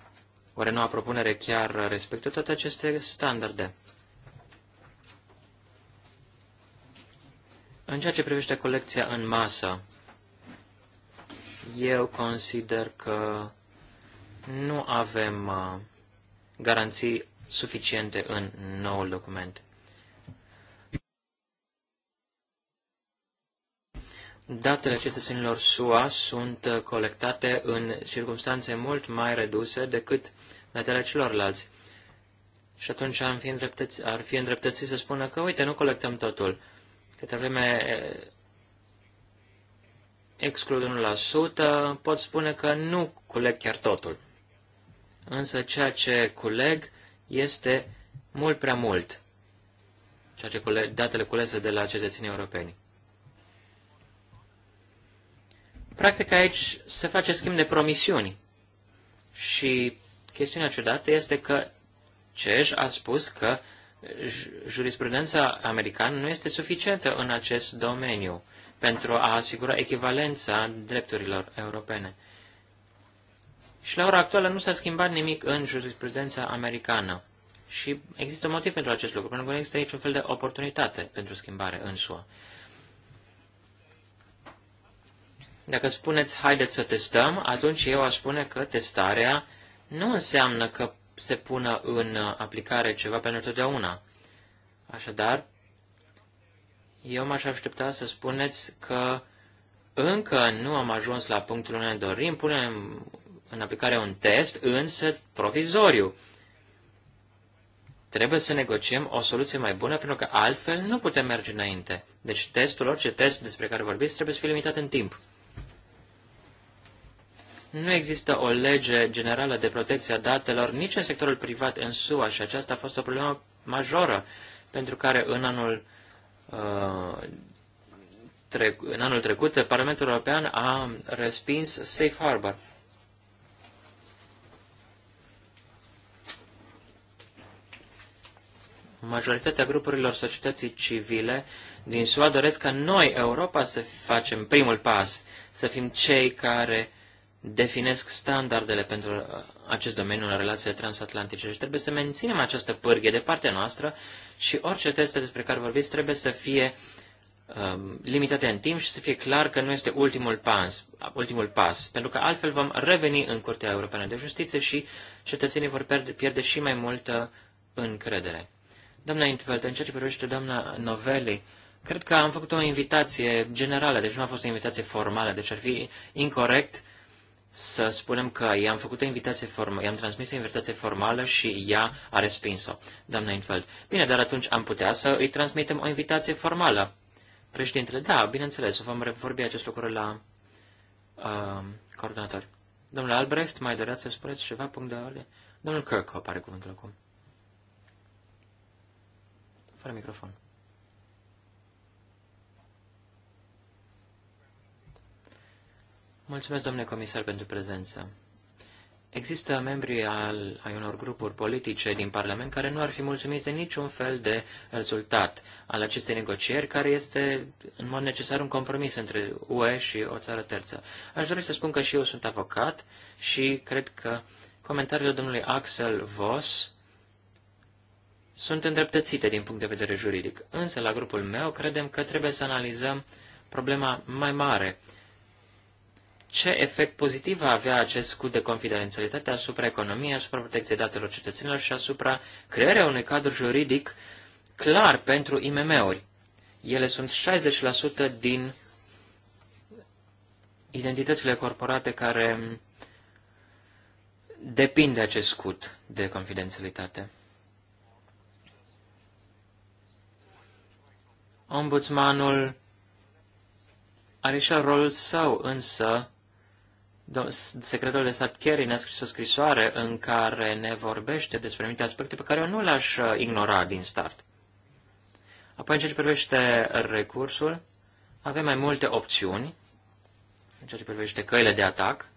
oare noua propunere chiar respectă toate aceste standarde? În ceea ce privește colecția în masă, eu consider că nu avem uh, garanții suficiente în noul document. Datele cetățenilor SUA sunt uh, colectate în circunstanțe mult mai reduse decât datele celorlalți. Și atunci ar fi, îndreptăți, ar fi îndreptățit să spună că, uite, nu colectăm totul. Câte vreme uh, exclud 1%, pot spune că nu culeg chiar totul. Însă ceea ce culeg este mult prea mult, ceea ce datele culese de la cetățenii europeni. Practic aici se face schimb de promisiuni și chestiunea ciudată este că CEJ a spus că jurisprudența americană nu este suficientă în acest domeniu pentru a asigura echivalența drepturilor europene. Și la ora actuală nu s-a schimbat nimic în jurisprudența americană. Și există un motiv pentru acest lucru, pentru că nu există niciun fel de oportunitate pentru schimbare în SUA. Dacă spuneți, haideți să testăm, atunci eu aș spune că testarea nu înseamnă că se pună în aplicare ceva pentru totdeauna. Așadar, eu m-aș aștepta să spuneți că încă nu am ajuns la punctul unde ne dorim, punem în aplicare un test, însă provizoriu. Trebuie să negociem o soluție mai bună, pentru că altfel nu putem merge înainte. Deci testul, orice test despre care vorbiți, trebuie să fie limitat în timp. Nu există o lege generală de protecție a datelor nici în sectorul privat în SUA și aceasta a fost o problemă majoră pentru care în anul, uh, trec, în anul trecut Parlamentul European a respins Safe Harbor. majoritatea grupurilor societății civile din SUA doresc ca noi, Europa, să facem primul pas, să fim cei care definesc standardele pentru uh, acest domeniu în relațiile transatlantice și deci trebuie să menținem această pârghie de partea noastră și orice teste despre care vorbiți trebuie să fie um, limitate în timp și să fie clar că nu este ultimul pas, ultimul pas, pentru că altfel vom reveni în Curtea Europeană de Justiție și cetățenii vor pierde, pierde și mai multă încredere. Doamna Intveld, în ceea ce privește doamna Novelli, cred că am făcut o invitație generală, deci nu a fost o invitație formală, deci ar fi incorrect să spunem că i-am făcut o invitație formală, i-am transmis o invitație formală și ea a respins-o, doamna Infeld. Bine, dar atunci am putea să îi transmitem o invitație formală. Președintele, da, bineînțeles, vom vorbi acest lucru la uh, coordonator. Domnule Albrecht, mai doreați să spuneți ceva? Punct de ordine. Domnul Kirk apare cuvântul acum. Fără microfon. Mulțumesc, domnule comisar, pentru prezență. Există membri al, ai unor grupuri politice din Parlament care nu ar fi mulțumiți de niciun fel de rezultat al acestei negocieri, care este în mod necesar un compromis între UE și o țară terță. Aș dori să spun că și eu sunt avocat și cred că comentariile domnului Axel Voss sunt îndreptățite din punct de vedere juridic. Însă, la grupul meu, credem că trebuie să analizăm problema mai mare. Ce efect pozitiv va avea acest scut de confidențialitate asupra economiei, asupra protecției datelor cetățenilor și asupra crearea unui cadru juridic clar pentru IMM-uri? Ele sunt 60% din identitățile corporate care depind de acest scut de confidențialitate. Ombudsmanul are și rolul său, însă secretul de stat Kerry ne-a scris o scrisoare în care ne vorbește despre anumite aspecte pe care eu nu le-aș uh, ignora din start. Apoi, în ceea ce privește recursul, avem mai multe opțiuni în ceea ce privește căile de atac.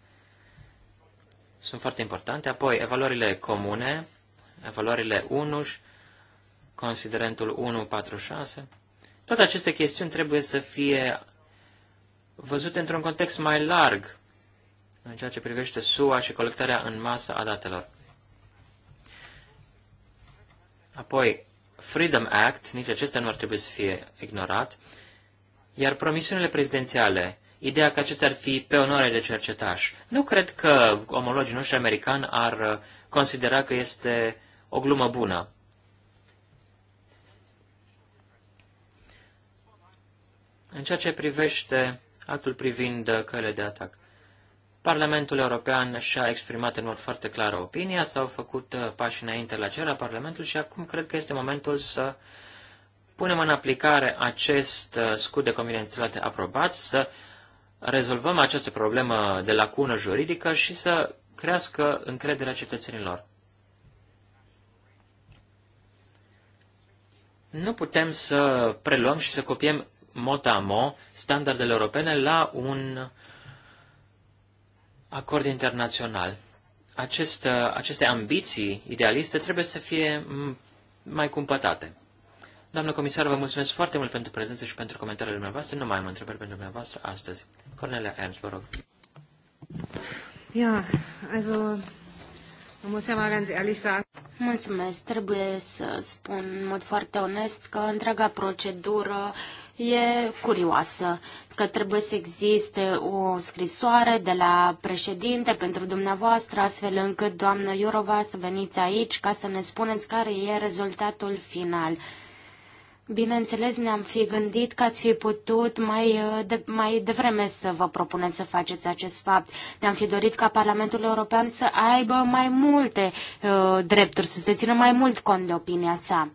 Sunt foarte importante. Apoi, evaluările comune, evaluările 1, considerentul 146, toate aceste chestiuni trebuie să fie văzute într-un context mai larg în ceea ce privește SUA și colectarea în masă a datelor. Apoi, Freedom Act, nici acesta nu ar trebui să fie ignorat, iar promisiunile prezidențiale, ideea că acestea ar fi pe onoare de cercetași. Nu cred că omologii noștri americani ar considera că este o glumă bună. În ceea ce privește actul privind căile de atac, Parlamentul European și-a exprimat în mod foarte clar opinia, s-au făcut uh, pași înainte la cererea Parlamentului Parlamentul și acum cred că este momentul să punem în aplicare acest uh, scut de confidențialitate aprobat, să rezolvăm această problemă de lacună juridică și să crească încrederea cetățenilor. Nu putem să preluăm și să copiem mot a mot standardele europene la un acord internațional. Acest, uh, aceste ambiții idealiste trebuie să fie mai cumpătate. Doamnă comisar, vă mulțumesc foarte mult pentru prezență și pentru comentariile dumneavoastră. Nu mai am întrebări pentru dumneavoastră astăzi. Cornelia Ernst, vă rog. Ja, also Mulțumesc. Trebuie să spun în mod foarte onest că întreaga procedură e curioasă, că trebuie să existe o scrisoare de la președinte pentru dumneavoastră, astfel încât, doamnă Iurova, să veniți aici ca să ne spuneți care e rezultatul final. Bineînțeles, ne-am fi gândit că ați fi putut mai, uh, de, mai devreme să vă propuneți să faceți acest fapt. Ne-am fi dorit ca Parlamentul European să aibă mai multe uh, drepturi, să se țină mai mult cont de opinia sa.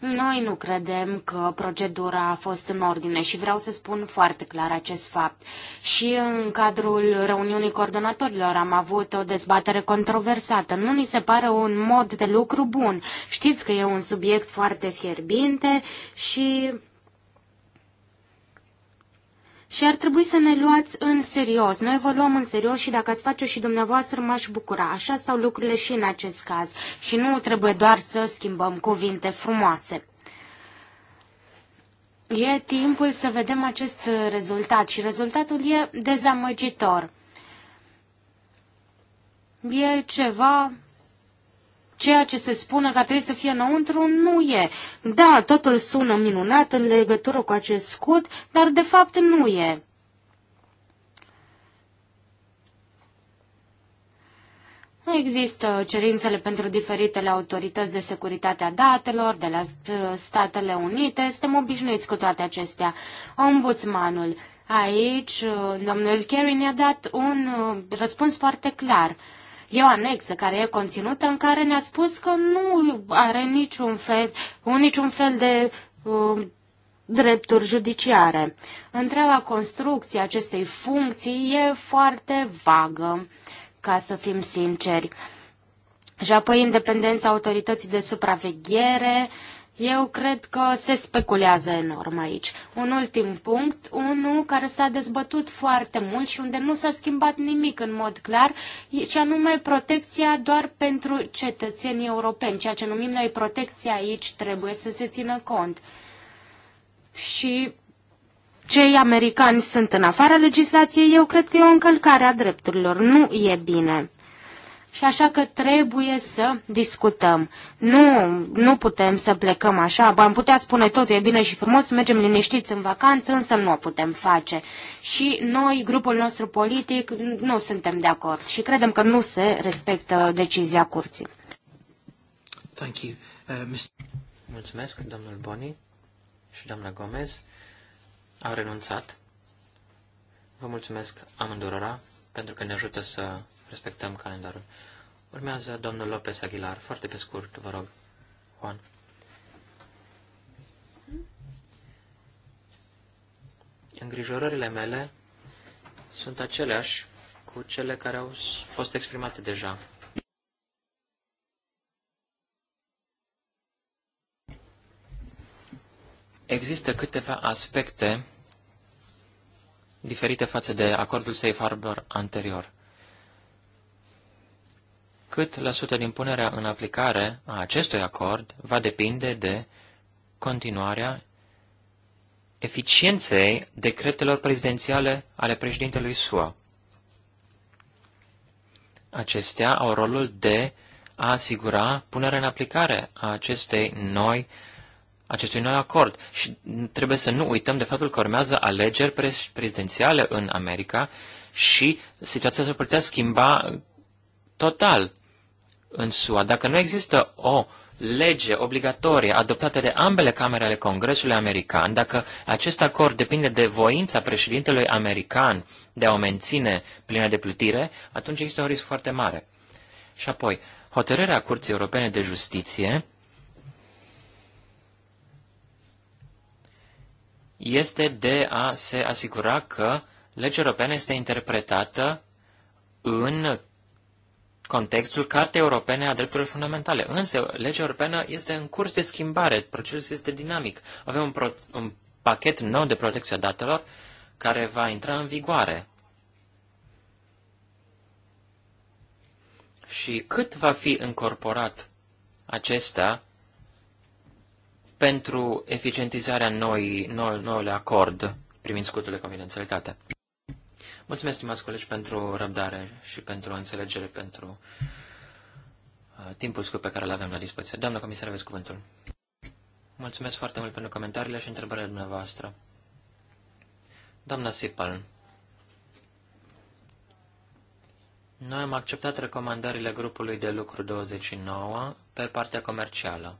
Noi nu credem că procedura a fost în ordine și vreau să spun foarte clar acest fapt. Și în cadrul reuniunii coordonatorilor am avut o dezbatere controversată. Nu ni se pare un mod de lucru bun. Știți că e un subiect foarte fierbinte și și ar trebui să ne luați în serios. Noi vă luăm în serios și dacă ați face și dumneavoastră m-aș bucura. Așa stau lucrurile și în acest caz și nu trebuie doar să schimbăm cuvinte frumoase. E timpul să vedem acest rezultat și rezultatul e dezamăgitor. E ceva ceea ce se spune că trebuie să fie înăuntru nu e. Da, totul sună minunat în legătură cu acest scut, dar de fapt nu e. Nu există cerințele pentru diferitele autorități de securitate a datelor de la uh, Statele Unite. Suntem obișnuiți cu toate acestea. Ombudsmanul aici, uh, domnul Kerry ne-a dat un uh, răspuns foarte clar. E o anexă care e conținută în care ne-a spus că nu are niciun fel, niciun fel de uh, drepturi judiciare. Întreaga construcție acestei funcții e foarte vagă, ca să fim sinceri. Și apoi independența autorității de supraveghere, uh, eu cred că se speculează enorm aici. Un ultim punct, unul care s-a dezbătut foarte mult și unde nu s-a schimbat nimic în mod clar, și anume protecția doar pentru cetățenii europeni. Ceea ce numim noi protecția aici trebuie să se țină cont. Și cei americani sunt în afara legislației, eu cred că e o încălcare a drepturilor. Nu e bine. Și așa că trebuie să discutăm. Nu, nu putem să plecăm așa. Am putea spune tot e bine și frumos, mergem liniștiți în vacanță, însă nu o putem face. Și noi, grupul nostru politic, nu suntem de acord și credem că nu se respectă decizia curții. Thank you. Uh, Mulțumesc, domnul Boni și doamna Gomez. Au renunțat. Vă mulțumesc amândurora pentru că ne ajută să respectăm calendarul. Urmează domnul Lopez Aguilar. Foarte pe scurt, vă rog, Juan. Îngrijorările mele sunt aceleași cu cele care au fost exprimate deja. Există câteva aspecte diferite față de acordul Safe Harbor anterior cât la sută din punerea în aplicare a acestui acord va depinde de continuarea eficienței decretelor prezidențiale ale președintelui SUA. Acestea au rolul de a asigura punerea în aplicare a acestei noi, acestui noi acord. Și trebuie să nu uităm de faptul că urmează alegeri prezidențiale în America și situația se putea schimba total în SUA, dacă nu există o lege obligatorie adoptată de ambele camere ale Congresului American, dacă acest acord depinde de voința președintelui american de a o menține plină de plutire, atunci există un risc foarte mare. Și apoi, hotărârea Curții Europene de Justiție este de a se asigura că legea europeană este interpretată în contextul Cartei Europene a Drepturilor Fundamentale. Însă, legea europeană este în curs de schimbare, procesul este dinamic. Avem un, pro- un pachet nou de protecție a datelor care va intra în vigoare. Și cât va fi încorporat acesta pentru eficientizarea noi, nou, noului acord privind scutul de confidențialitate? Mulțumesc, stimați colegi, pentru răbdare și pentru înțelegere, pentru uh, timpul scurt pe care îl avem la dispoziție. Doamna comisar, aveți cuvântul. Mulțumesc foarte mult pentru comentariile și întrebările dumneavoastră. Doamna Sipal, noi am acceptat recomandările grupului de lucru 29 pe partea comercială.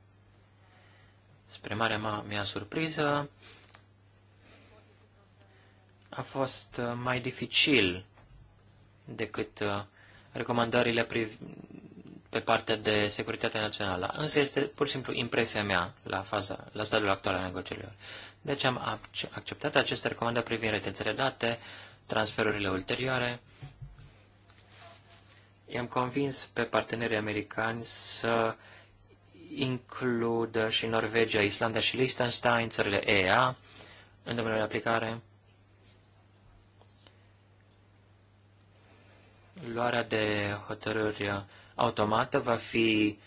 Spre marea mea surpriză, a fost uh, mai dificil decât uh, recomandările pe partea de securitate națională. Însă este pur și simplu impresia mea la faza, la stadiul actual al negocierilor. Deci am acceptat aceste recomandări privind retențele date, transferurile ulterioare. I-am convins pe partenerii americani să includă și Norvegia, Islanda și Liechtenstein, țările EA, în domeniul de aplicare. Luarea de hotărâri automată va fi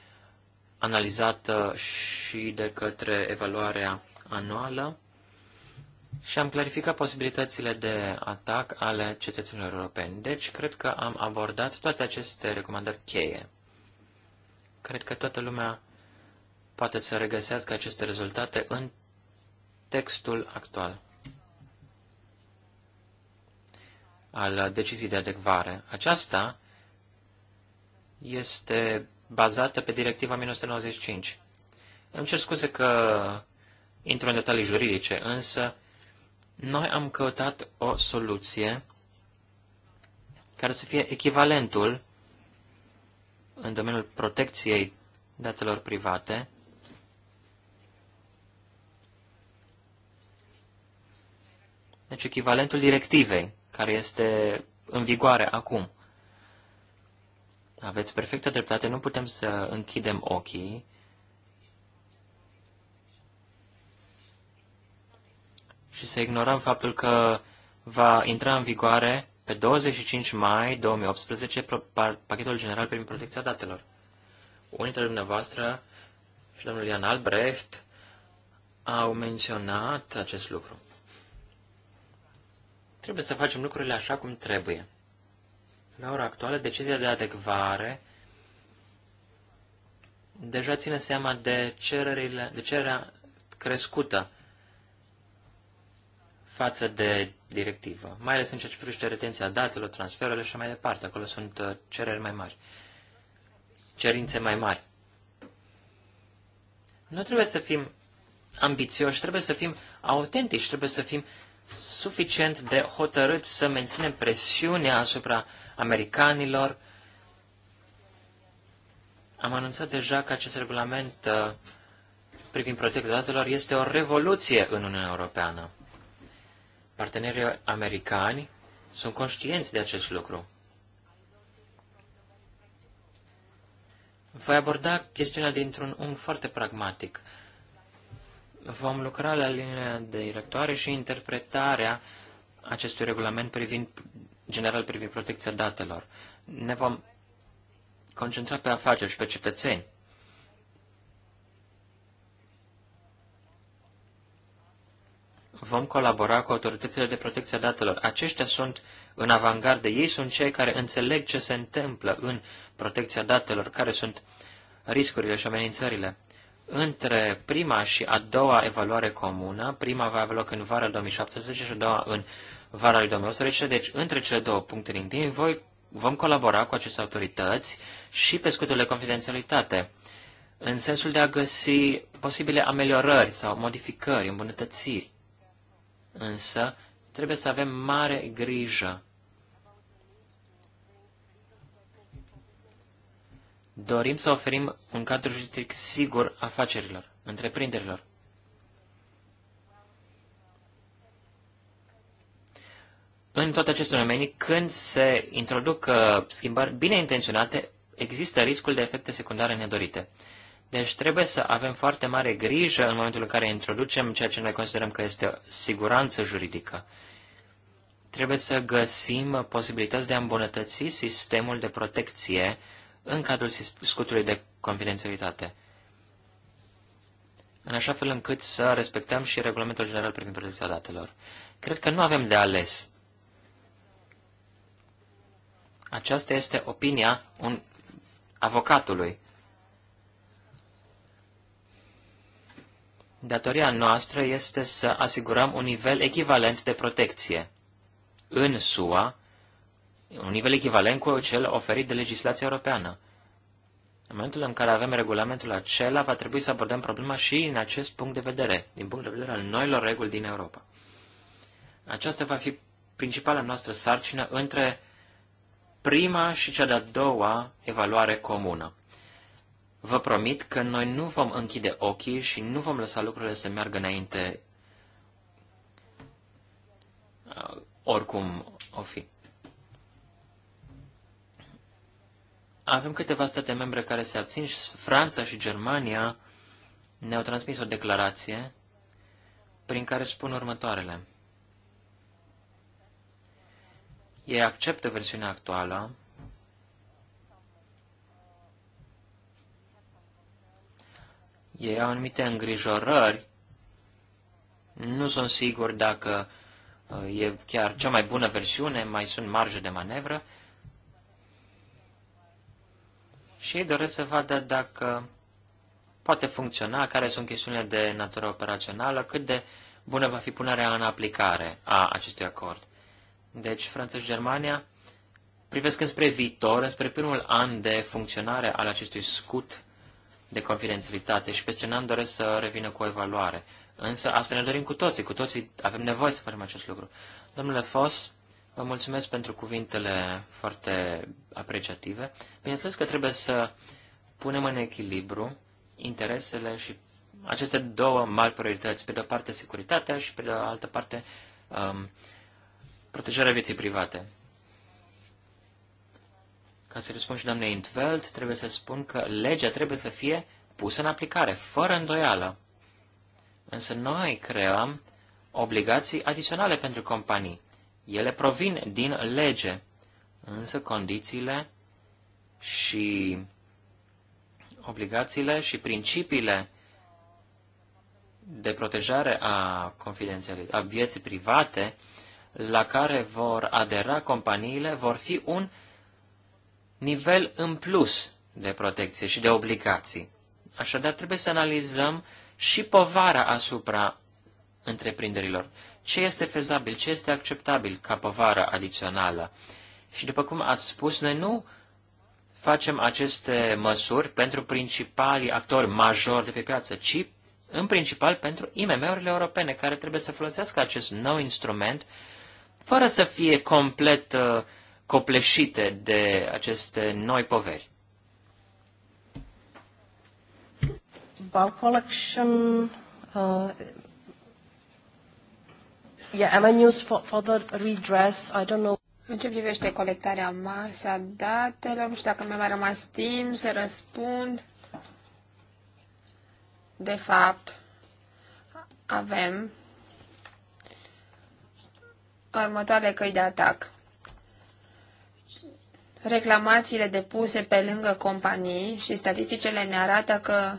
analizată și de către evaluarea anuală și am clarificat posibilitățile de atac ale cetățenilor europeni. Deci, cred că am abordat toate aceste recomandări cheie. Cred că toată lumea poate să regăsească aceste rezultate în textul actual. al decizii de adecvare. Aceasta este bazată pe directiva 1995. Îmi cer scuze că intru în detalii juridice, însă noi am căutat o soluție care să fie echivalentul în domeniul protecției datelor private deci echivalentul directivei care este în vigoare acum. Aveți perfectă dreptate, nu putem să închidem ochii. Și să ignorăm faptul că va intra în vigoare pe 25 mai 2018 pachetul general privind protecția datelor. Unii dintre dumneavoastră și domnul Ian Albrecht au menționat acest lucru. Trebuie să facem lucrurile așa cum trebuie. La ora actuală, decizia de adecvare deja ține seama de, cererile, de cererea crescută față de directivă, mai ales în ceea ce privește retenția datelor, transferurile și mai departe. Acolo sunt uh, cereri mai mari, cerințe mai mari. Nu trebuie să fim ambițioși, trebuie să fim autentici, trebuie să fim suficient de hotărât să menținem presiunea asupra americanilor. Am anunțat deja că acest regulament uh, privind protecția datelor este o revoluție în Uniunea Europeană. Partenerii americani sunt conștienți de acest lucru. Voi aborda chestiunea dintr-un unghi foarte pragmatic vom lucra la linia de directoare și interpretarea acestui regulament privind, general privind protecția datelor. Ne vom concentra pe afaceri și pe cetățeni. Vom colabora cu autoritățile de protecție a datelor. Aceștia sunt în avangardă. Ei sunt cei care înțeleg ce se întâmplă în protecția datelor, care sunt riscurile și amenințările între prima și a doua evaluare comună, prima va avea loc în vara 2017 și a doua în vara lui 2018, deci între cele două puncte din timp voi, vom colabora cu aceste autorități și pe scutul de confidențialitate, în sensul de a găsi posibile ameliorări sau modificări, îmbunătățiri. Însă, trebuie să avem mare grijă Dorim să oferim un cadru juridic sigur afacerilor, întreprinderilor. În toate aceste domenii, când se introduc uh, schimbări bine intenționate, există riscul de efecte secundare nedorite. Deci trebuie să avem foarte mare grijă în momentul în care introducem ceea ce noi considerăm că este siguranță juridică. Trebuie să găsim posibilități de a îmbunătăți sistemul de protecție în cadrul scutului de confidențialitate, în așa fel încât să respectăm și regulamentul general privind protecția datelor. Cred că nu avem de ales. Aceasta este opinia un avocatului. Datoria noastră este să asigurăm un nivel echivalent de protecție în SUA un nivel echivalent cu cel oferit de legislația europeană. În momentul în care avem regulamentul acela, va trebui să abordăm problema și în acest punct de vedere, din punct de vedere al noilor reguli din Europa. Aceasta va fi principala noastră sarcină între prima și cea de-a doua evaluare comună. Vă promit că noi nu vom închide ochii și nu vom lăsa lucrurile să meargă înainte uh, oricum o fi. Avem câteva state membre care se abțin și Franța și Germania ne-au transmis o declarație prin care spun următoarele. Ei acceptă versiunea actuală, ei au anumite îngrijorări, nu sunt sigur dacă uh, e chiar cea mai bună versiune, mai sunt marge de manevră, și ei doresc să vadă dacă poate funcționa, care sunt chestiunile de natură operațională, cât de bună va fi punerea în aplicare a acestui acord. Deci, Franța și Germania privesc înspre viitor, înspre primul an de funcționare al acestui scut de confidențialitate și peste un an doresc să revină cu o evaluare. Însă asta ne dorim cu toții, cu toții avem nevoie să facem acest lucru. Domnule Foss, Vă mulțumesc pentru cuvintele foarte apreciative. Bineînțeles că trebuie să punem în echilibru interesele și aceste două mari priorități, pe de o parte securitatea și pe de o altă parte um, protejarea vieții private. Ca să răspund și doamnei Intveld, trebuie să spun că legea trebuie să fie pusă în aplicare, fără îndoială. Însă noi creăm obligații adiționale pentru companii. Ele provin din lege, însă condițiile și obligațiile și principiile de protejare a confidențialității, a vieții private, la care vor adera companiile, vor fi un nivel în plus de protecție și de obligații. Așadar, trebuie să analizăm și povara asupra întreprinderilor ce este fezabil, ce este acceptabil ca povară adițională. Și după cum ați spus, noi nu facem aceste măsuri pentru principalii actori majori de pe piață, ci în principal pentru IMM-urile europene, care trebuie să folosească acest nou instrument fără să fie complet uh, copleșite de aceste noi poveri. Bulk collection uh, Yeah, avenues for, for the redress, I don't know. În ce privește colectarea masa datelor, nu știu dacă mi-a mai rămas timp să răspund. De fapt, avem următoarele căi de atac. Reclamațiile depuse pe lângă companii și statisticele ne arată că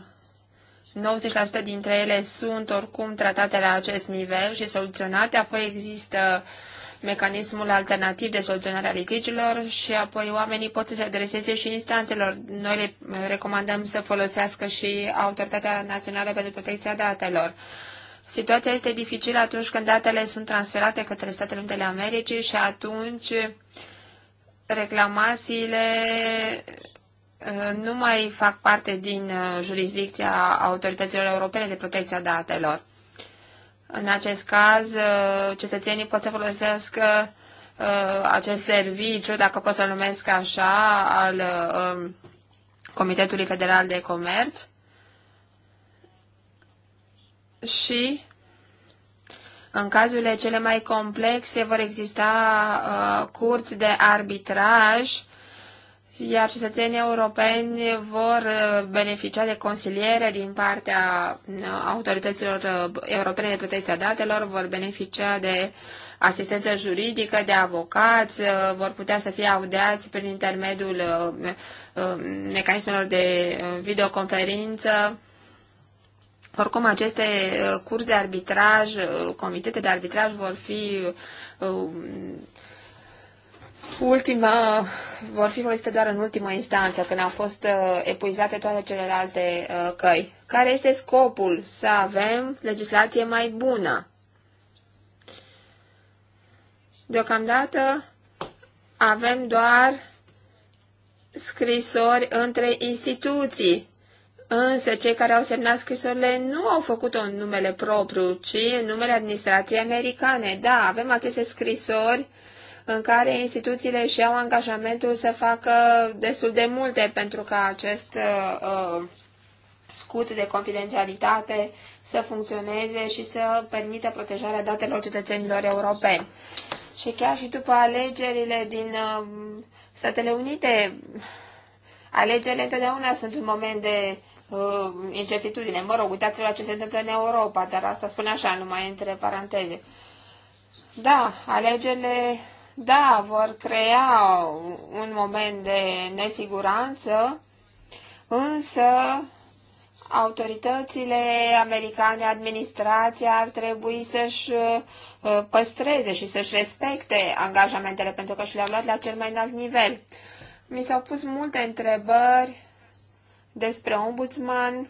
90% dintre ele sunt oricum tratate la acest nivel și soluționate, apoi există mecanismul alternativ de soluționare a litigilor și apoi oamenii pot să se adreseze și instanțelor. Noi le recomandăm să folosească și Autoritatea Națională pentru Protecția Datelor. Situația este dificilă atunci când datele sunt transferate către Statele Unite ale Americii și atunci reclamațiile Uh, nu mai fac parte din uh, jurisdicția autorităților europene de protecție a datelor. În acest caz, uh, cetățenii pot să folosească acest serviciu, dacă pot să-l numesc așa, al um, Comitetului Federal de Comerț și în cazurile cele mai complexe vor exista uh, curți de arbitraj iar cetățenii europeni vor uh, beneficia de consiliere din partea uh, autorităților uh, europene de protecție a datelor, vor beneficia de asistență juridică, de avocați, vor putea să fie audeați prin intermediul mecanismelor de videoconferință. Oricum, aceste curs de arbitraj, comitete de arbitraj vor fi Ultima, vor fi folosite doar în ultima instanță, când au fost uh, epuizate toate celelalte uh, căi. Care este scopul? Să avem legislație mai bună. Deocamdată avem doar scrisori între instituții. Însă cei care au semnat scrisorile nu au făcut-o în numele propriu, ci în numele administrației americane. Da, avem aceste scrisori în care instituțiile își iau angajamentul să facă destul de multe pentru ca acest uh, uh, scut de confidențialitate să funcționeze și să permită protejarea datelor cetățenilor europeni. Și chiar și după alegerile din uh, Statele Unite, alegerile întotdeauna sunt un moment de uh, incertitudine. Mă rog, uitați la ce se întâmplă în Europa, dar asta spune așa, numai între paranteze. Da, alegerile da, vor crea un moment de nesiguranță, însă autoritățile americane, administrația ar trebui să-și uh, păstreze și să-și respecte angajamentele pentru că și le-au luat la cel mai înalt nivel. Mi s-au pus multe întrebări despre ombudsman,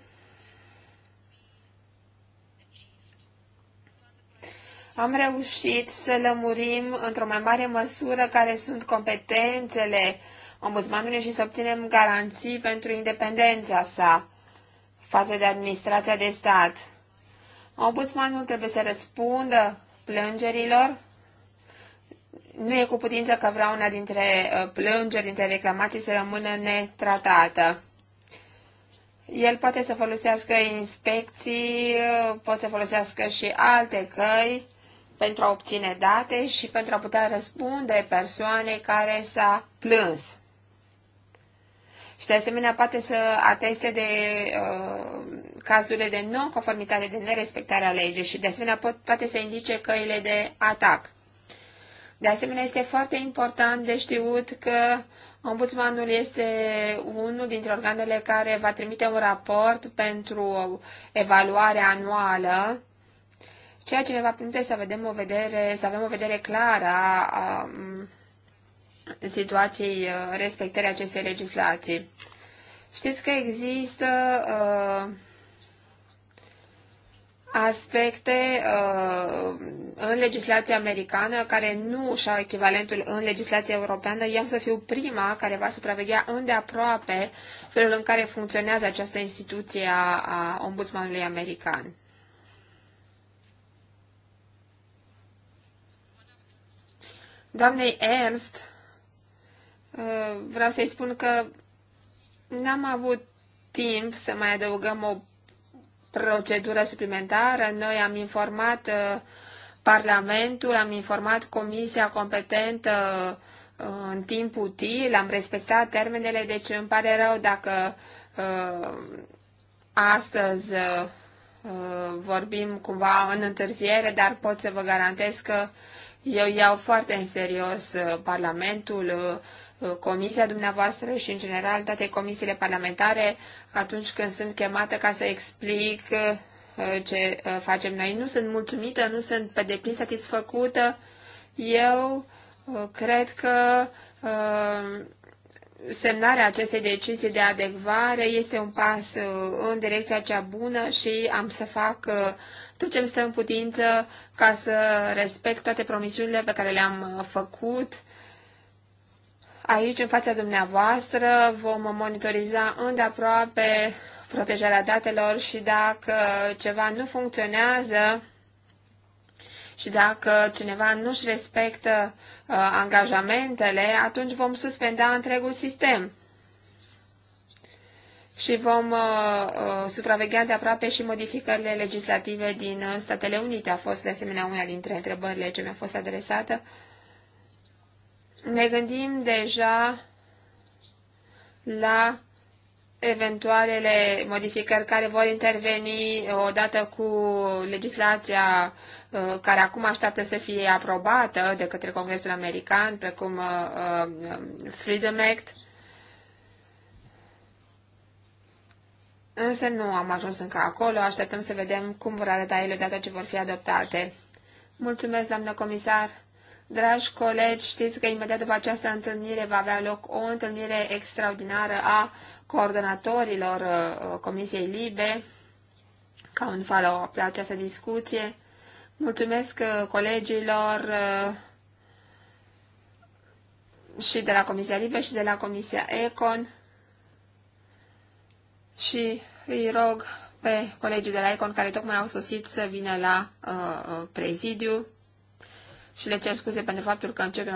Am reușit să lămurim într-o mai mare măsură care sunt competențele ombudsmanului și să obținem garanții pentru independența sa față de administrația de stat. Ombudsmanul trebuie să răspundă plângerilor. Nu e cu putință că vrea una dintre uh, plângeri, dintre reclamații să rămână netratată. El poate să folosească inspecții, uh, poate să folosească și alte căi pentru a obține date și pentru a putea răspunde persoane care s-a plâns. Și de asemenea poate să ateste de uh, cazurile de non-conformitate, de nerespectare a legii și de asemenea pot, poate să indice căile de atac. De asemenea, este foarte important de știut că ombudsmanul este unul dintre organele care va trimite un raport pentru evaluarea anuală ceea ce ne va permite să vedem o vedere, să avem o vedere clară a, a um, situației uh, respectării acestei legislații. Știți că există a, uh, aspecte a, uh, în legislația americană care nu și-au echivalentul în legislația europeană. Eu să fiu prima care va supraveghea îndeaproape felul în care funcționează această instituție a, a ombudsmanului american. Doamnei Ernst, uh, vreau să-i spun că n-am avut timp să mai adăugăm o procedură suplimentară. Noi am informat uh, Parlamentul, am informat Comisia competentă uh, în timp util, am respectat termenele, deci îmi pare rău dacă astăzi vorbim cumva în întârziere, dar pot să vă garantez că eu iau foarte în serios uh, Parlamentul, uh, uh, Comisia dumneavoastră și, în general, toate comisiile parlamentare atunci când sunt chemată ca să explic ce facem noi. Nu sunt mulțumită, nu sunt pe deplin satisfăcută. Eu cred că semnarea acestei decizii de adecvare este un pas în direcția cea bună și am să fac tot ce stă în putință ca să respect toate promisiunile pe care le-am uh, făcut. Aici, în fața dumneavoastră, vom monitoriza îndeaproape protejarea datelor și dacă ceva nu funcționează și dacă cineva nu-și respectă uh, angajamentele, atunci vom suspenda întregul sistem și vom uh, uh, supraveghea de aproape și modificările legislative din uh, Statele Unite. A fost de asemenea una dintre întrebările ce mi-a fost adresată. Ne gândim deja la eventualele modificări care vor interveni odată cu legislația uh, care acum așteaptă să fie aprobată de către Congresul American, precum Freedom Act, Însă nu am ajuns încă acolo, așteptăm să vedem cum vor arăta ele odată ce vor fi adoptate. Mulțumesc, doamnă comisar! Dragi colegi, știți că imediat după această întâlnire va avea loc o întâlnire extraordinară a coordonatorilor uh, Comisiei Libe, ca un follow-up la această discuție. Mulțumesc uh, colegilor uh, și de la Comisia Libe și de la Comisia Econ și îi rog pe colegii de la ICON care tocmai au sosit să vină la uh, uh, prezidiu și le cer scuze pentru faptul că începem